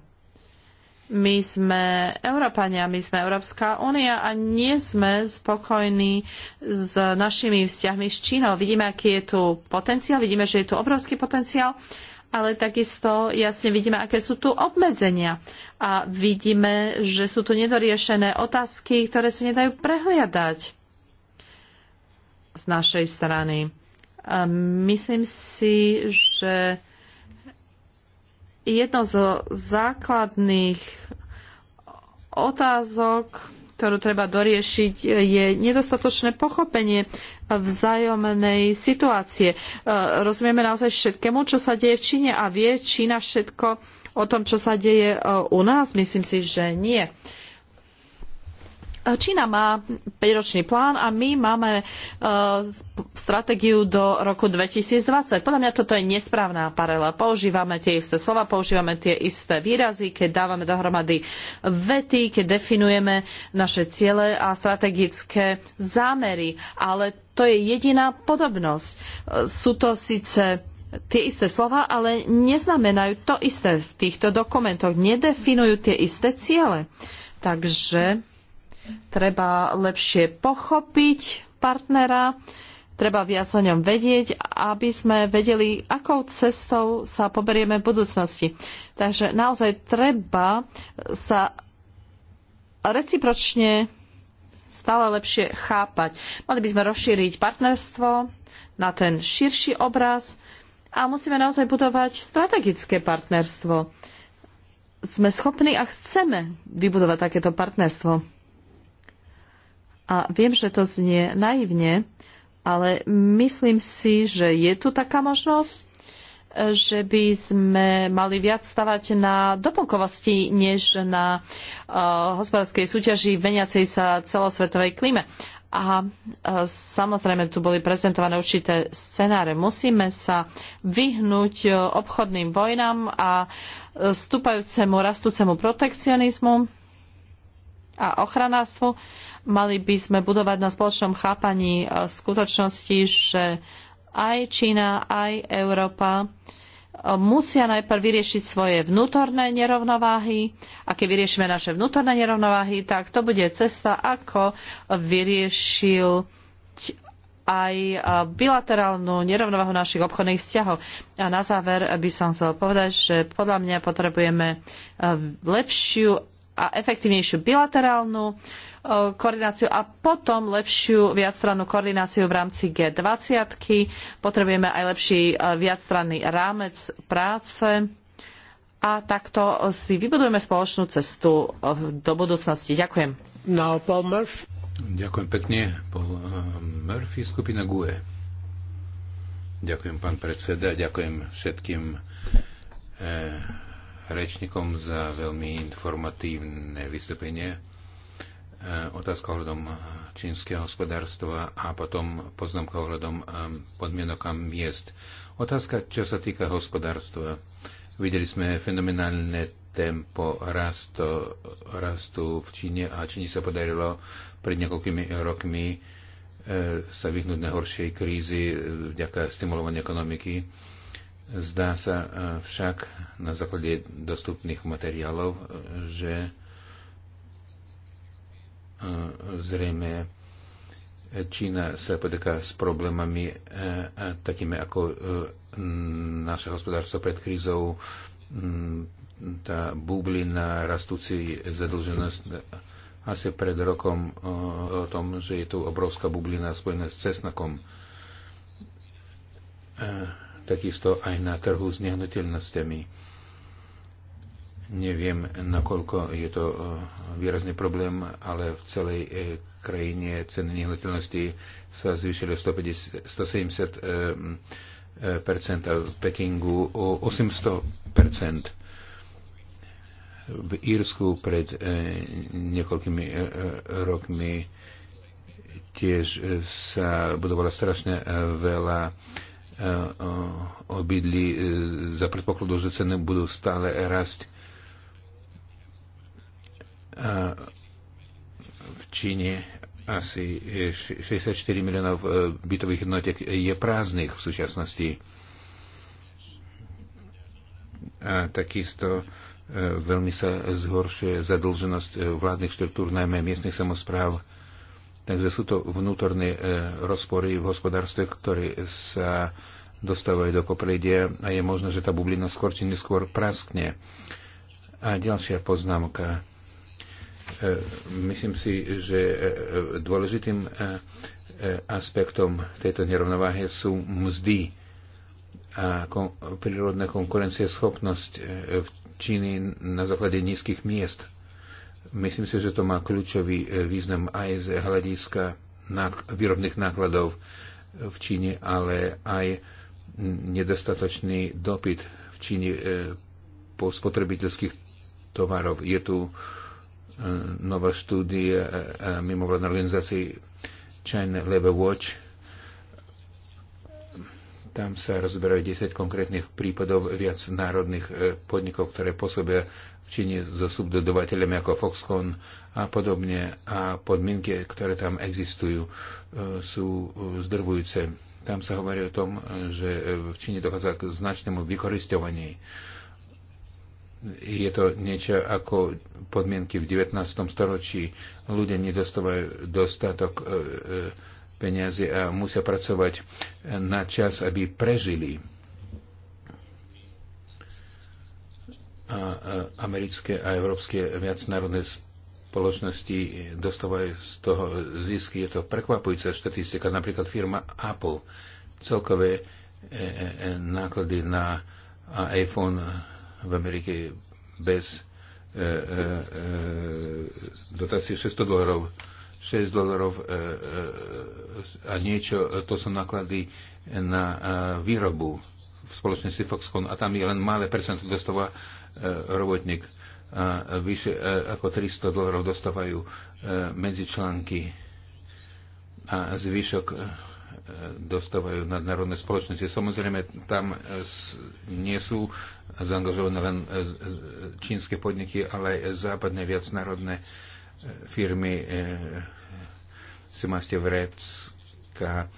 My sme Európania, my sme Európska únia a nie sme spokojní s našimi vzťahmi s Čínou. Vidíme, aký je tu potenciál, vidíme, že je tu obrovský potenciál, ale takisto jasne vidíme, aké sú tu obmedzenia. A vidíme, že sú tu nedoriešené otázky, ktoré sa nedajú prehliadať z našej strany. A myslím si, že jedno zo základných otázok, ktorú treba doriešiť, je nedostatočné pochopenie vzájomnej situácie. E, rozumieme naozaj všetkému, čo sa deje v Číne a vie Čína všetko o tom, čo sa deje e, u nás? Myslím si, že nie. Uh, Čína má 5-ročný plán a my máme e, stratégiu do roku 2020. Podľa mňa toto je nesprávna paralela. Používame tie isté slova, používame tie isté výrazy, keď dávame dohromady vety, keď definujeme naše ciele a strategické zámery. Ale to je jediná podobnosť. Sú to síce tie isté slova, ale neznamenajú to isté v týchto dokumentoch. Nedefinujú tie isté ciele. Takže Treba lepšie pochopiť partnera, treba viac o ňom vedieť, aby sme vedeli, akou cestou sa poberieme v budúcnosti. Takže naozaj treba sa recipročne stále lepšie chápať. Mali by sme rozšíriť partnerstvo na ten širší obraz a musíme naozaj budovať strategické partnerstvo. Sme schopní a chceme vybudovať takéto partnerstvo a viem, že to znie naivne, ale myslím si, že je tu taká možnosť, že by sme mali viac stavať na doplnkovosti, než na uh, hospodárskej súťaži veniacej sa celosvetovej klíme. A uh, samozrejme tu boli prezentované určité scenáre. Musíme sa vyhnúť uh, obchodným vojnám a stúpajúcemu rastúcemu protekcionizmu a ochranárstvu. Mali by sme budovať na spoločnom chápaní e, skutočnosti, že aj Čína, aj Európa e, musia najprv vyriešiť svoje vnútorné nerovnováhy a keď vyriešime naše vnútorné nerovnováhy, tak to bude cesta, ako vyriešil aj e, bilaterálnu nerovnováhu našich obchodných vzťahov. A na záver by som chcel povedať, že podľa mňa potrebujeme lepšiu a efektívnejšiu bilaterálnu e, koordináciu a potom lepšiu viacstrannú koordináciu v rámci G20. Potrebujeme aj lepší e, viacstranný rámec práce a takto si vybudujeme spoločnú cestu e, do budúcnosti. Ďakujem. No, Paul Murphy. Ďakujem pekne. Paul Murphy, skupina GUE. Ďakujem, pán predseda. Ďakujem všetkým rečníkom za veľmi informatívne vystúpenie. E, otázka ohľadom čínskeho hospodárstva a potom poznámka ohľadom e, podmienok a miest. Otázka, čo sa týka hospodárstva. Videli sme fenomenálne tempo rastu, rastu v Číne a Číne sa podarilo pred niekoľkými rokmi e, sa vyhnúť na horšej krízy vďaka stimulovaniu ekonomiky Zdá sa e, však na základe dostupných materiálov, e, že e, zrejme Čína sa potýka s problémami takými ako naše hospodárstvo pred krízou, tá bublina, rastúci zadlženosť asi pred rokom o tom, že je tu obrovská bublina spojená s cesnakom takisto aj na trhu s nehnuteľnosťami. Neviem, nakoľko je to e, výrazný problém, ale v celej e, krajine ceny nehnuteľnosti sa zvýšili 170 e, a v Pekingu o 800 V Írsku pred niekoľkými rokmi tiež sa budovala strašne veľa obydlí e, za predpokladu, že ceny budú stále rásť. A v Číne asi 64 miliónov e, bytových jednotiek je prázdnych v súčasnosti. A takisto e, veľmi sa zhoršuje zadlženosť vládnych štruktúr, najmä miestnych samozpráv Takže sú to vnútorné e, rozpory v hospodárstve, ktoré sa dostávajú do popredia a je možné, že tá bublina skôr či neskôr praskne. A ďalšia poznámka. E, myslím si, že e, dôležitým aspektom tejto nerovnováhy sú mzdy a prírodná konkurencieschopnosť v Číny na základe nízkych miest. Myslím si, že to má kľúčový e, význam aj z hľadiska výrobných nákladov v Číne, ale aj nedostatočný dopyt v Číne e, po spotrebiteľských tovarov. Je tu e, nová štúdia mimovládnej organizácii China Level Watch. Tam sa rozberajú 10 konkrétnych prípadov viac národných podnikov, ktoré pôsobia v Číne so subdodovateľmi ako Foxconn a podobne a podmienky, ktoré tam existujú, e, sú zdrvujúce. Tam sa hovorí o tom, že e, v Číne dochádza k značnému vykoristovaní. Je to niečo ako podmienky v 19. storočí. Ľudia nedostávajú dostatok e, peniazy a musia pracovať na čas, aby prežili a americké a európske viacnárodné spoločnosti dostávajú z toho zisky. Je to prekvapujúca štatistika. Napríklad firma Apple celkové e, e, náklady na iPhone v Amerike bez e, dotácie 600 dolarov. 6 dolarov a niečo, to sú náklady na výrobu v spoločnosti Foxconn a tam je len malé percento dostáva E, robotník a vyše e, ako 300 dolarov dostávajú e, medzičlánky a zvyšok dostávajú nadnárodné spoločnosti. Samozrejme, tam nie sú zaangažované len čínske podniky, ale aj západné viacnárodné firmy Simastie Vrecka,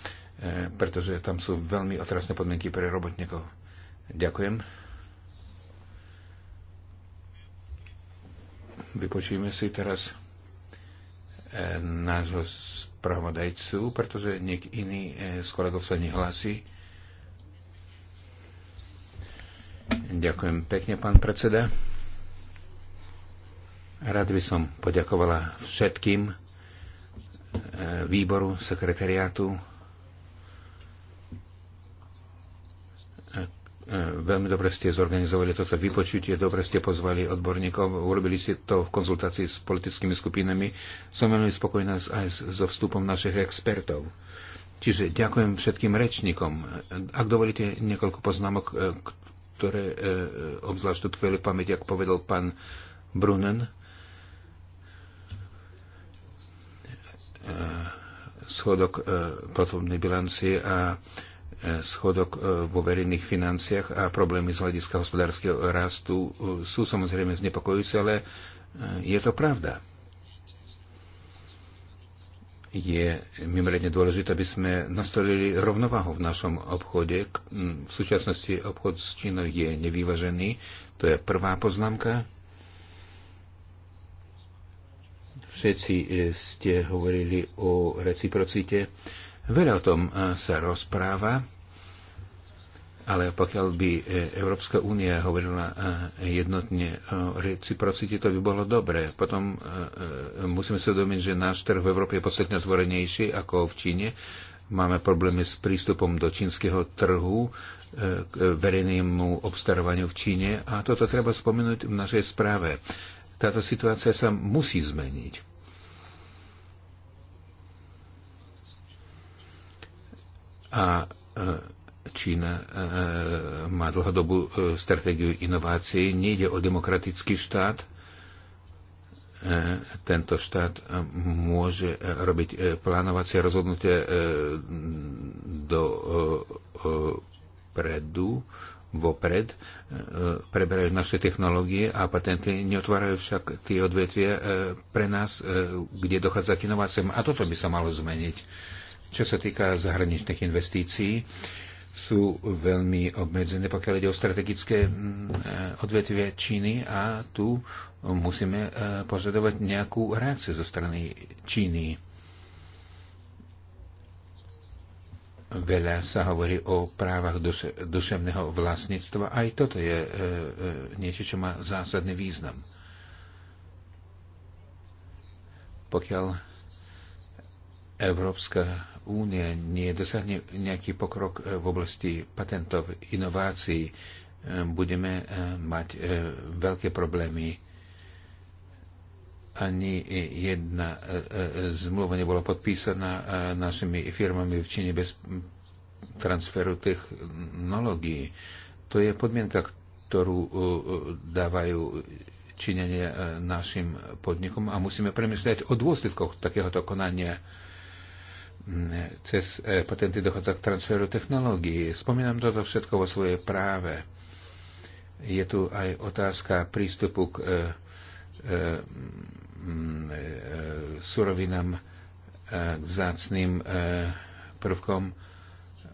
pretože tam sú veľmi otrasné podmienky pre robotníkov. Ďakujem. Vypočíme si teraz e, nášho spravodajcu, pretože niek iný e, z kolegov sa nehlási. Ďakujem pekne, pán predseda. Rád by som poďakovala všetkým e, výboru, sekretariátu, E, veľmi dobre ste zorganizovali toto vypočutie, dobre ste pozvali odborníkov, urobili ste to v konzultácii s politickými skupinami. Som veľmi spokojná aj so vstupom našich expertov. Čiže ďakujem všetkým rečníkom. Ak dovolíte niekoľko poznámok, e, ktoré e, obzvlášť tu v pamäť, ako povedal pán Brunen. Schodok platobnej bilancie a schodok e, vo verejných financiách a problémy z hľadiska hospodárskeho rastu e, sú samozrejme znepokojúce, ale e, je to pravda. Je mimoriadne dôležité, aby sme nastolili rovnováhu v našom obchode. V súčasnosti obchod s Čínou je nevyvažený. To je prvá poznámka. Všetci ste hovorili o reciprocite. Veľa o tom eh, sa rozpráva, ale pokiaľ by eh, Európska únia hovorila eh, jednotne o reciprocite, to by bolo dobré. Potom musíme si uvedomiť, že náš trh v Európe je podstatne otvorenejší ako v Číne. Máme problémy s prístupom do čínskeho trhu, k verejnému obstarovaniu v Číne a toto treba spomenúť v našej správe. Táto situácia sa musí zmeniť. a e, Čína e, má dlhodobú e, stratégiu inovácií. Nejde o demokratický štát. Tento štát môže robiť plánovacie rozhodnutie do predu, vopred, preberajú naše technológie a patenty, neotvárajú však tie odvetvie pre nás, kde dochádza k inováciám. A toto by sa malo zmeniť čo sa týka zahraničných investícií, sú veľmi obmedzené, pokiaľ ide o strategické mm, eh, odvetvie Číny a tu musíme eh, požadovať nejakú reakciu zo strany Číny. Veľa sa hovorí o právach duše, duševného vlastníctva. Aj toto je e, niečo, čo má zásadný význam. Pokiaľ Európska únia nedosiahne nejaký pokrok e, v oblasti patentov, inovácií, e, budeme e, mať veľké problémy. Ani jedna zmluva nebola podpísaná našimi firmami v Číne bez transferu technológií. To je podmienka, ktorú dávajú Číňania našim podnikom a musíme premyšľať o dôsledkoch takéhoto konania cez e, patenty dochádza k transferu technológií. Spomínam toto všetko vo svojej práve. Je tu aj otázka prístupu k e, e, surovinám, k vzácným prvkom.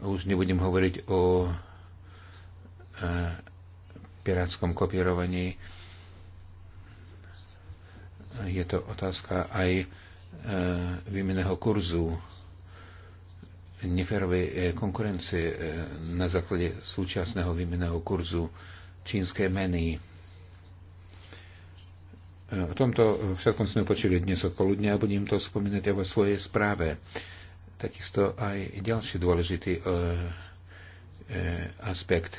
Už nebudem hovoriť o pirátskom kopírovaní. Je to otázka aj výmenného kurzu neférovej konkurencie e, na základe súčasného výmeného kurzu čínskej meny. E, o tomto všetkom sme počuli dnes odpoludne a budem to spomínať aj vo svojej správe. Takisto aj ďalší dôležitý e, aspekt,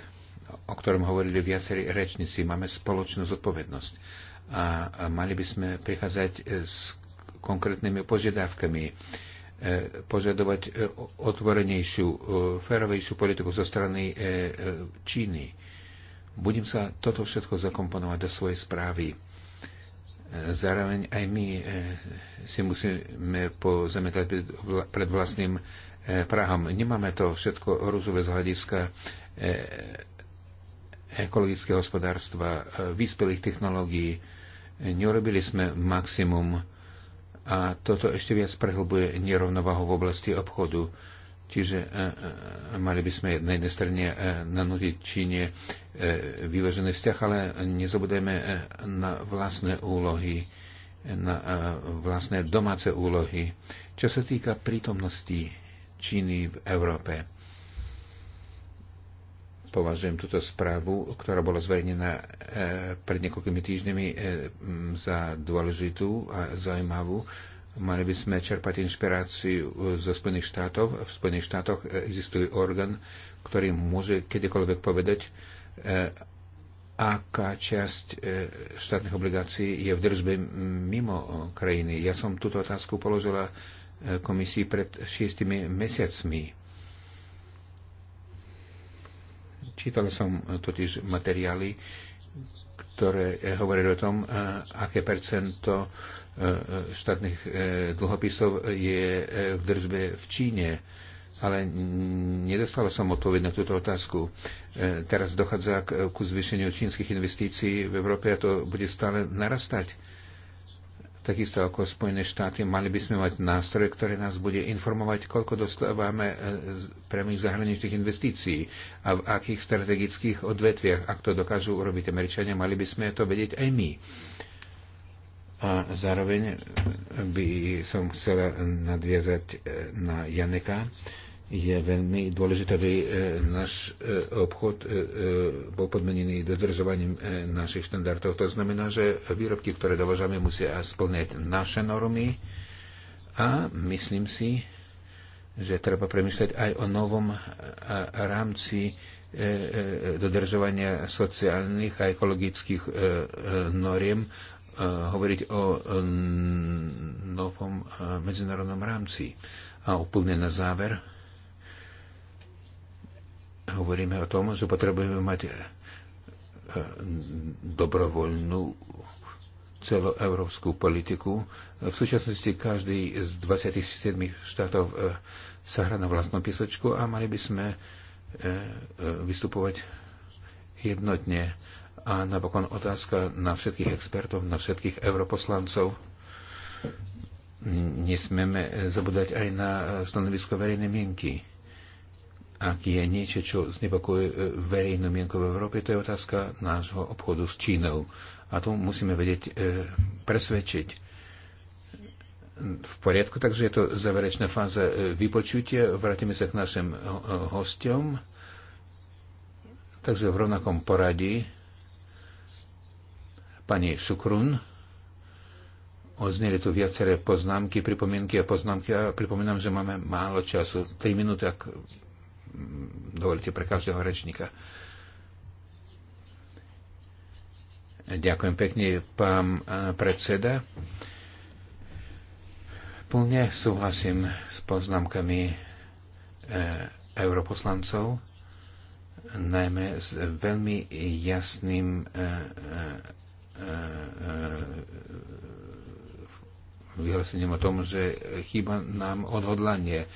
o ktorom hovorili viacerí rečníci. Máme spoločnú zodpovednosť a mali by sme prichádzať s konkrétnymi požiadavkami E, požadovať e, otvorenejšiu, e, férovejšiu politiku zo strany Číny. Budem sa toto všetko zakomponovať do svojej správy. Zároveň aj my si musíme pozametať pred vlastným Prahom. Nemáme to všetko rúzové z hľadiska ekologického hospodárstva, vyspelých technológií. Neurobili sme maximum a toto ešte viac prehlbuje nerovnováhu v oblasti obchodu. Čiže e, e, mali by sme na jednej strane e, nanútiť Číne vyvážený vzťah, ale nezabudajme na vlastné úlohy, na vlastné domáce úlohy. Čo sa týka prítomnosti Číny v Európe, Považujem túto správu, ktorá bola zverejnená e, pred niekoľkými týždňami, e, za dôležitú a zaujímavú. Mali by sme čerpať inšpiráciu zo Spojených štátov. V Spojených štátoch existuje orgán, ktorý môže kedykoľvek povedať, e, aká časť štátnych obligácií je v držbe mimo krajiny. Ja som túto otázku položila komisii pred šiestimi mesiacmi. Čítal som eh, totiž materiály, ktoré eh, hovorili o tom, eh, aké percento štátnych dlhopisov je v držbe v Číne. Ale nedostal som odpoveď na túto otázku. Teraz dochádza ku zvýšeniu čínskych investícií v Európe a to bude stále narastať takisto ako Spojené štáty, mali by sme mať nástroj, ktorý nás bude informovať, koľko dostávame e, priamých zahraničných investícií a v akých strategických odvetviach. Ak to dokážu urobiť Američania, mali by sme to vedieť aj my. A zároveň by som chcela nadviazať e, na Janeka je veľmi dôležité, aby e, náš e, obchod e, bol podmenený dodržovaním našich štandardov. To znamená, že výrobky, ktoré dovážame, musia splňať naše normy a myslím si, že treba premyšľať aj o novom rámci dodržovania sociálnych a ekologických noriem, hovoriť o novom medzinárodnom rámci. A úplne na záver, Hovoríme o tom, že potrebujeme mať e, dobrovoľnú celoeurópsku politiku. V súčasnosti každý z 27 štátov e, sa hrá na vlastnom písočku a mali by sme e, vystupovať jednotne. A napokon otázka na všetkých expertov, na všetkých europoslancov. Nesmieme zabúdať aj na stanovisko verejnej mienky ak je niečo, čo znepokojuje e, verejnú mienku v Európe, to je otázka nášho obchodu s Čínou. A tu musíme vedieť e, presvedčiť v poriadku, takže je to záverečná fáza e, vypočutia. Vrátime sa k našim hostiom. Takže v rovnakom poradí pani Šukrun. Ozneli tu viaceré poznámky, pripomienky a poznámky a pripomínam, že máme málo času. 3 minúty, ak dovolite pre každého rečníka. Ďakujem pekne, pán predseda. Plne súhlasím s poznámkami e, europoslancov, najmä s veľmi jasným e, e, vyhlásením o tom, že chýba nám odhodlanie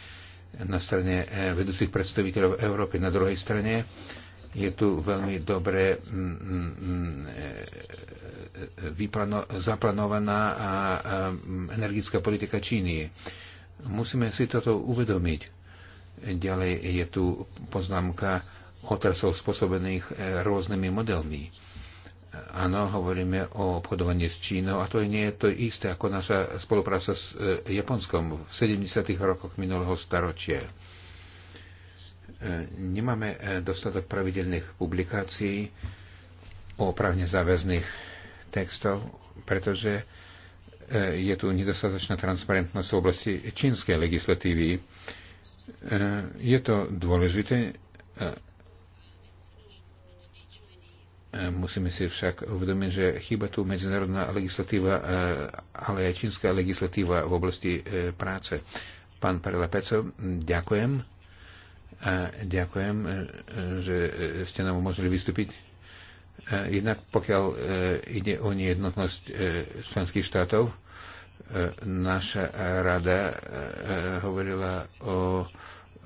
na strane eh, vedúcich predstaviteľov Európy. Na druhej strane je tu veľmi dobre mm, mm, eh, zaplanovaná a eh, energická politika Číny. Musíme si toto uvedomiť. Ďalej je tu poznámka otrasov spôsobených rôznymi modelmi Áno, hovoríme o obchodovaní s Čínou a to nie je to isté ako naša spolupráca s e, Japonskom v 70. rokoch minulého staročia. E, nemáme e, dostatok pravidelných publikácií o právne záväzných textov, pretože je tu nedostatočná transparentnosť v oblasti čínskej legislatívy. Je to dôležité E, musíme si však uvedomiť, že chyba tu medzinárodná legislatíva, e, ale aj čínska legislatíva v oblasti e, práce. Pán Parelapecov, ďakujem. A ďakujem, že ste nám umožnili vystúpiť. Jednak pokiaľ ide o nejednotnosť členských štátov, naša rada hovorila o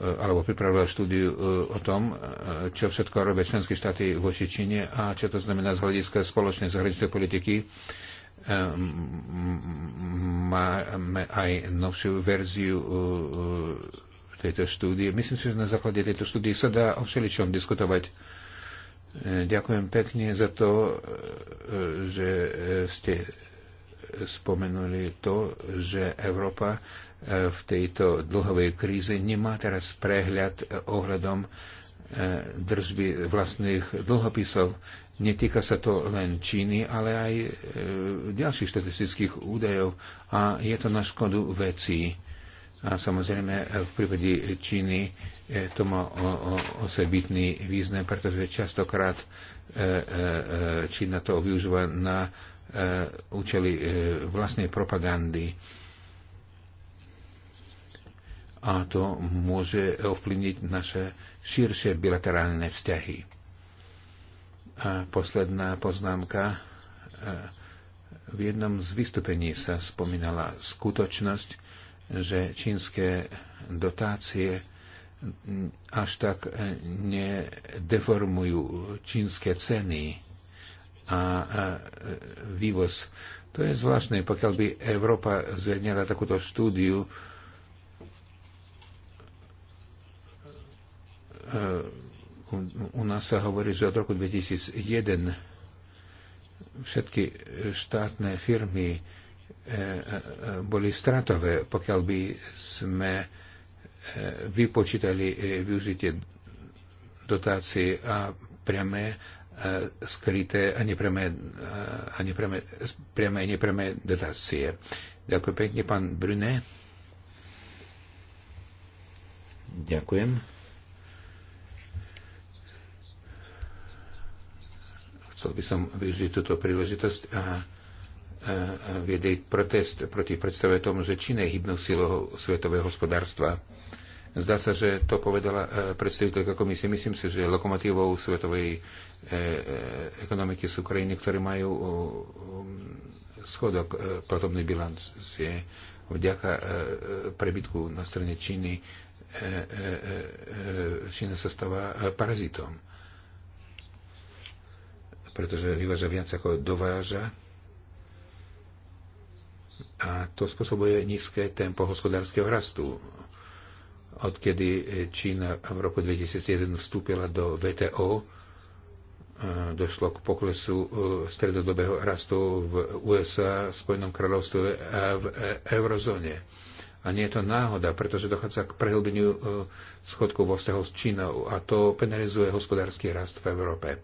E, alebo pripravila štúdiu e, o tom, e, čo všetko robia členské štáty vo Číne a čo to znamená z hľadiska spoločnej zahraničnej politiky. Máme aj novšiu verziu tejto štúdie. Myslím si, že na základe tejto štúdie sa dá o všeličom diskutovať. Ďakujem pekne za to, že ste spomenuli to, že Európa E, v tejto dlhovej kríze nemá teraz prehľad ohľadom e, držby vlastných dlhopisov. Netýka sa to len Číny, ale aj e, ďalších štatistických údajov a je to na škodu vecí. A samozrejme v prípade Číny to má osobitný význam, pretože častokrát Čína to využíva na účely vlastnej propagandy a to môže ovplyvniť naše širšie bilaterálne vzťahy. A posledná poznámka. E, v jednom z vystúpení sa spomínala skutočnosť, že čínske dotácie až tak nedeformujú čínske ceny a vývoz. To je zvláštne, pokiaľ by Európa zvednila takúto štúdiu, E, u nás sa hovorí, že od roku 2001 všetky štátne firmy e, e, boli stratové, pokiaľ by sme vypočítali využitie dotácie a priame, skryté a nepriame, a nepriame, priame a nepriame dotácie. Ďakujem pekne, pán Brune. Ďakujem. Chcel by som využiť túto príležitosť a, a, a viedeť protest proti predstave tomu, že Čína je hybnou silou svetového hospodárstva. Zdá sa, že to povedala e, predstaviteľka komisie. Myslím si, že lokomotívou svetovej e, e, ekonomiky sú krajiny, ktoré majú schodok platobnej bilancie vďaka prebytku na strane Číny Čína sa stáva parazitom pretože vyváža viac ako dováža a to spôsobuje nízke tempo hospodárskeho rastu. Odkedy Čína v roku 2001 vstúpila do VTO, e, došlo k poklesu e, stredodobého rastu v USA, Spojenom kráľovstve a v e, eurozóne. A nie je to náhoda, pretože dochádza k prehlbeniu schodku vo vzťahu s Čínou a to penalizuje hospodársky rast v Európe.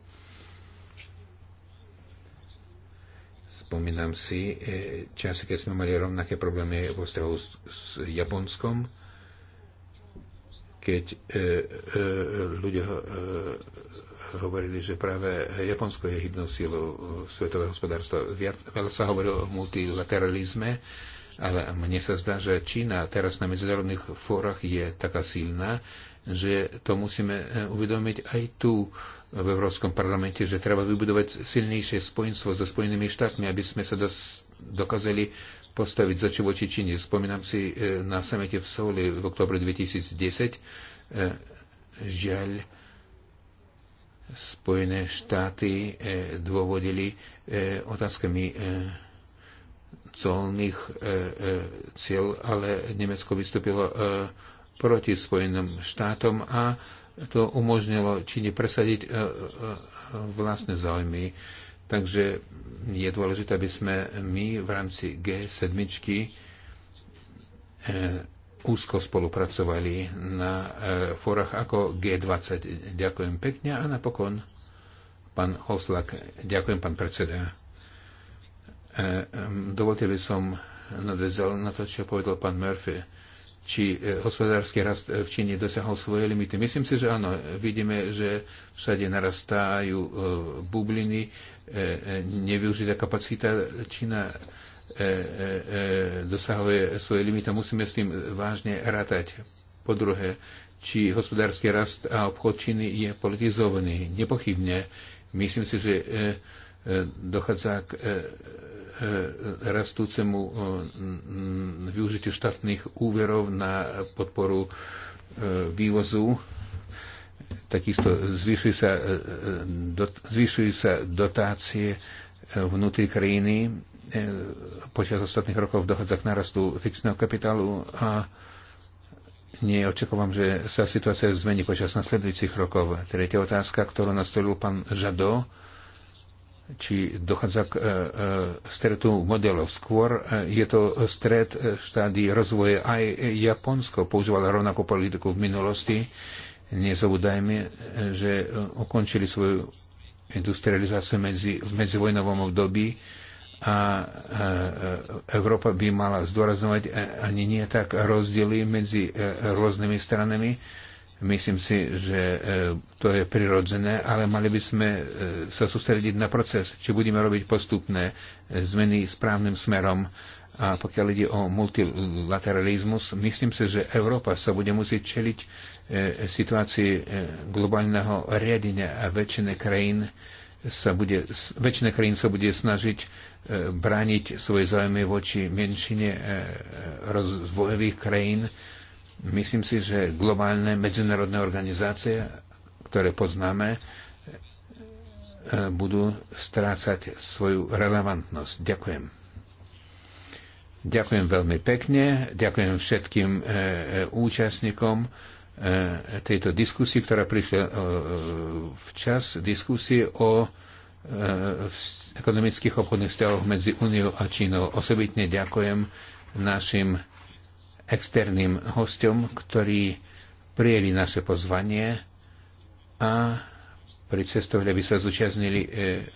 Spomínam si e, časy, keď sme mali rovnaké problémy vo vzťahu s, s Japonskom, keď e, e, ľudia e, hovorili, že práve Japonsko je hybnou sílou svetového hospodárstva. Viac, veľa sa hovorilo o multilateralizme, ale mne sa zdá, že Čína teraz na medzinárodných fórach je taká silná, že to musíme e, uvedomiť aj tu. E, v Európskom parlamente, že treba vybudovať silnejšie spojenstvo so Spojenými štátmi, aby sme sa dos- dokázali postaviť za voči Číne. Spomínam si e, na samete v Soli v oktobre 2010. E, Žiaľ, Spojené štáty e, dôvodili e, otázkami e, colných e, e, cieľ, ale Nemecko vystúpilo e, proti Spojeným štátom a e, to umožnilo Číne presadiť e, e, e, vlastné záujmy. Takže je dôležité, aby sme my v rámci G7 úzko spolupracovali na fórach ako G20. Ďakujem pekne a napokon pán Hoslak. Ďakujem, pán predseda. Dovolte by som nadvezal na to, čo povedal pán Murphy či e, hospodársky rast e, v Číne dosiahol svoje limity. Myslím si, že áno. Vidíme, že všade narastajú e, bubliny, nevyužitá kapacita Čína dosahuje svoje limity. Musíme s tým vážne rátať. Po druhé, či hospodársky rast a obchod Číny je politizovaný. Nepochybne. Myslím si, že dochádza k E, rastúcemu e, využitiu štátnych úverov na podporu e, vývozu. Takisto zvyšujú sa, zvyšujú sa dotácie vnútri krajiny. Počas ostatných rokov dochádza k narastu fixného kapitálu a neočakávam, že sa situácia zmení počas nasledujúcich rokov. Tretia otázka, ktorú nastolil pán Žado či dochádza k e, e, stretu modelov. Skôr e, je to stret štády rozvoja. Aj Japonsko používalo rovnakú politiku v minulosti. Nezabúdajme, že ukončili svoju industrializáciu medzi, v medzivojnovom období a Európa by mala zdôrazňovať ani nie tak rozdiely medzi rôznymi stranami, Myslím si, že e, to je prirodzené, ale mali by sme e, sa sústrediť na proces, či budeme robiť postupné e, zmeny správnym smerom. A pokiaľ ide o multilateralizmus, myslím si, že Európa sa bude musieť čeliť situácii globálneho riadenia a väčšina krajín sa bude, väčšina krajín sa bude snažiť brániť svoje záujmy voči menšine rozvojových krajín Myslím si, že globálne medzinárodné organizácie, ktoré poznáme, e, budú strácať svoju relevantnosť. Ďakujem. Ďakujem veľmi pekne, ďakujem všetkým e, e, účastníkom tejto diskusie, ktorá prišla včas, diskusie o ekonomických obchodných vzťahoch medzi Úniou a Čínou. Osobitne ďakujem našim externým hostom, ktorí prijeli naše pozvanie a pri pricestovali, aby sa zúčastnili e,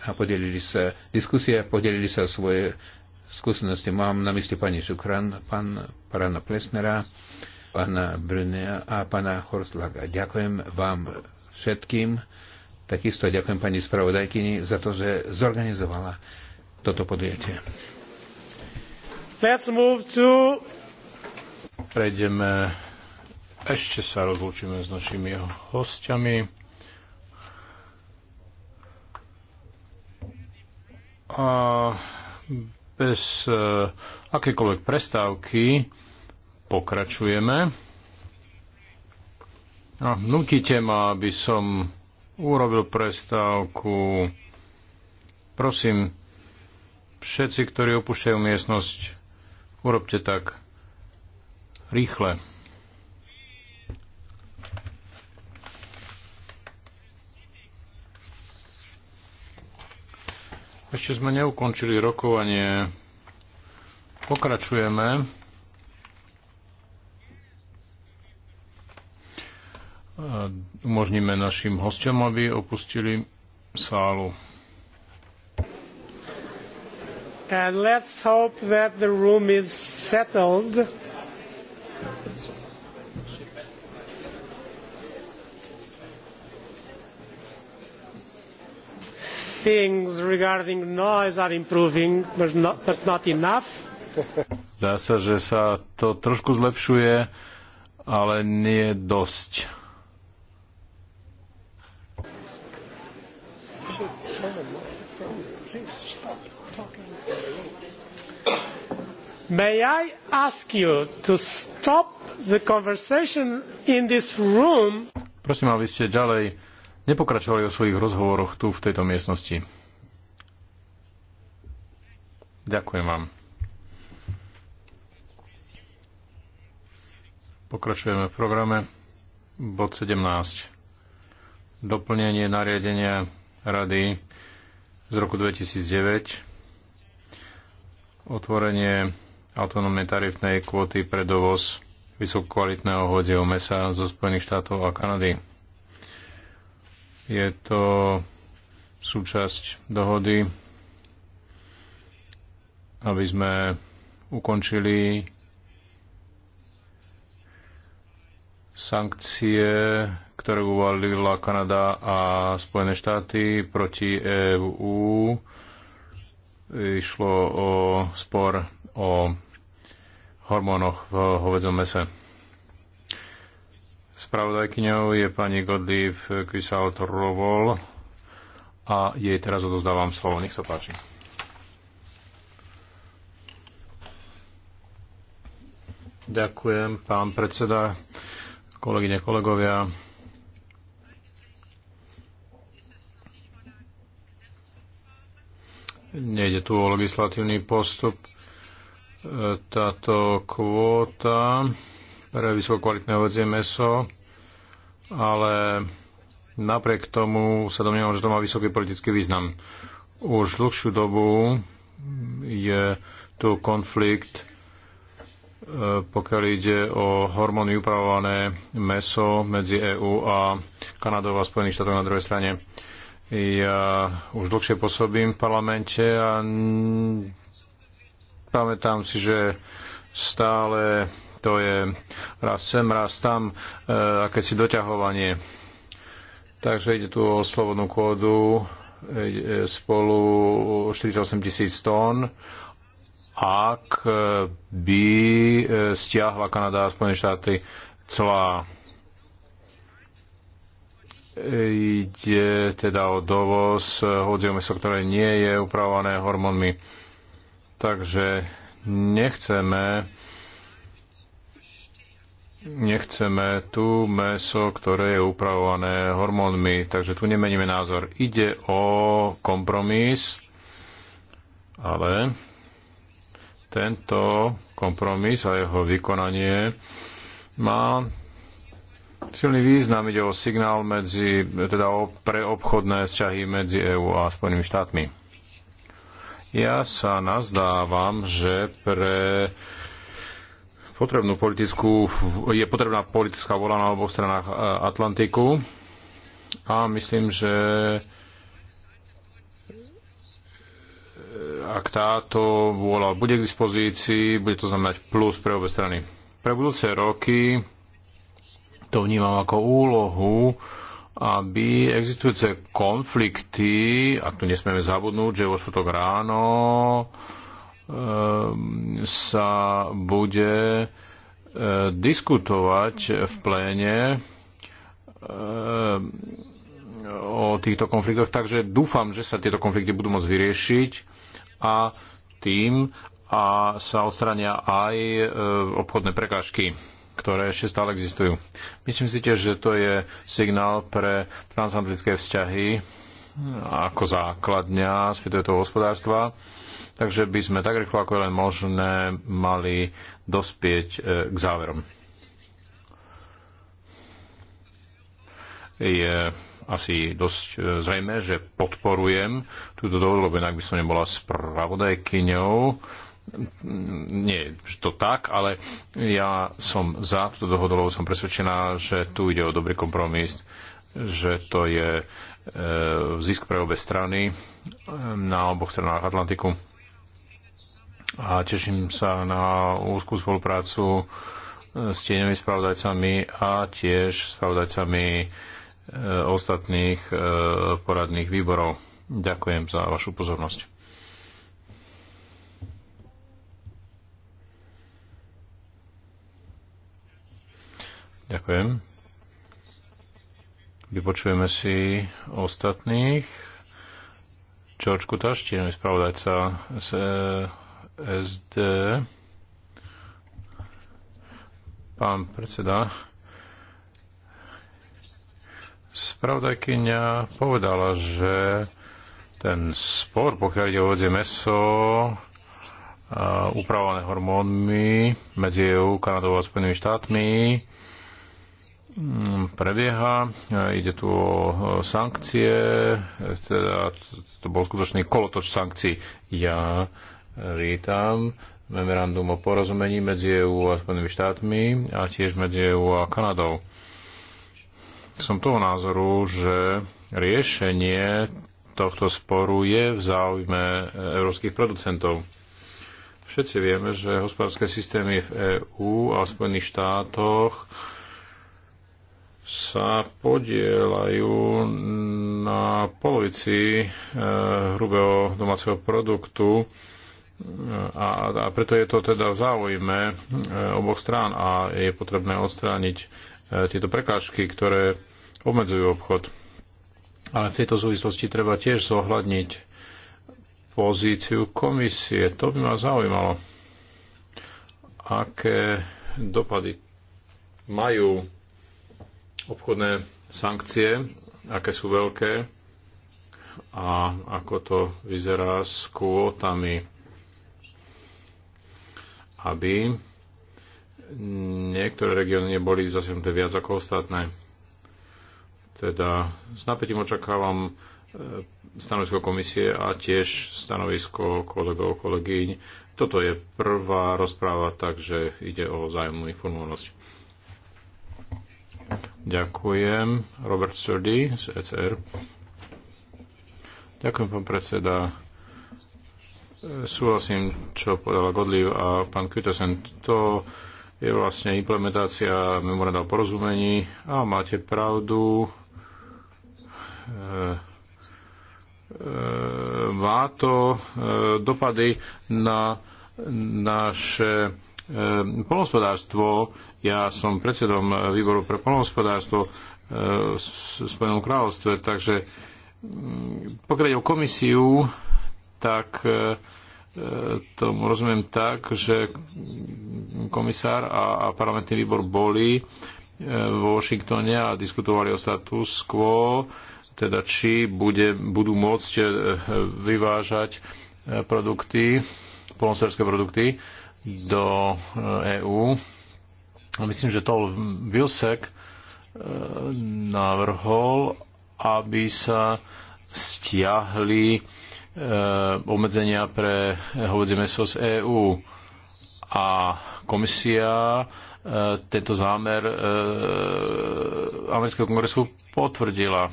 a podelili sa diskusie a podelili sa svoje skúsenosti. Mám na mysli pani Šukran, pán Parana Plesnera, pána Brunea a pána Horslaga. Ďakujem vám všetkým. Takisto ďakujem pani spravodajkyni za to, že zorganizovala toto podujatie. Let's move to prejdeme, ešte sa rozlúčime s našimi hostiami. A bez e, akékoľvek prestávky pokračujeme. A nutíte ma, aby som urobil prestávku. Prosím, všetci, ktorí opúšťajú miestnosť, urobte tak rýchle. Ešte sme neukončili rokovanie. Pokračujeme. E, umožníme našim hostom, aby opustili sálu. And let's hope that the room is settled. things regarding noise are improving, but not, but not enough. Zdá sa, že sa to trošku zlepšuje, ale nie dosť. May I ask you to stop the conversation in this room? Prosím, aby ste ďalej nepokračovali o svojich rozhovoroch tu v tejto miestnosti. Ďakujem vám. Pokračujeme v programe. Bod 17. Doplnenie nariadenia Rady z roku 2009. Otvorenie autonómnej tarifnej kvóty pre dovoz vysokokvalitného hodzieho mesa zo Spojených štátov a Kanady. Je to súčasť dohody, aby sme ukončili sankcie, ktoré uvalila Kanada a Spojené štáty proti EÚ. Išlo o spor o hormónoch v hovedzom mese. Spravodajkyňou je pani Godlív Kvisal a jej teraz odozdávam slovo. Nech sa páči. Ďakujem, pán predseda, kolegyne, kolegovia. Nejde tu o legislatívny postup. E, Táto kvóta vysokokvalitné ovedzie meso, ale napriek tomu sa domnievam, že to má vysoký politický význam. Už dlhšiu dobu je tu konflikt, e, pokiaľ ide o hormóny upravované meso medzi EÚ a Kanadou a Spojených štátov na druhej strane. Ja už dlhšie pôsobím v parlamente a pamätám si, že stále to je raz sem, raz tam, e, akési doťahovanie. Takže ide tu o slobodnú kódu e, e, spolu 48 tisíc tón ak by stiahla Kanada a Spojené štáty celá ide teda o dovoz hodzieho meso, ktoré nie je upravované hormónmi. Takže nechceme nechceme tu meso, ktoré je upravované hormónmi, takže tu nemeníme názor. Ide o kompromis, ale tento kompromis a jeho vykonanie má silný význam. Ide o signál medzi, teda o preobchodné vzťahy medzi EÚ a Spojenými štátmi. Ja sa nazdávam, že pre potrebnú politickú, je potrebná politická vola na oboch stranách e, Atlantiku a myslím, že e, ak táto vôľa bude k dispozícii, bude to znamenať plus pre obe strany. Pre budúce roky to vnímam ako úlohu, aby existujúce konflikty, ak tu nesmieme zabudnúť, že vo štvrtok ráno Ehm, sa bude e, diskutovať v pléne e, o týchto konfliktoch, takže dúfam, že sa tieto konflikty budú môcť vyriešiť a tým a sa odstrania aj e, obchodné prekážky, ktoré ešte stále existujú. Myslím si tiež, že to je signál pre transatlantické vzťahy ako základňa svetového hospodárstva takže by sme tak rýchlo ako len možné mali dospieť e, k záverom. Je asi dosť e, zrejme, že podporujem túto dohodu, lebo inak by som nebola spravodajkyňou. Nie je to tak, ale ja som za túto dohodu, lebo som presvedčená, že tu ide o dobrý kompromis, že to je e, zisk pre obe strany e, na oboch stranách Atlantiku a teším sa na úzkú spoluprácu s tieňovými spravodajcami a tiež spravodajcami e, ostatných e, poradných výborov. Ďakujem za vašu pozornosť. Ďakujem. Vypočujeme si ostatných. George Kutaš, tieňový spravodajca z e, SD. pán predseda spravodajkyňa povedala, že ten spor, pokiaľ ide o vodzie meso, upravované hormónmi medzi EU, Kanadou a Spojenými štátmi mm, prebieha. Ide tu o sankcie, teda to bol skutočný kolotoč sankcií. Ja vítam memorandum o porozumení medzi EU a Spojenými štátmi a tiež medzi EU a Kanadou. Som toho názoru, že riešenie tohto sporu je v záujme európskych producentov. Všetci vieme, že hospodárske systémy v EÚ a Spojených štátoch sa podielajú na polovici eh, hrubého domáceho produktu a, a preto je to teda v záujme e, oboch strán a je potrebné odstrániť e, tieto prekážky, ktoré obmedzujú obchod. Ale v tejto súvislosti treba tiež zohľadniť pozíciu komisie. To by ma zaujímalo, aké dopady majú obchodné sankcie, aké sú veľké a ako to vyzerá s kvótami aby niektoré regióny neboli zasiahnuté viac ako ostatné. Teda s napätím očakávam e, stanovisko komisie a tiež stanovisko kolegov, kolegyň. Toto je prvá rozpráva, takže ide o vzájomnú informovanosť. Ďakujem. Robert Sturdy z ECR. Ďakujem, pán predseda. Súhlasím, čo povedala Godliv a pán Kytesen. To je vlastne implementácia memoranda o porozumení a máte pravdu. E, e, má to e, dopady na naše polnospodárstvo. Ja som predsedom výboru pre polnospodárstvo v Spojenom kráľovstve, takže mm, pokiaľ o komisiu, tak e, e, tomu rozumiem tak, že komisár a, parlamentný výbor boli e, vo Washingtone a diskutovali o status quo, teda či bude, budú môcť vyvážať produkty, polnospodárske produkty do EÚ. Myslím, že to Vilsek navrhol, aby sa stiahli Eh, obmedzenia pre eh, hovedzie meso z EÚ. A komisia eh, tento zámer amerického kongresu potvrdila.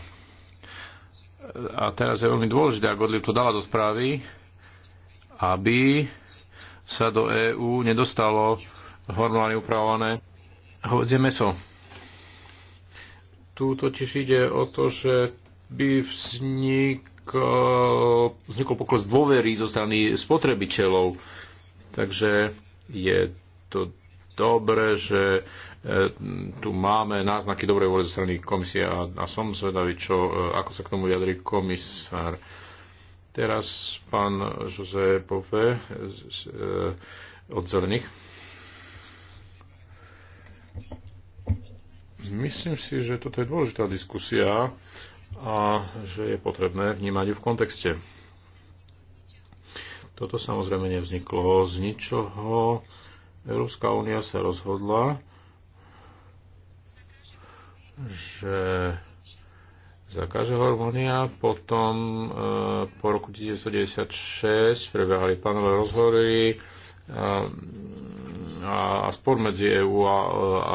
A teraz je veľmi dôležité, ak Godlib to dala do správy, aby sa do EÚ nedostalo hormonálne upravované hovedzie meso. Tu totiž ide o to, že by vznik vznikol pokles dôvery zo strany spotrebiteľov. Takže je to dobré, že e, tu máme náznaky dobrej vôle zo strany komisie a, a som zvedavý, čo, e, ako sa k tomu vyjadrí komisár. Teraz pán José Bové e, od Zelených. Myslím si, že toto je dôležitá diskusia a že je potrebné vnímať ju v kontexte. Toto samozrejme nevzniklo z ničoho. Európska únia sa rozhodla, že zakáže hormóny a potom e, po roku 1996 prebiehali panové rozhovory a, e, a, a spor medzi EÚ a,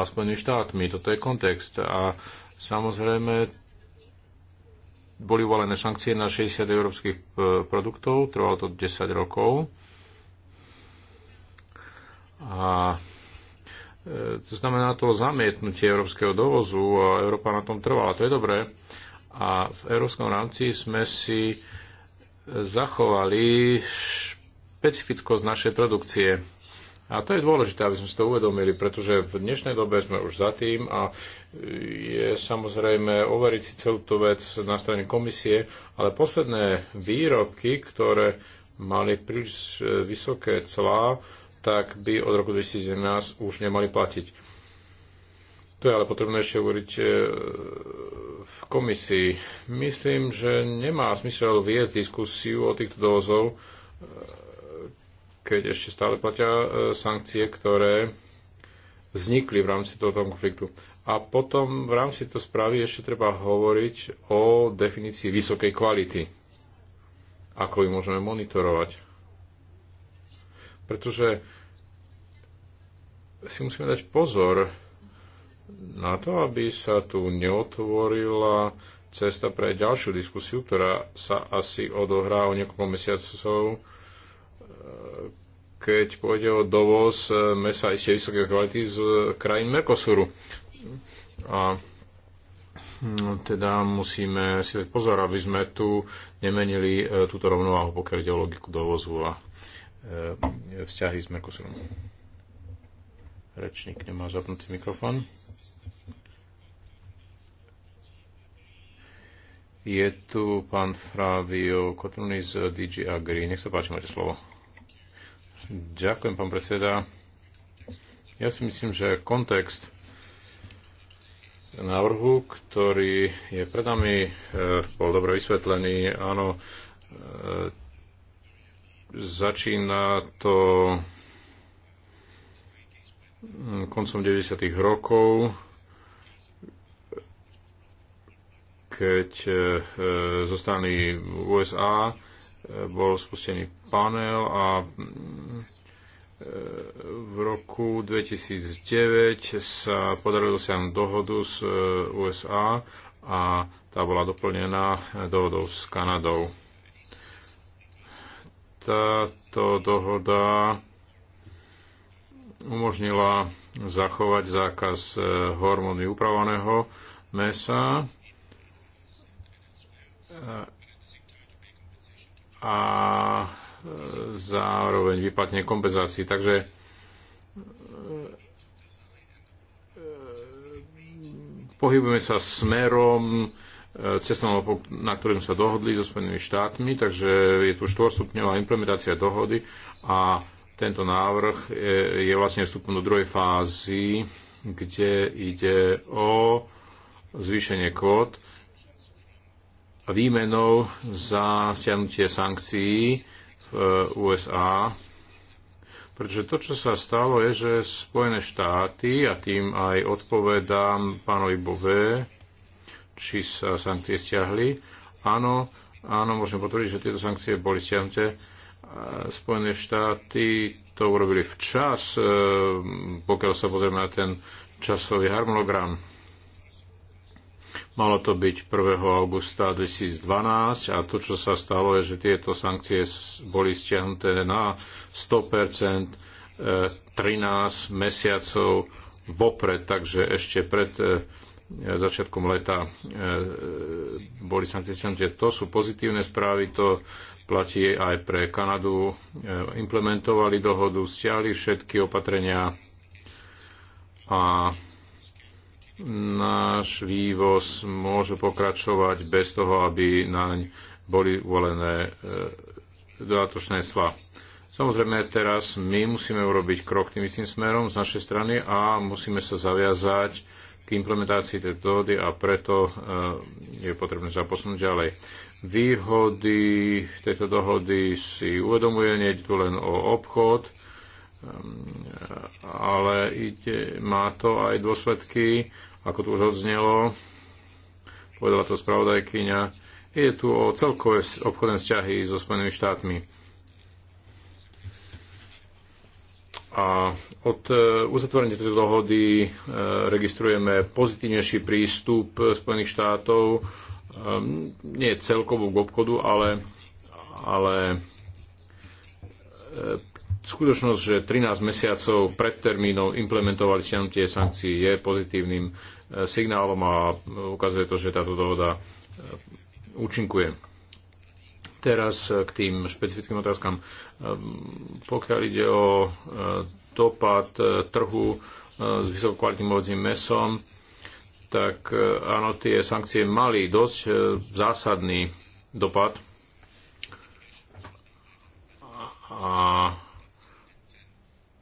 e, a Spojenými štátmi. Toto je kontext. A samozrejme boli uvalené sankcie na 60 európskych e, produktov, trvalo to 10 rokov. A e, to znamená to zamietnutie európskeho dovozu a Európa na tom trvala. To je dobré. A v európskom rámci sme si zachovali špecifickosť našej produkcie. A to je dôležité, aby sme si to uvedomili, pretože v dnešnej dobe sme už za tým a je samozrejme overiť si celú tú vec na strane komisie, ale posledné výrobky, ktoré mali príliš e, vysoké clá, tak by od roku 2011 už nemali platiť. To je ale potrebné ešte uvoriť e, v komisii. Myslím, že nemá zmysel viesť diskusiu o týchto dovozov, e, keď ešte stále platia e, sankcie, ktoré vznikli v rámci tohoto konfliktu. A potom v rámci tej správy ešte treba hovoriť o definícii vysokej kvality. Ako ju môžeme monitorovať. Pretože si musíme dať pozor na to, aby sa tu neotvorila cesta pre ďalšiu diskusiu, ktorá sa asi odohrá o niekoľko mesiacov keď pôjde o dovoz e, mesa iste vysoké kvality z krajín Mercosuru. A no, teda musíme si dať pozor, aby sme tu nemenili e, túto rovnováhu, pokiaľ ide o logiku dovozu a e, vzťahy s Mercosurom. Rečník nemá zapnutý mikrofón. Je tu pán Fravio Kotruni z DG Agri. Nech sa páči, máte slovo. Ďakujem, pán predseda. Ja si myslím, že kontext návrhu, ktorý je pred nami, e, bol dobre vysvetlený. Áno, e, začína to koncom 90. rokov, keď e, zo strany USA bol spustený panel a e, v roku 2009 sa podarilo dosiahnuť dohodu s e, USA a tá bola doplnená dohodou s Kanadou. Táto dohoda umožnila zachovať zákaz e, hormóny upravovaného mesa a zároveň vyplatenie kompenzácií. Takže e, e, pohybujeme sa smerom e, cestovného, na ktorým sa dohodli so Spojenými štátmi, takže je tu štvorstupňová implementácia dohody a tento návrh je, je vlastne vstupom do druhej fázy, kde ide o zvýšenie kvót výmenou za stiahnutie sankcií Eh, USA, pretože to, čo sa stalo, je, že Spojené štáty, a tým aj odpovedám pánovi Bové, či sa sankcie stiahli. Áno, áno, môžem potvrdiť, že tieto sankcie boli stiahnuté. Eh, Spojené štáty to urobili včas, eh, pokiaľ sa pozrieme na ten časový harmonogram Malo to byť 1. augusta 2012 a to, čo sa stalo, je, že tieto sankcie boli stiahnuté na 100 13 e, mesiacov vopred, takže ešte pred e, začiatkom leta e, boli sankcie stiahnuté. To sú pozitívne správy, to platí aj pre Kanadu. Implementovali dohodu, stiahli všetky opatrenia a náš vývoz môže pokračovať bez toho, aby naň boli uvolené e, dodatočné sva. Samozrejme, teraz my musíme urobiť krok tým istým smerom z našej strany a musíme sa zaviazať k implementácii tejto dohody a preto e, je potrebné sa posunúť ďalej. Výhody tejto dohody si uvedomuje, nie je tu len o obchod, ale ide, má to aj dôsledky, ako tu už odznelo, povedala to spravodajkyňa, ide tu o celkové obchodné vzťahy so Spojenými štátmi. A od e, uzatvorenia tejto dohody e, registrujeme pozitívnejší prístup Spojených štátov, ehm, nie celkovú k obchodu, ale, ale e, skutočnosť, že 13 mesiacov pred termínom implementovali stiahnutie sankcií je pozitívnym eh, signálom a eh, ukazuje to, že táto dohoda eh, účinkuje. Teraz k tým špecifickým otázkam. Ehm, pokiaľ ide o dopad trhu s vysokokvalitným ovocným mesom, tak áno, tie sankcie mali dosť zásadný dopad a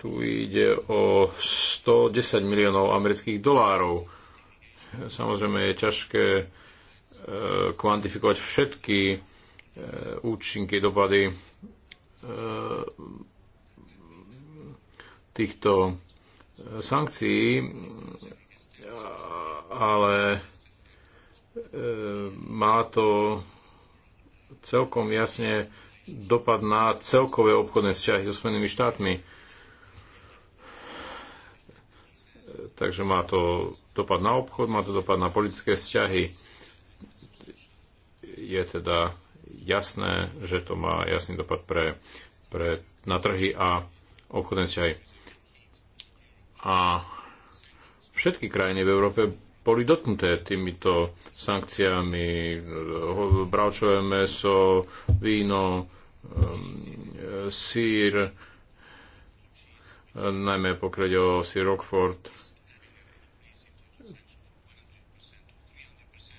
tu ide o 110 miliónov amerických dolárov. Samozrejme je ťažké e, kvantifikovať všetky e, účinky, dopady e, týchto sankcií, ale má to celkom jasne dopad na celkové obchodné vzťahy so Spojenými štátmi Takže má to dopad na obchod, má to dopad na politické vzťahy. Je teda jasné, že to má jasný dopad pre, pre, na trhy a obchodné vzťahy. A všetky krajiny v Európe boli dotknuté týmito sankciami. Bravčové meso, víno, ehm, sír, najmä pokiaľ o sír Rockford,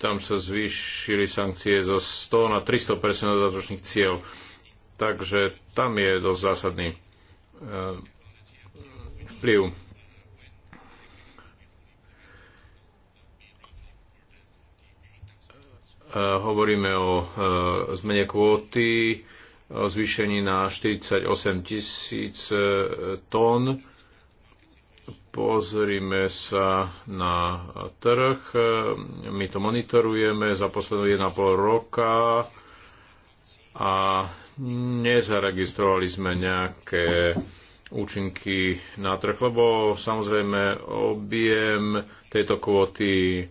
Tam sa zvýšili sankcie zo 100 na 300 dodatočných cieľ. Takže tam je dosť zásadný eh, vplyv. Eh, hovoríme o eh, zmene kvóty, o zvýšení na 48 tisíc tón Pozrime sa na trh. My to monitorujeme za posledné 1,5 roka a nezaregistrovali sme nejaké účinky na trh, lebo samozrejme objem tejto kvóty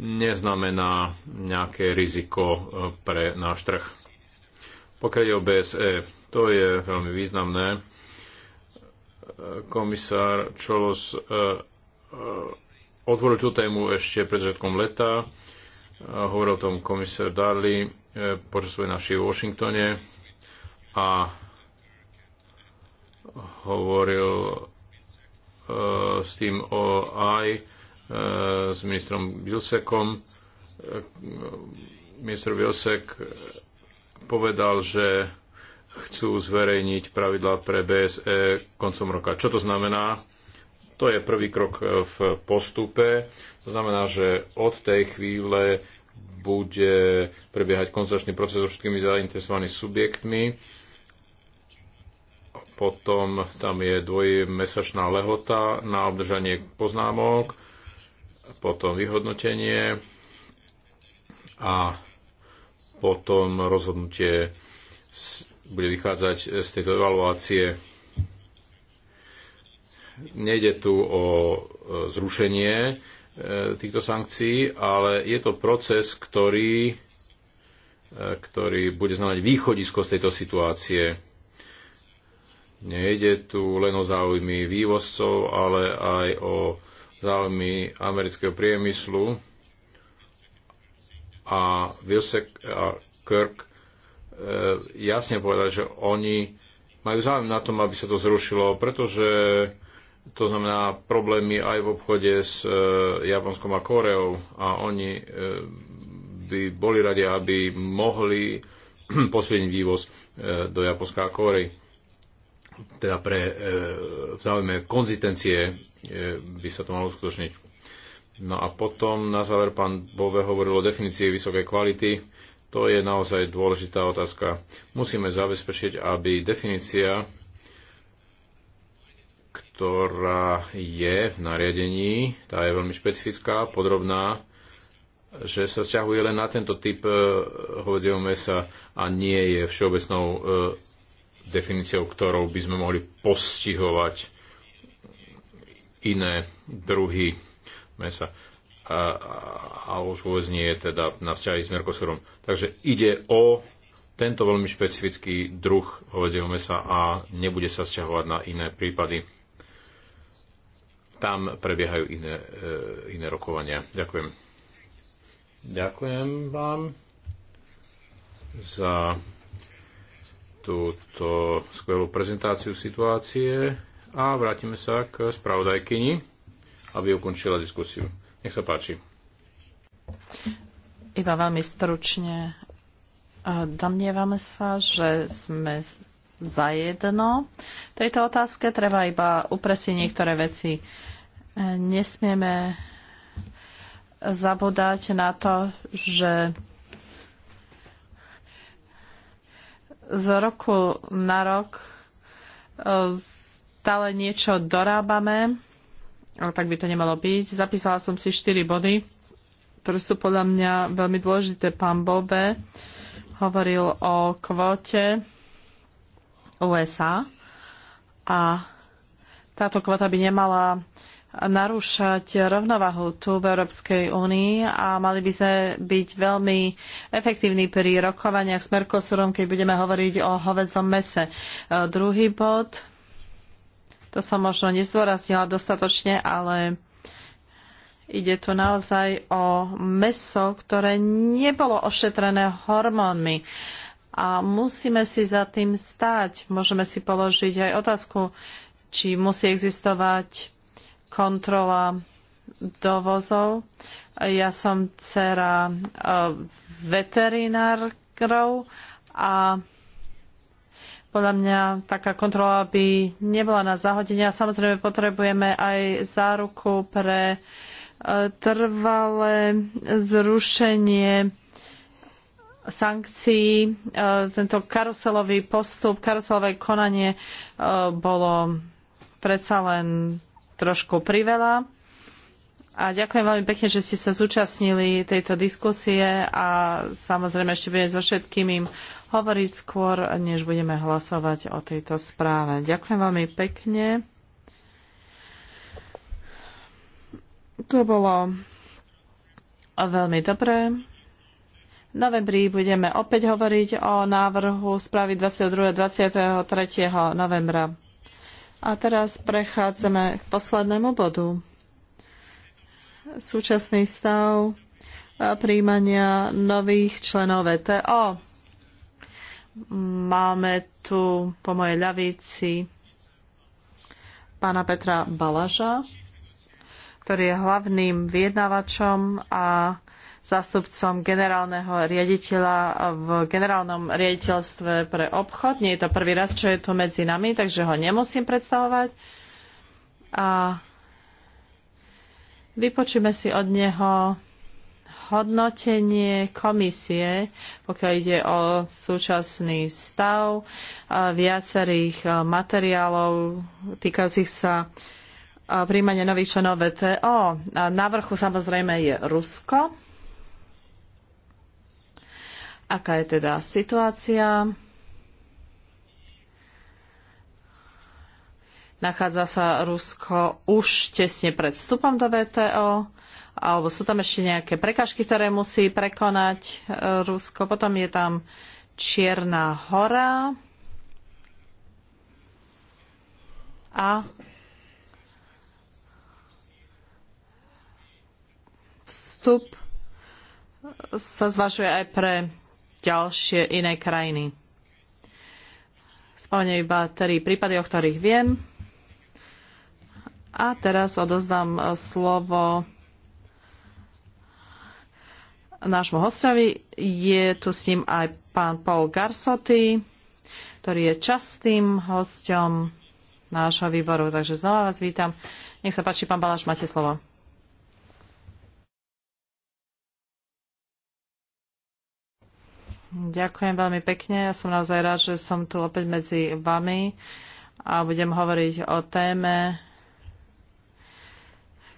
neznamená nejaké riziko eh, pre náš trh. Pokiaľ je o BSE, to je veľmi významné komisár Čolos e, e, otvoril tú tému ešte pred začiatkom leta. E, hovoril o tom komisár Darley počas svojej návštevy v Washingtone a hovoril s tým o aj s ministrom Vilsekom. Minister Vilsek povedal, že chcú zverejniť pravidla pre BSE koncom roka. Čo to znamená? To je prvý krok v postupe. To znamená, že od tej chvíle bude prebiehať konzultačný proces so všetkými zainteresovanými subjektmi. Potom tam je dvojmesačná lehota na obdržanie poznámok, potom vyhodnotenie a potom rozhodnutie bude vychádzať z tejto evaluácie. Nejde tu o e, zrušenie e, týchto sankcií, ale je to proces, ktorý, e, ktorý bude znamenať východisko z tejto situácie. Nejde tu len o záujmy vývozcov, ale aj o záujmy amerického priemyslu. A Vilsek a Kirk E, jasne povedať, že oni majú záujem na tom, aby sa to zrušilo, pretože to znamená problémy aj v obchode s e, Japonskom a Koreou a oni e, by boli radi, aby mohli posvedniť vývoz do Japonska a Korei. Teda pre v záujme konzistencie by sa to malo uskutočniť. No a potom na záver pán Bove hovoril o definícii vysokej kvality to je naozaj dôležitá otázka. Musíme zabezpečiť, aby definícia, ktorá je v nariadení, tá je veľmi špecifická, podrobná, že sa vzťahuje len na tento typ e, hovedzieho mesa a nie je všeobecnou e, definíciou, ktorou by sme mohli postihovať iné druhy mesa a, a už vôbec nie je teda na vzťahy s Mercosurom. Takže ide o tento veľmi špecifický druh hovedzieho mesa a nebude sa vzťahovať na iné prípady. Tam prebiehajú iné, e, iné rokovania. Ďakujem. Ďakujem vám za túto skvelú prezentáciu situácie a vrátime sa k spravodajkyni, aby ukončila diskusiu. Nech sa páči. Iba veľmi stručne. Domnievame sa, že sme zajedno. V tejto otázke treba iba upresiť niektoré veci. Nesmieme zabúdať na to, že z roku na rok e, stále niečo dorábame ale tak by to nemalo byť. Zapísala som si 4 body, ktoré sú podľa mňa veľmi dôležité. Pán Bobe hovoril o kvote USA a táto kvota by nemala narúšať rovnovahu tu v Európskej únii a mali by sme byť veľmi efektívni pri rokovaniach s Mercosurom, keď budeme hovoriť o hovedzom mese. Druhý bod to som možno nezdôraznila dostatočne, ale ide tu naozaj o meso, ktoré nebolo ošetrené hormónmi. A musíme si za tým stať. Môžeme si položiť aj otázku, či musí existovať kontrola dovozov. Ja som dcera e, veterinárov a podľa mňa taká kontrola by nebola na zahodenie a samozrejme potrebujeme aj záruku pre e, trvalé zrušenie sankcií. E, tento karuselový postup, karuselové konanie e, bolo predsa len trošku priveľa. A ďakujem veľmi pekne, že ste sa zúčastnili tejto diskusie a samozrejme ešte budem so všetkým hovoriť skôr, než budeme hlasovať o tejto správe. Ďakujem veľmi pekne. To bolo veľmi dobré. V novembri budeme opäť hovoriť o návrhu správy 22. 23. novembra. A teraz prechádzame k poslednému bodu. Súčasný stav príjmania nových členov VTO. Máme tu po mojej ľavici pána Petra Balaža, ktorý je hlavným vyjednávačom a zástupcom generálneho riaditeľa v generálnom riaditeľstve pre obchod. Nie je to prvý raz, čo je tu medzi nami, takže ho nemusím predstavovať. A vypočíme si od neho hodnotenie komisie, pokiaľ ide o súčasný stav viacerých materiálov týkajúcich sa príjmania nových členov VTO. Na vrchu samozrejme je Rusko. Aká je teda situácia? Nachádza sa Rusko už tesne pred vstupom do VTO alebo sú tam ešte nejaké prekažky, ktoré musí prekonať e, Rusko. Potom je tam Čierna hora a vstup sa zvažuje aj pre ďalšie iné krajiny. Spomeniem iba tri prípady, o ktorých viem. A teraz odozdám e, slovo nášmu hostovi. Je tu s ním aj pán Paul Garsoty, ktorý je častým hostom nášho výboru. Takže znova vás vítam. Nech sa páči, pán Baláš, máte slovo. Ďakujem veľmi pekne. Ja som naozaj rád, že som tu opäť medzi vami a budem hovoriť o téme,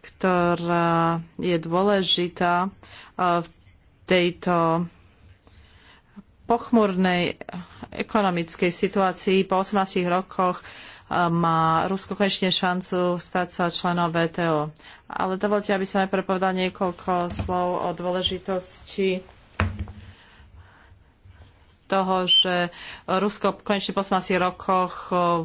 ktorá je dôležitá eh, v tejto pochmurnej ekonomickej situácii po 18 rokoch eh, má Rusko konečne šancu stať sa členom VTO. Ale dovolte, aby som aj prepovedal niekoľko slov o dôležitosti toho, že Rusko konečne po 18 rokoch eh,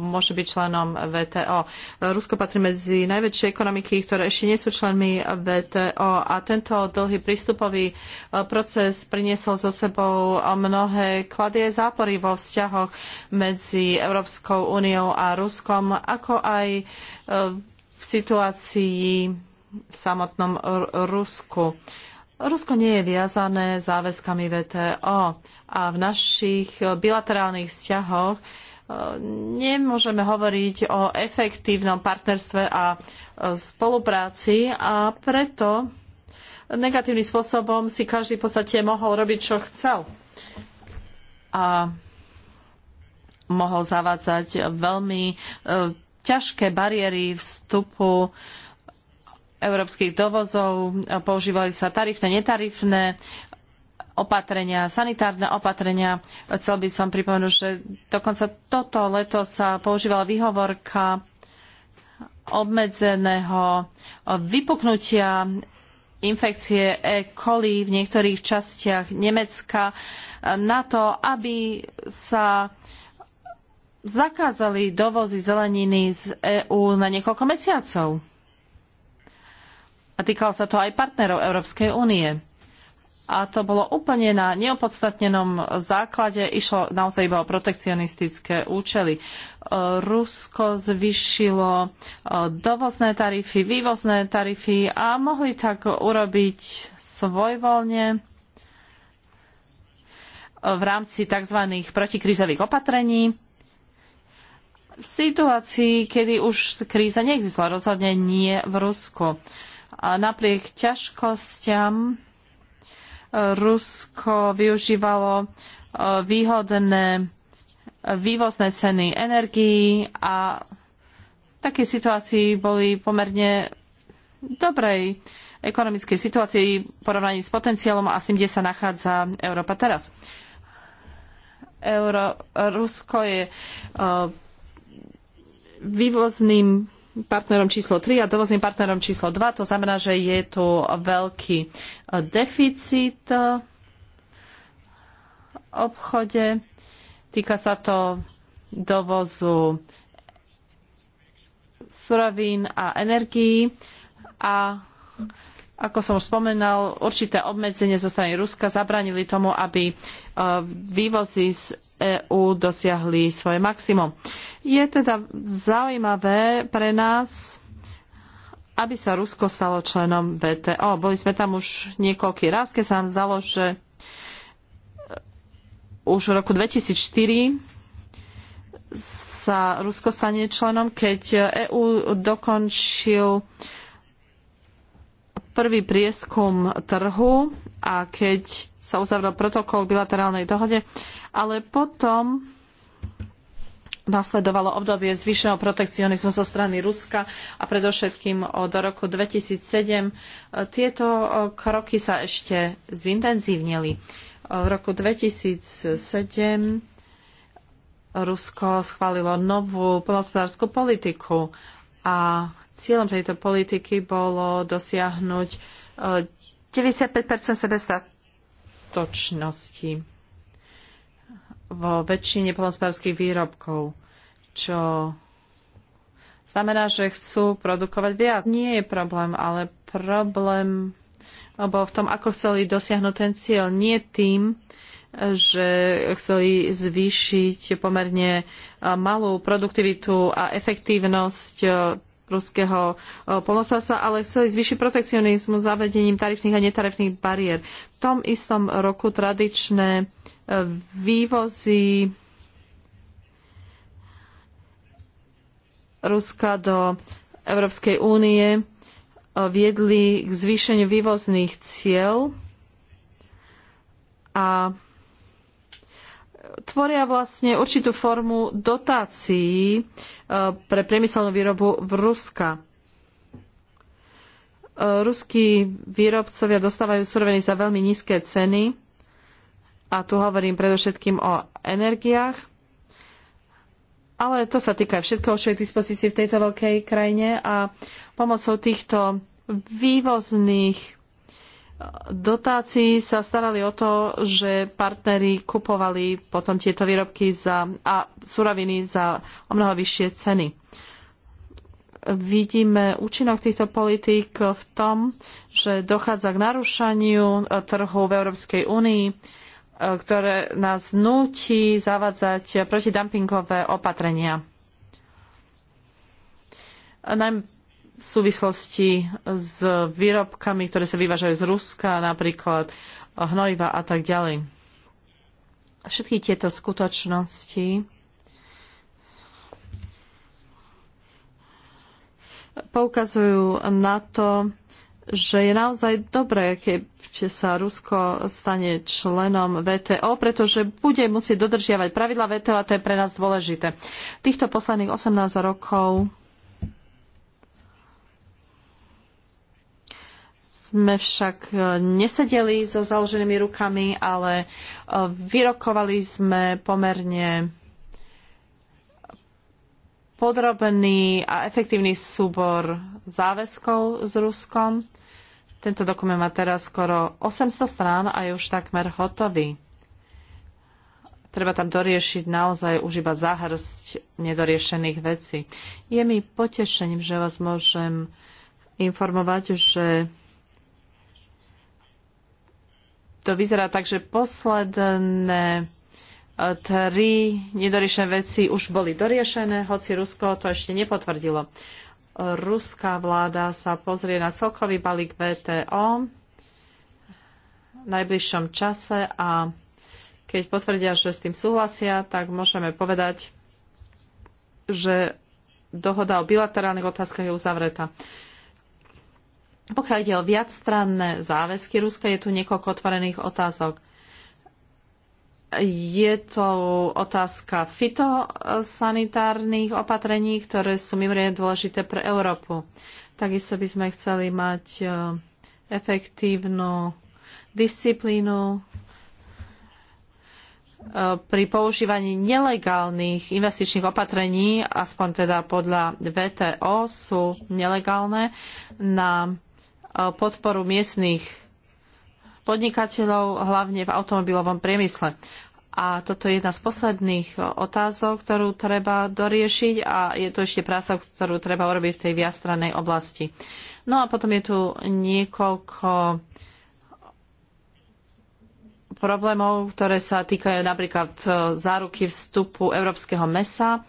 môže byť členom VTO. Rusko patrí medzi najväčšie ekonomiky, ktoré ešte nie sú členmi VTO a tento dlhý prístupový e, proces priniesol so sebou mnohé klady a zápory vo vzťahoch medzi Európskou úniou a Ruskom, ako aj e, v situácii v samotnom Rusku. Rusko nie je viazané záväzkami VTO a v našich bilaterálnych vzťahoch nemôžeme hovoriť o efektívnom partnerstve a e, spolupráci a preto negatívnym spôsobom si každý v podstate mohol robiť, čo chcel. A mohol zavádzať veľmi e, ťažké bariéry vstupu európskych dovozov, používali sa tarifné, netarifné e, opatrenia, sanitárne opatrenia. Chcel by som pripomenúť, že dokonca toto leto sa používala výhovorka obmedzeného vypuknutia infekcie E. coli v niektorých častiach Nemecka na to, aby sa zakázali dovozy zeleniny z EÚ na niekoľko mesiacov. A týkalo sa to aj partnerov Európskej únie a to bolo úplne na neopodstatnenom základe. Išlo naozaj iba o protekcionistické účely. E, Rusko zvyšilo e, dovozné tarify, vývozné tarify a mohli tak urobiť svojvoľne v rámci tzv. protikrízových opatrení. V situácii, kedy už kríza neexistovala, rozhodne nie v Rusku. A napriek ťažkostiam Rusko využívalo e, výhodné e, vývozné ceny energií a v takej situácii boli pomerne dobrej ekonomickej situácii v porovnaní s potenciálom a s tým, kde sa nachádza Európa teraz. Euro, Rusko je uh, vývozným partnerom číslo 3 a dovozným partnerom číslo 2. To znamená, že je tu veľký eh, deficit v eh, obchode. Týka sa to dovozu surovín a energií a ako som už spomenal, určité obmedzenie zo strany Ruska zabránili tomu, aby eh, vývozy z EÚ dosiahli svoje maximum. Je teda zaujímavé pre nás, aby sa Rusko stalo členom VTO. Boli sme tam už niekoľký raz, keď sa nám zdalo, že už v roku 2004 sa Rusko stane členom, keď EÚ dokončil prvý prieskum trhu a keď sa uzavrel protokol k bilaterálnej dohode, ale potom nasledovalo obdobie zvýšeného protekcionizmu zo strany Ruska a predovšetkým od roku 2007. Tieto kroky sa ešte zintenzívnili. V roku 2007 Rusko schválilo novú poľnohospodárskú politiku a cieľom tejto politiky bolo dosiahnuť e, 95% sebestatočnosti vo väčšine polnospodárských výrobkov, čo znamená, že chcú produkovať viac. Nie je problém, ale problém bol v tom, ako chceli dosiahnuť ten cieľ. Nie tým, že chceli zvýšiť pomerne malú produktivitu a efektívnosť ruského e, polnospodárstva, ale chceli zvýšiť protekcionizmu zavedením tarifných a netarifných bariér. V tom istom roku tradičné e, vývozy Ruska do Európskej únie e, viedli k zvýšeniu vývozných cieľ a tvoria vlastne určitú formu dotácií pre priemyselnú výrobu v Ruska. E, ruskí výrobcovia dostávajú suroviny za veľmi nízke ceny a tu hovorím predovšetkým o energiách, ale to sa týka aj všetkoho, čo je k dispozícii v tejto veľkej krajine a pomocou týchto vývozných dotácií sa starali o to, že partneri kupovali potom tieto výrobky za, a suroviny za o mnoho vyššie ceny. Vidíme účinok týchto politík v tom, že dochádza k narušaniu e, trhu v Európskej únii, e, ktoré nás núti zavádzať protidumpingové opatrenia e, najmä v súvislosti s výrobkami, ktoré sa vyvážajú z Ruska, napríklad hnojiva a tak ďalej. Všetky tieto skutočnosti poukazujú na to, že je naozaj dobré, keď sa Rusko stane členom VTO, pretože bude musieť dodržiavať pravidla VTO a to je pre nás dôležité. Týchto posledných 18 rokov sme však e, nesedeli so založenými rukami, ale e, vyrokovali sme pomerne podrobný a efektívny súbor záväzkov s Ruskom. Tento dokument má teraz skoro 800 strán a je už takmer hotový. Treba tam doriešiť naozaj už iba zahrst nedoriešených vecí. Je mi potešením, že vás môžem informovať, že to vyzerá tak, že posledné e, tri nedoriešené veci už boli doriešené, hoci Rusko to ešte nepotvrdilo. Ruská vláda sa pozrie na celkový balík VTO v najbližšom čase a keď potvrdia, že s tým súhlasia, tak môžeme povedať, že dohoda o bilaterálnych otázkach je uzavretá. Pokiaľ ide o viacstranné záväzky Ruska, je tu niekoľko otvorených otázok. Je to otázka fitosanitárnych opatrení, ktoré sú mimoriadne dôležité pre Európu. Takisto by sme chceli mať e, efektívnu disciplínu e, pri používaní nelegálnych investičných opatrení, aspoň teda podľa VTO sú nelegálne, na podporu miestnych podnikateľov, hlavne v automobilovom priemysle. A toto je jedna z posledných otázok, ktorú treba doriešiť a je to ešte práca, ktorú treba urobiť v tej viastranej oblasti. No a potom je tu niekoľko problémov, ktoré sa týkajú napríklad záruky vstupu európskeho mesa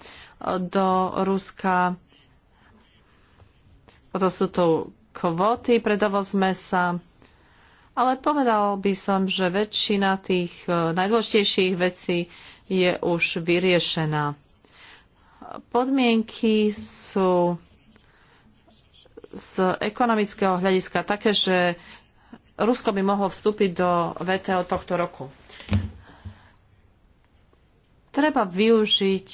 do Ruska. Potom sú tu kvóty pre dovoz mesa, ale povedal by som, že väčšina tých e, najdôležitejších vecí je už vyriešená. Podmienky sú z ekonomického hľadiska také, že Rusko by mohlo vstúpiť do VTO tohto roku. Treba využiť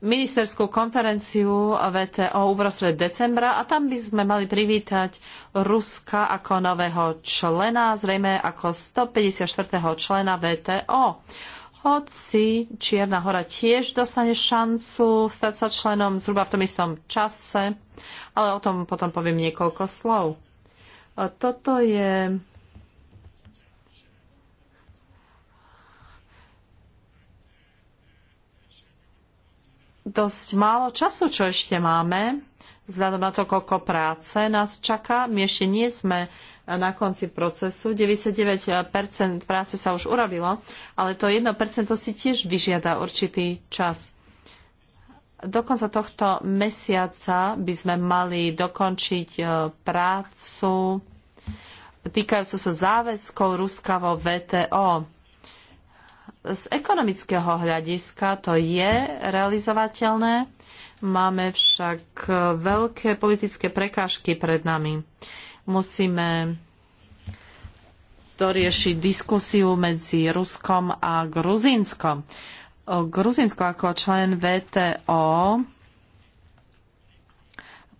ministerskú konferenciu VTO uprostred decembra a tam by sme mali privítať Ruska ako nového člena, zrejme ako 154. člena VTO. Hoci Čierna hora tiež dostane šancu stať sa členom zhruba v tom istom čase, ale o tom potom poviem niekoľko slov. Toto je dosť málo času, čo ešte máme, vzhľadom na to, koľko práce nás čaká. My ešte nie sme na konci procesu. 99% práce sa už urobilo, ale to 1% si tiež vyžiada určitý čas. Do konca tohto mesiaca by sme mali dokončiť e, prácu týkajúcu sa záväzkov Ruska vo VTO z ekonomického hľadiska to je realizovateľné, máme však veľké politické prekážky pred nami. Musíme to riešiť diskusiu medzi Ruskom a Gruzínskom. Gruzinsko ako člen VTO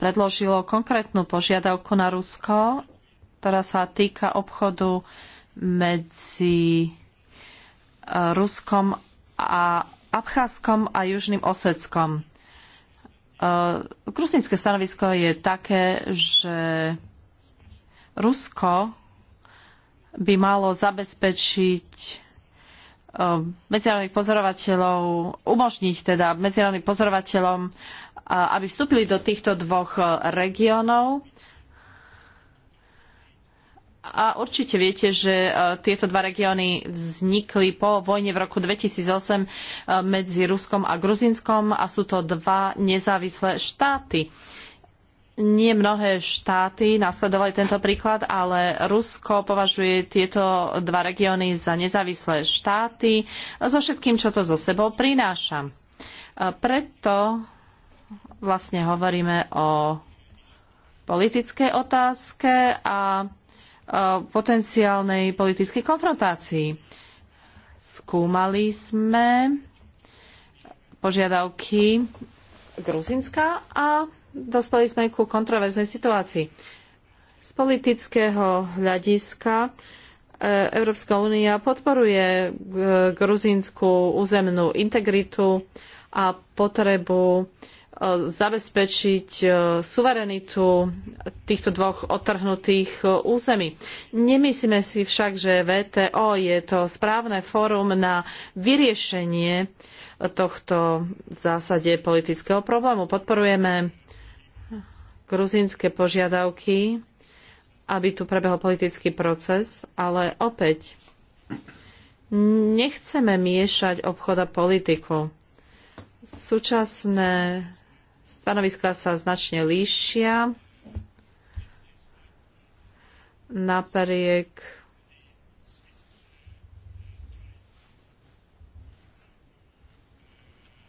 predložilo konkrétnu požiadavku na Rusko, ktorá sa týka obchodu medzi Ruskom a Abcházskom a Južným Oseckom. E, Krusnické stanovisko je také, že Rusko by malo zabezpečiť e, medzinárodných pozorovateľov, umožniť teda medzinárodným pozorovateľom, aby vstúpili do týchto dvoch regiónov a určite viete, že e, tieto dva regióny vznikli po vojne v roku 2008 e, medzi Ruskom a Gruzinskom a sú to dva nezávislé štáty. Nie mnohé štáty nasledovali tento príklad, ale Rusko považuje tieto dva regióny za nezávislé štáty so všetkým, čo to so sebou prináša. E, preto vlastne hovoríme o politickej otázke a potenciálnej politickej konfrontácii. Skúmali sme požiadavky Gruzinska a dospeli sme ku kontroverznej situácii. Z politického hľadiska e, Európska únia podporuje e, gruzínsku územnú integritu a potrebu zabezpečiť e, suverenitu týchto dvoch odtrhnutých e, území. Nemyslíme si však, že VTO je to správne fórum na vyriešenie tohto v zásade politického problému. Podporujeme gruzínske požiadavky, aby tu prebehol politický proces, ale opäť nechceme miešať obchod a politiku. Súčasné Stanoviska sa značne líšia. Napriek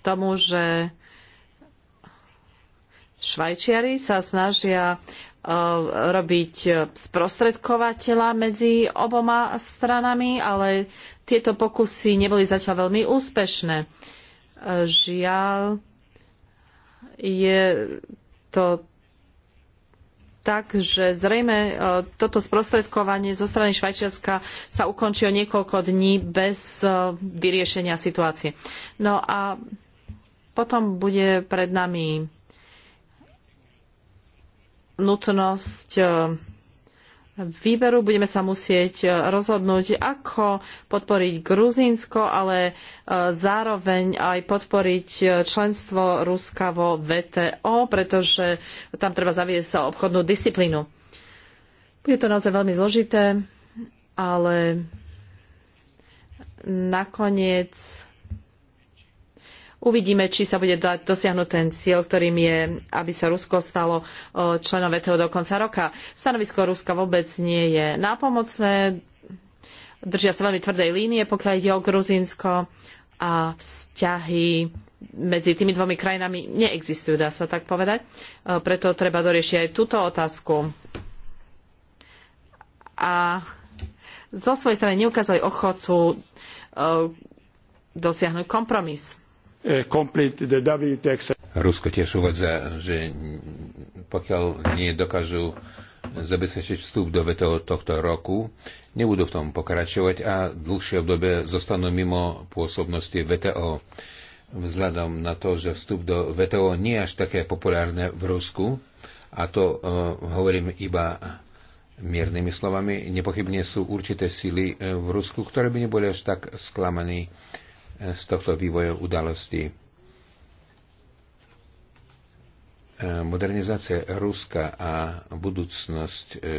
tomu, že Švajčiari sa snažia e, robiť sprostredkovateľa medzi oboma stranami, ale tieto pokusy neboli zatiaľ veľmi úspešné. E, žiaľ, je to tak, že zrejme e, toto sprostredkovanie zo strany Švajčiarska sa ukončí o niekoľko dní bez e, vyriešenia situácie. No a potom bude pred nami nutnosť e, výberu. Budeme sa musieť e, rozhodnúť, ako podporiť Gruzínsko, ale e, zároveň aj podporiť e, členstvo Ruska vo VTO, pretože tam treba zaviesť sa obchodnú disciplínu. Bude to naozaj veľmi zložité, ale nakoniec Uvidíme, či sa bude dosiahnuť ten cieľ, ktorým je, aby sa Rusko stalo členom VTO do konca roka. Stanovisko Ruska vôbec nie je nápomocné. Držia sa veľmi tvrdej línie, pokiaľ ide o Gruzínsko a vzťahy medzi tými dvomi krajinami neexistujú, dá sa tak povedať. Preto treba doriešiť aj túto otázku. A zo svojej strany neukázali ochotu dosiahnuť kompromis. Eh, Rusko tiež uvádza, že pokiaľ nie dokážu zabezpečiť vstup do VTO tohto roku, nebudú v tom pokračovať a v dlhšej obdobie zostanú mimo pôsobnosti VTO. Vzhľadom na to, že vstup do VTO nie je až také populárne v Rusku, a to uh, hovorím iba miernymi slovami, nepochybne sú určité síly eh, v Rusku, ktoré by neboli až tak sklamaní uh, z tohto vývoja udalostí. E, modernizácia Ruska a budúcnosť, e, e,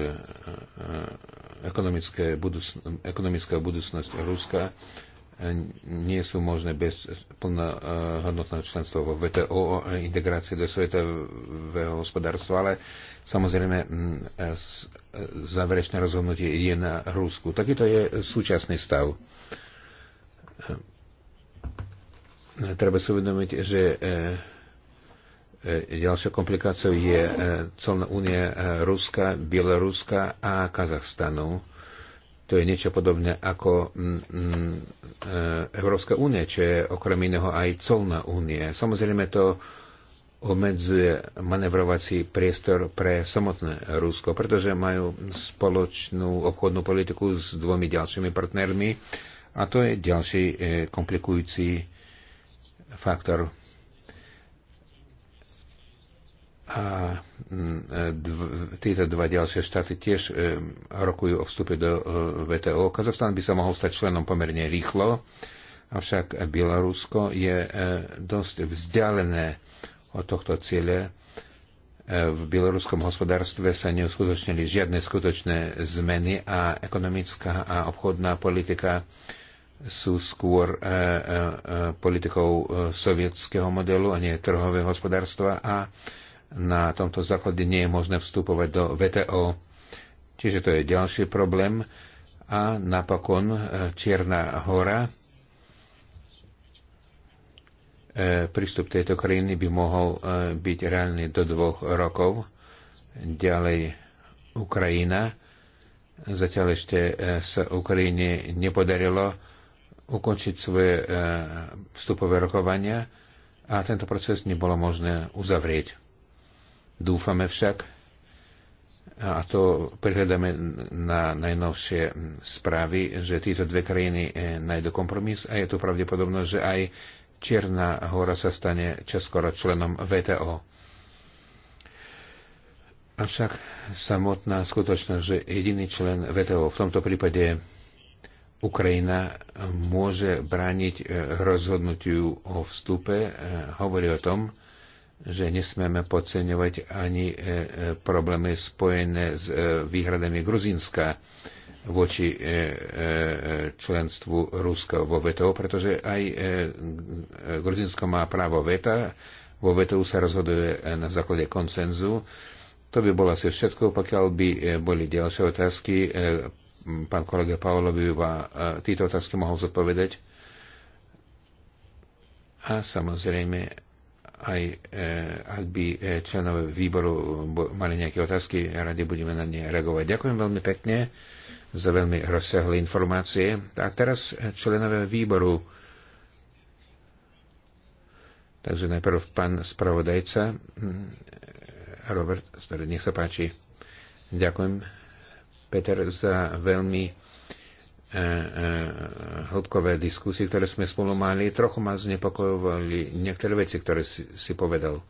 ekonomické ekonomická budúcnosť Ruska nie sú možné bez plnohodnotného členstva vo VTO a integrácie do svetového hospodárstva, ale samozrejme záverečné rozhodnutie je na Rusku. Takýto je súčasný stav. Treba si uvedomiť, že e, e, ďalšia komplikácia je e, celná únia Ruska, Bieloruska a Kazachstanu. To je niečo podobné ako Európska únia, čo je okrem iného aj colná únia. Samozrejme to obmedzuje manevrovací priestor pre samotné Rusko, pretože majú spoločnú obchodnú politiku s dvomi ďalšími partnermi a to je ďalší komplikujúci faktor. A mm, tieto dva ďalšie štáty tiež e, rokujú o vstupe do e, VTO. Kazachstan by sa mohol stať členom pomerne rýchlo, avšak Bielorusko je e, dosť vzdialené od tohto cieľa v bieloruskom hospodárstve sa neuskutočnili žiadne skutočné zmeny a ekonomická a obchodná politika sú skôr e, e, e, politikou sovietského modelu a nie trhového hospodárstva a na tomto základe nie je možné vstupovať do VTO. Čiže to je ďalší problém. A napokon Čierna hora. Prístup tejto krajiny by mohol byť reálny do dvoch rokov. Ďalej Ukrajina. Zatiaľ ešte sa Ukrajine nepodarilo ukončiť svoje e, vstupové rokovania a tento proces nebolo možné uzavrieť. Dúfame však, a to prihľadáme na najnovšie správy, že títo dve krajiny e, nájdú kompromis a je tu pravdepodobno, že aj Čierna hora sa stane čoskoro členom VTO. Avšak samotná skutočnosť, že jediný člen VTO, v tomto prípade Ukrajina môže brániť e, rozhodnutiu o vstupe, e, hovorí o tom, že nesmieme podceňovať ani e, problémy spojené s výhradami Gruzínska voči členstvu Ruska vo VTO, pretože aj Gruzínsko má právo veta, vo VTO sa rozhoduje na základe koncenzu. To by bolo asi všetko, pokiaľ by boli ďalšie otázky pán kolega Paolo by e, tieto otázky mohol zodpovedať. A samozrejme, aj e, ak by e, členové výboru mali nejaké otázky, radi budeme na ne reagovať. Ďakujem veľmi pekne za veľmi rozsiahle informácie. A teraz členové výboru. Takže najprv pán spravodajca Robert, nech sa páči. Ďakujem Peter, za veľmi e, e, hĺbkové diskusie, ktoré sme spolu mali, trochu ma znepokojovali niektoré veci, ktoré si, si povedal.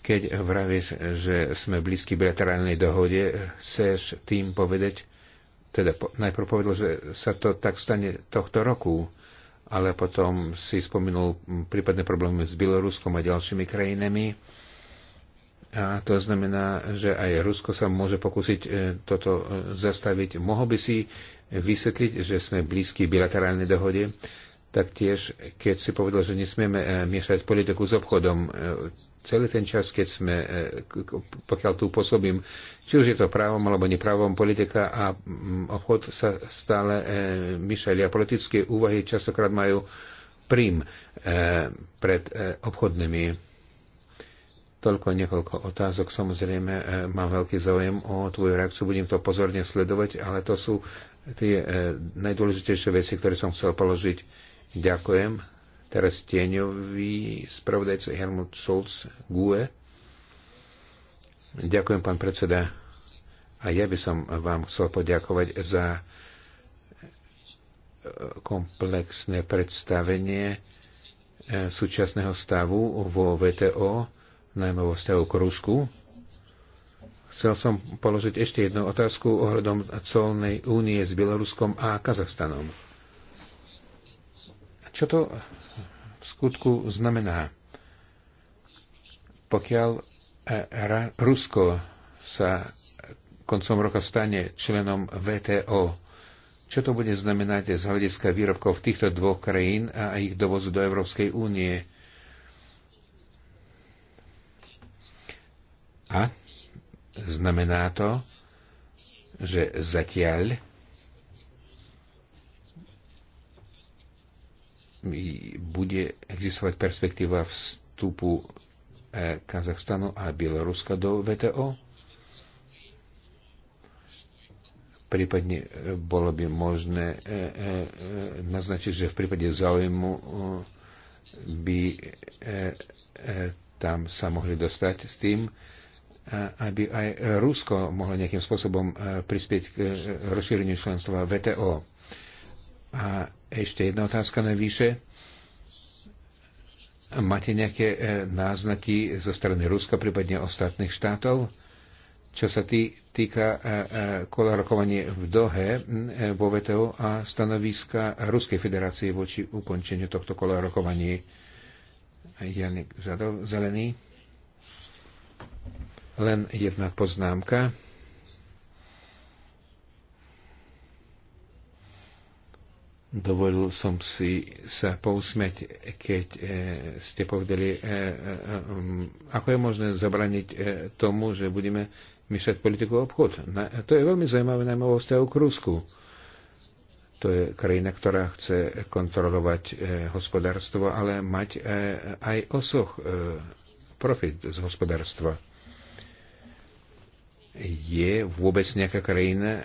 Keď vravíš, že sme blízki bilaterálnej dohode, chceš tým povedať, teda najprv povedal, že sa to tak stane tohto roku, ale potom si spomenul prípadné problémy s Bieloruskom a ďalšími krajinami a to znamená, že aj Rusko sa môže pokúsiť e, toto e, zastaviť. Mohol by si vysvetliť, že sme blízki bilaterálnej dohode? Taktiež, keď si povedal, že nesmieme e, miešať politiku s obchodom, celý ten čas, keď sme, pokiaľ tu pôsobím, či už je to právom alebo neprávom, politika a obchod sa stále e, myšali a politické úvahy častokrát majú prím e, pred e, obchodnými Toľko niekoľko otázok. Samozrejme, e, mám veľký záujem o tvoju reakciu, budem to pozorne sledovať, ale to sú tie e, najdôležitejšie veci, ktoré som chcel položiť. Ďakujem. Teraz tieňový spravodajca Helmut Scholz GUE. Ďakujem, pán predseda. A ja by som vám chcel poďakovať za e, komplexné predstavenie súčasného stavu vo VTO najmä vo vzťahu k Rusku. Chcel som položiť ešte jednu otázku ohľadom colnej únie s Bieloruskom a Kazachstanom. Čo to v skutku znamená? Pokiaľ e, Rusko sa koncom roka stane členom VTO, čo to bude znamenať z hľadiska výrobkov týchto dvoch krajín a ich dovozu do Európskej únie? A znamená to, že zatiaľ bude existovať perspektíva vstupu eh, Kazachstanu a Bieloruska do VTO? Prípadne eh, bolo by možné eh, naznačiť, že v prípade záujmu by tam sa mohli dostať s tým, aby aj Rusko mohlo nejakým spôsobom e, prispieť k e, rozšíreniu členstva VTO. A ešte jedna otázka najvyššie. Máte nejaké e, náznaky zo strany Ruska, prípadne ostatných štátov? Čo sa tý, týka kola rokovanie v Dohe vo VTO a stanoviska Ruskej federácie voči ukončeniu tohto kola rokovanie. Janik Žadov, zelený. Len jedna poznámka. Dovolil som si sa pousmeť, keď e, ste povedali, e, e, e mm, ako je možné zabraniť e, tomu, že budeme miešať politiku obchod. Na, to je veľmi zaujímavé, najmä vo vzťahu k Rusku. To je krajina, ktorá chce kontrolovať e, hospodárstvo, ale mať e, aj osoch, e, profit z hospodárstva. Je vôbec nejaká krajina, e,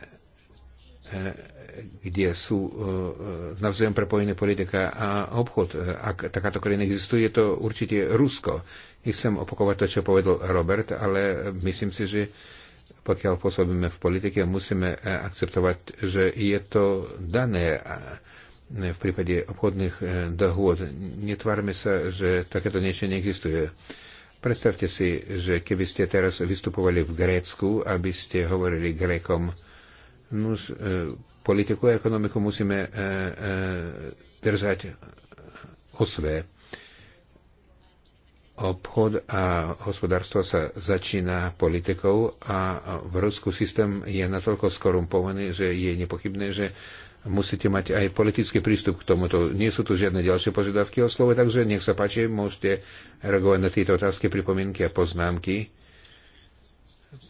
kde sú e, e, navzájom prepojené politika a obchod. Ak takáto krajina existuje, je to určite Rusko. Nechcem opakovať to, čo povedal Robert, ale myslím si, že pokiaľ pôsobíme v politike, musíme akceptovať, že je to dané v prípade obchodných dohôd. Netvárme sa, že takéto niečo neexistuje. Predstavte si, že keby ste teraz vystupovali v Grécku, aby ste hovorili Grékom, nuž, e, politiku a ekonomiku musíme e, e, držať o své. Obchod a hospodárstvo sa začína politikou a v Rusku systém je natoľko skorumpovaný, že je nepochybné, že musíte mať aj politický prístup k tomuto. Nie sú tu žiadne ďalšie požiadavky o slovo, takže nech sa páči, môžete reagovať na tieto otázky, pripomienky a poznámky.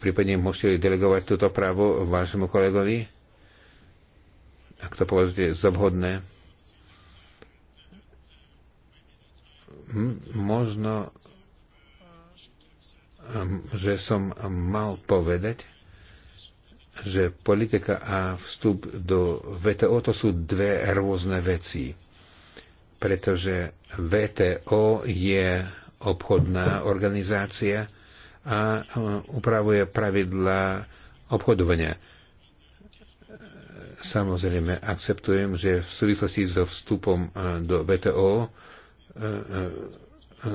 Prípadne môžete delegovať túto právo vášmu kolegovi, ak to považujete za vhodné. Hm, možno, hm, že som mal povedať, že politika a vstup do VTO to sú dve rôzne veci. Pretože VTO je obchodná organizácia a e, upravuje pravidla obchodovania. Samozrejme, akceptujem, že v súvislosti so vstupom e, do VTO e,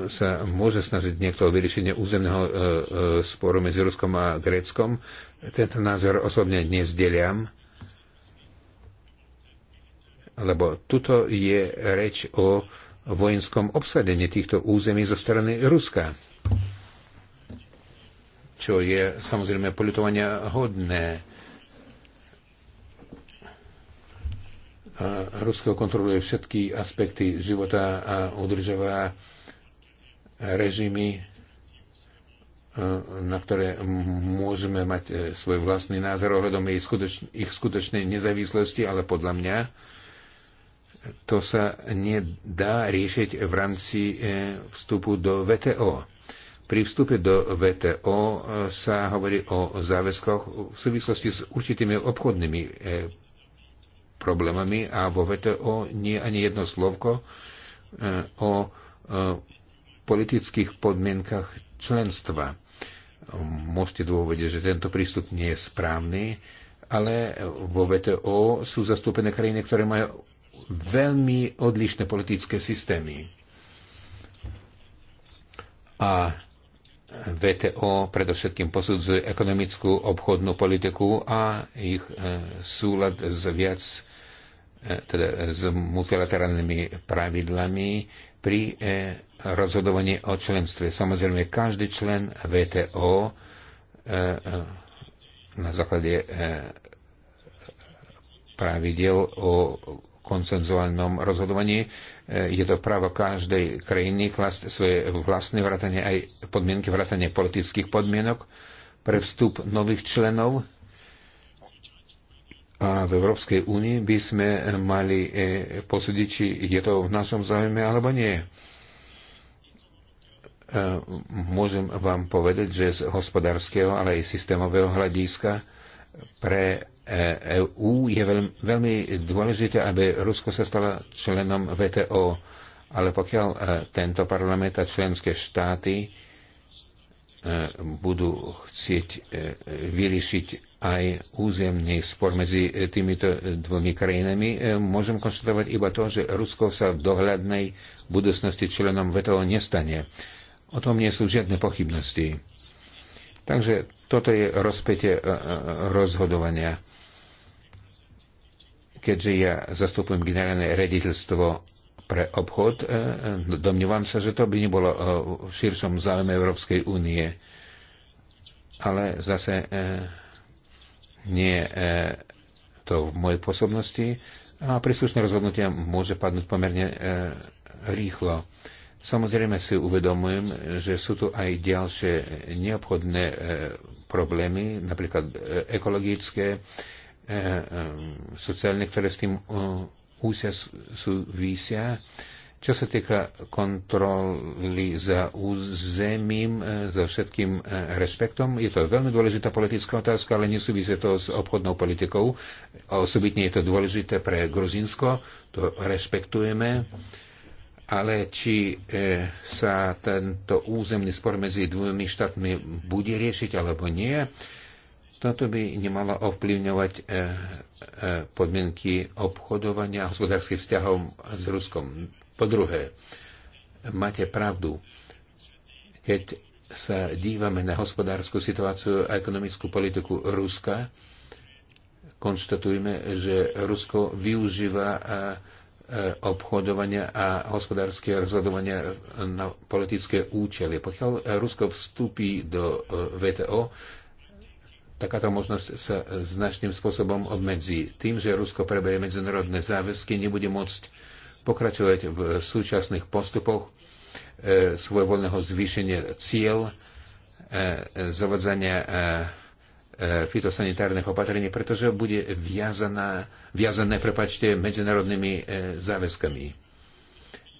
sa môže snažiť niekto o vyriešenie územného sporu medzi Ruskom a Gréckom, tento názor osobne nezdeliam, lebo tuto je reč o vojenskom obsadení týchto území zo strany Ruska, čo je samozrejme politovania hodné. Rusko kontroluje všetky aspekty života a udržava režimy na ktoré môžeme mať e, svoj vlastný názor ohľadom ich, skutoč- ich skutočnej nezávislosti, ale podľa mňa to sa nedá riešiť v rámci e, vstupu do VTO. Pri vstupe do VTO e, sa hovorí o záväzkoch v súvislosti s určitými obchodnými problémami a vo VTO nie ani jedno slovko o politických podmienkach členstva môžete dôvodiť, že tento prístup nie je správny, ale vo VTO sú zastúpené krajiny, ktoré majú veľmi odlišné politické systémy. A VTO predovšetkým posudzuje ekonomickú obchodnú politiku a ich e, súlad s viac e, teda s multilaterálnymi pravidlami pri e, rozhodovanie o členstve. Samozrejme, každý člen VTO e, e, na základe e, pravidel o koncenzuálnom rozhodovaní. Je to právo každej krajiny klasť svoje vlastné vrátanie aj podmienky vrátanie politických podmienok pre vstup nových členov. A v Európskej únii by sme mali posúdiť, či je to v našom záujme alebo nie. Eh, môžem vám povedať, že z hospodárskeho, ale aj systémového hľadiska pre EU eh, e je veľmi, veľmi dôležité, aby Rusko sa stalo členom VTO. Ale pokiaľ eh, tento parlament a členské štáty budú chcieť vyriešiť aj územný spor medzi týmito dvomi krajinami, môžem konštatovať iba to, že Rusko sa v dohľadnej budúcnosti členom VTO nestane. O tom nie sú žiadne pochybnosti. Takže toto je rozpätie e, e, rozhodovania. Keďže ja zastupujem generálne rediteľstvo pre obchod, e, domnívam sa, že to by nebolo v širšom záujme Európskej únie. Ale zase nie to v mojej pôsobnosti a príslušné rozhodnutia môže padnúť pomerne rýchlo. Samozrejme si uvedomujem, že sú tu aj ďalšie neobchodné e, problémy, napríklad e, ekologické, e, sociálne, ktoré s tým úsia súvisia. Čo sa týka kontroly za územím, za všetkým respektom, je to veľmi dôležitá politická otázka, ale nesúvisí to s obchodnou politikou. Osobitne je to dôležité pre Gruzinsko, to rešpektujeme. Mm ale či e, sa tento územný spor medzi dvomi štátmi bude riešiť alebo nie, toto by nemalo ovplyvňovať e, e, podmienky obchodovania a hospodárskych vzťahov s Ruskom. Po druhé, máte pravdu, keď sa dívame na hospodárskú situáciu a ekonomickú politiku Ruska, konštatujeme, že Rusko využíva E, obchodovania a hospodárske rozhodovania na politické účely. Pokiaľ Rusko vstúpi do e, VTO, takáto možnosť sa značným spôsobom obmedzí. Tým, že Rusko preberie medzinárodné záväzky, nebude môcť pokračovať v súčasných postupoch e, svojvoľného zvýšenia cieľ, zavadzania E, fitosanitárnych opatrení, pretože bude viazaná, viazané prepačte, medzinárodnými e, záväzkami.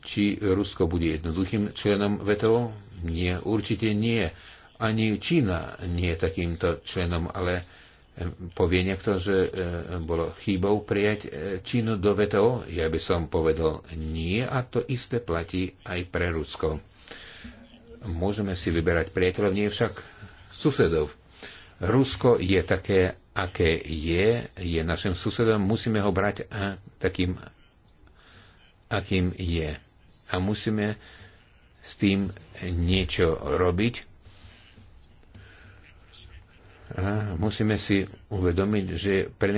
Či Rusko bude jednoduchým členom VTO? Nie, určite nie. Ani Čína nie je takýmto členom, ale e, povie niekto, že bolo chýbou prijať Čínu do VTO? Ja by som povedal nie a to isté platí aj pre Rusko. Môžeme si vyberať priateľov, nie však susedov. Rusko je také, aké je, je našim susedom, musíme ho brať a takým, akým je. A musíme s tým niečo robiť. A musíme si uvedomiť, že pre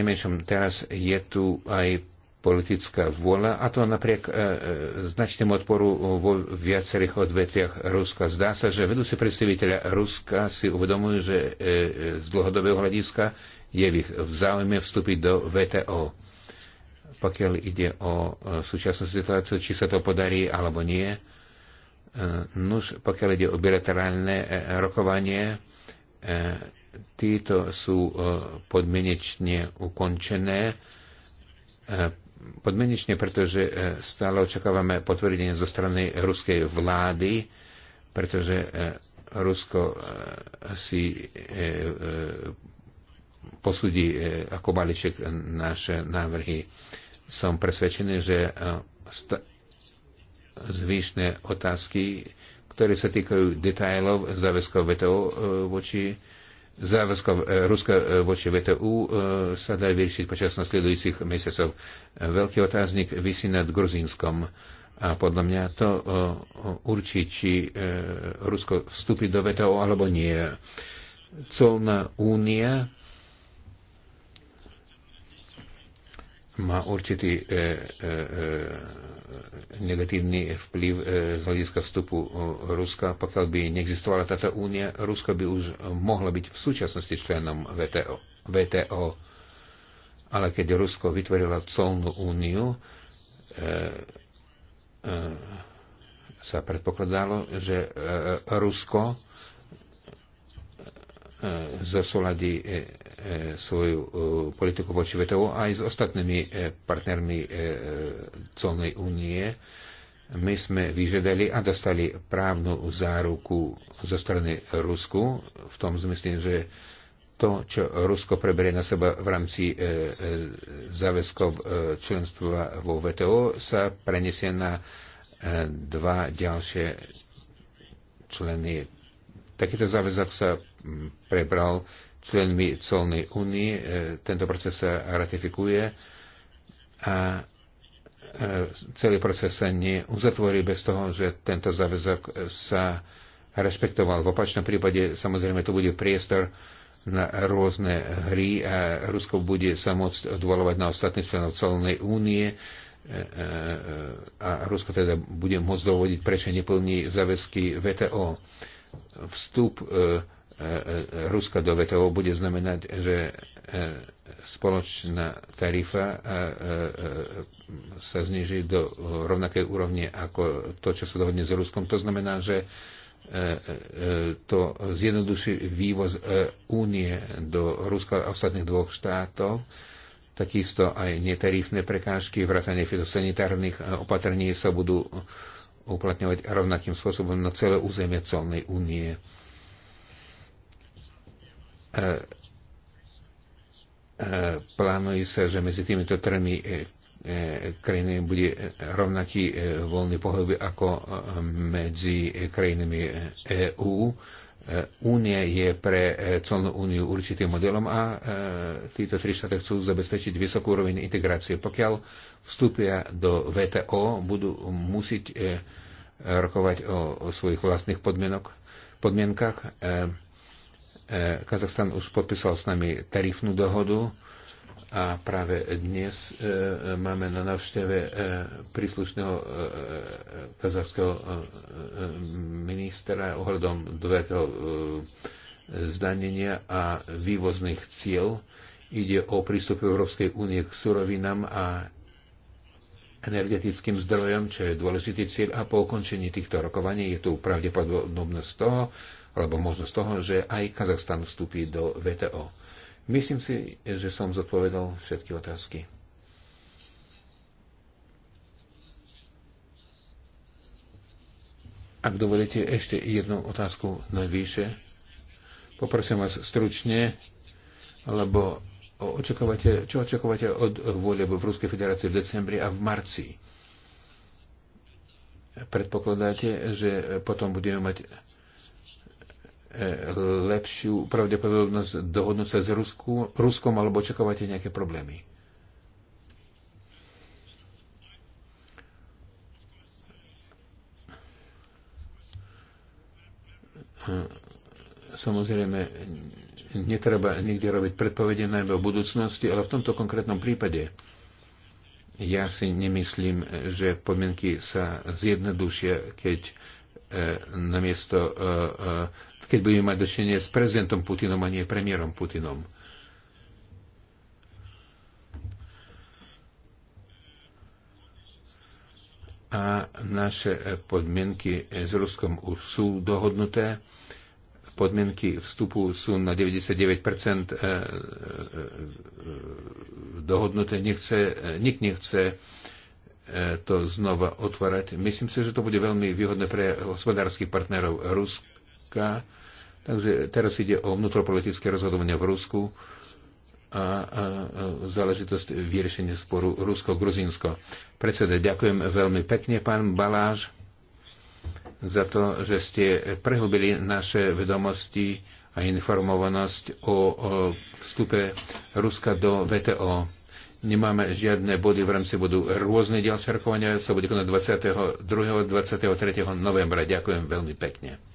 teraz je tu aj politická vôľa, a to napriek e, e značnému odporu e, vo viacerých odvetiach Ruska. Zdá sa, že vedúci predstaviteľa Ruska si uvedomujú, že e, e, z dlhodobého hľadiska je v ich záujme vstúpiť do VTO. Pokiaľ ide o e, súčasnú situáciu, či sa to podarí alebo nie, e, nuž, pokiaľ ide o bilaterálne e, rokovanie, e, títo sú podmienečne ukončené podmienečne, pretože e, stále očakávame potvrdenie zo strany ruskej vlády, pretože e, Rusko e, si posúdi ako balíček naše návrhy. Som presvedčený, že zvýšne otázky, ktoré sa týkajú detajlov záväzkov VTO voči záväzkov e, Ruska e, voči VTU e, sa dá vyriešiť počas nasledujúcich mesiacov. Veľký otáznik vysí nad Gruzínskom a podľa mňa to určí, či Rusko vstúpi do VTO alebo nie. Colná únia má určitý e, e, e, negatívny vplyv e, z hľadiska vstupu e, Ruska. Pokiaľ by neexistovala táto únia, Rusko by už mohla byť v súčasnosti členom VTO. VTO. Ale keď Rusko vytvorila colnú úniu, e, e, sa predpokladalo, že e, Rusko E, zosúľadi e, e, svoju politiku voči VTO aj s ostatnými partnermi colnej únie. My sme vyžadali a dostali právnu záruku zo strany Rusku v tom zmysle, že to, čo Rusko preberie na seba v rámci záväzkov členstva vo VTO, sa prenesie na dva ďalšie členy. Takýto záväzok sa prebral členmi colnej únie. E, tento proces sa ratifikuje a e, celý proces sa neuzatvorí bez toho, že tento záväzok sa rešpektoval. V opačnom prípade samozrejme to bude priestor na rôzne hry a Rusko bude sa môcť odvolovať na ostatných členov celnej únie e, a Rusko teda bude môcť dovodiť, prečo neplní záväzky VTO. Vstup E, e, Rusko do VTO bude znamenať, že e, spoločná tarifa sa zniží do rovnakej úrovne ako to, čo sa dohodne s Ruskom. To znamená, že to zjednoduší vývoz únie do Ruska a ostatných dvoch štátov. Takisto aj netarifné prekážky, vrátanie fitosanitárnych opatrení sa budú uplatňovať rovnakým spôsobom na celé územie celnej únie. E, e, plánuje sa, že medzi týmito tremi e, krajinami bude rovnaký voľný pohyb ako medzi krajinami EÚ. Únia je pre celnú úniu určitým modelom a títo tri štáty chcú zabezpečiť vysokú úroveň integrácie. Pokiaľ vstúpia do VTO, budú musieť rokovať o, svojich vlastných podmienok, podmienkach. E, Kazachstan už podpísal s nami tarifnú dohodu a práve dnes e, e, máme na návšteve príslušného kazachského ministra ohľadom dvojakého zdanenia a vývozných cieľ. Ide o prístup Európskej únie k surovinám a energetickým zdrojom, čo je dôležitý cieľ a po ukončení týchto rokovaní je tu pravdepodobnosť toho, alebo možno z toho, že aj Kazachstan vstúpi do VTO. Myslím si, že som zodpovedal všetky otázky. Ak dovolíte ešte jednu otázku najvyššie, poprosím vás stručne, lebo očakávate, čo očakávate od volieb v Ruskej federácii v decembri a v marci? Predpokladáte, že potom budeme mať lepšiu pravdepodobnosť dohodnúť sa s Rusku, Ruskom alebo očakávate nejaké problémy? Samozrejme, netreba nikde robiť predpovede najmä o budúcnosti, ale v tomto konkrétnom prípade ja si nemyslím, že podmienky sa zjednodušia, keď eh, namiesto eh, eh, keď budeme mať dočenie s prezidentom Putinom a nie premiérom Putinom. A naše podmienky s Ruskom už sú dohodnuté. Podmienky vstupu sú na 99% e, e, e, dohodnuté. Nechce, nik nechce to znova otvárať. Myslím si, že to bude veľmi výhodné pre hospodárskych partnerov Ruska Ruska. Takže teraz ide o vnútropolitické rozhodovanie v Rusku a, a, a záležitosť vyriešenia sporu Rusko-Gruzinsko. Predseda, ďakujem veľmi pekne, pán Baláž, za to, že ste prehlbili naše vedomosti a informovanosť o, o vstupe Ruska do VTO. Nemáme žiadne body v rámci bodu rôzne ďalšie rokovania, sa bude konať 22. 23. novembra. Ďakujem veľmi pekne.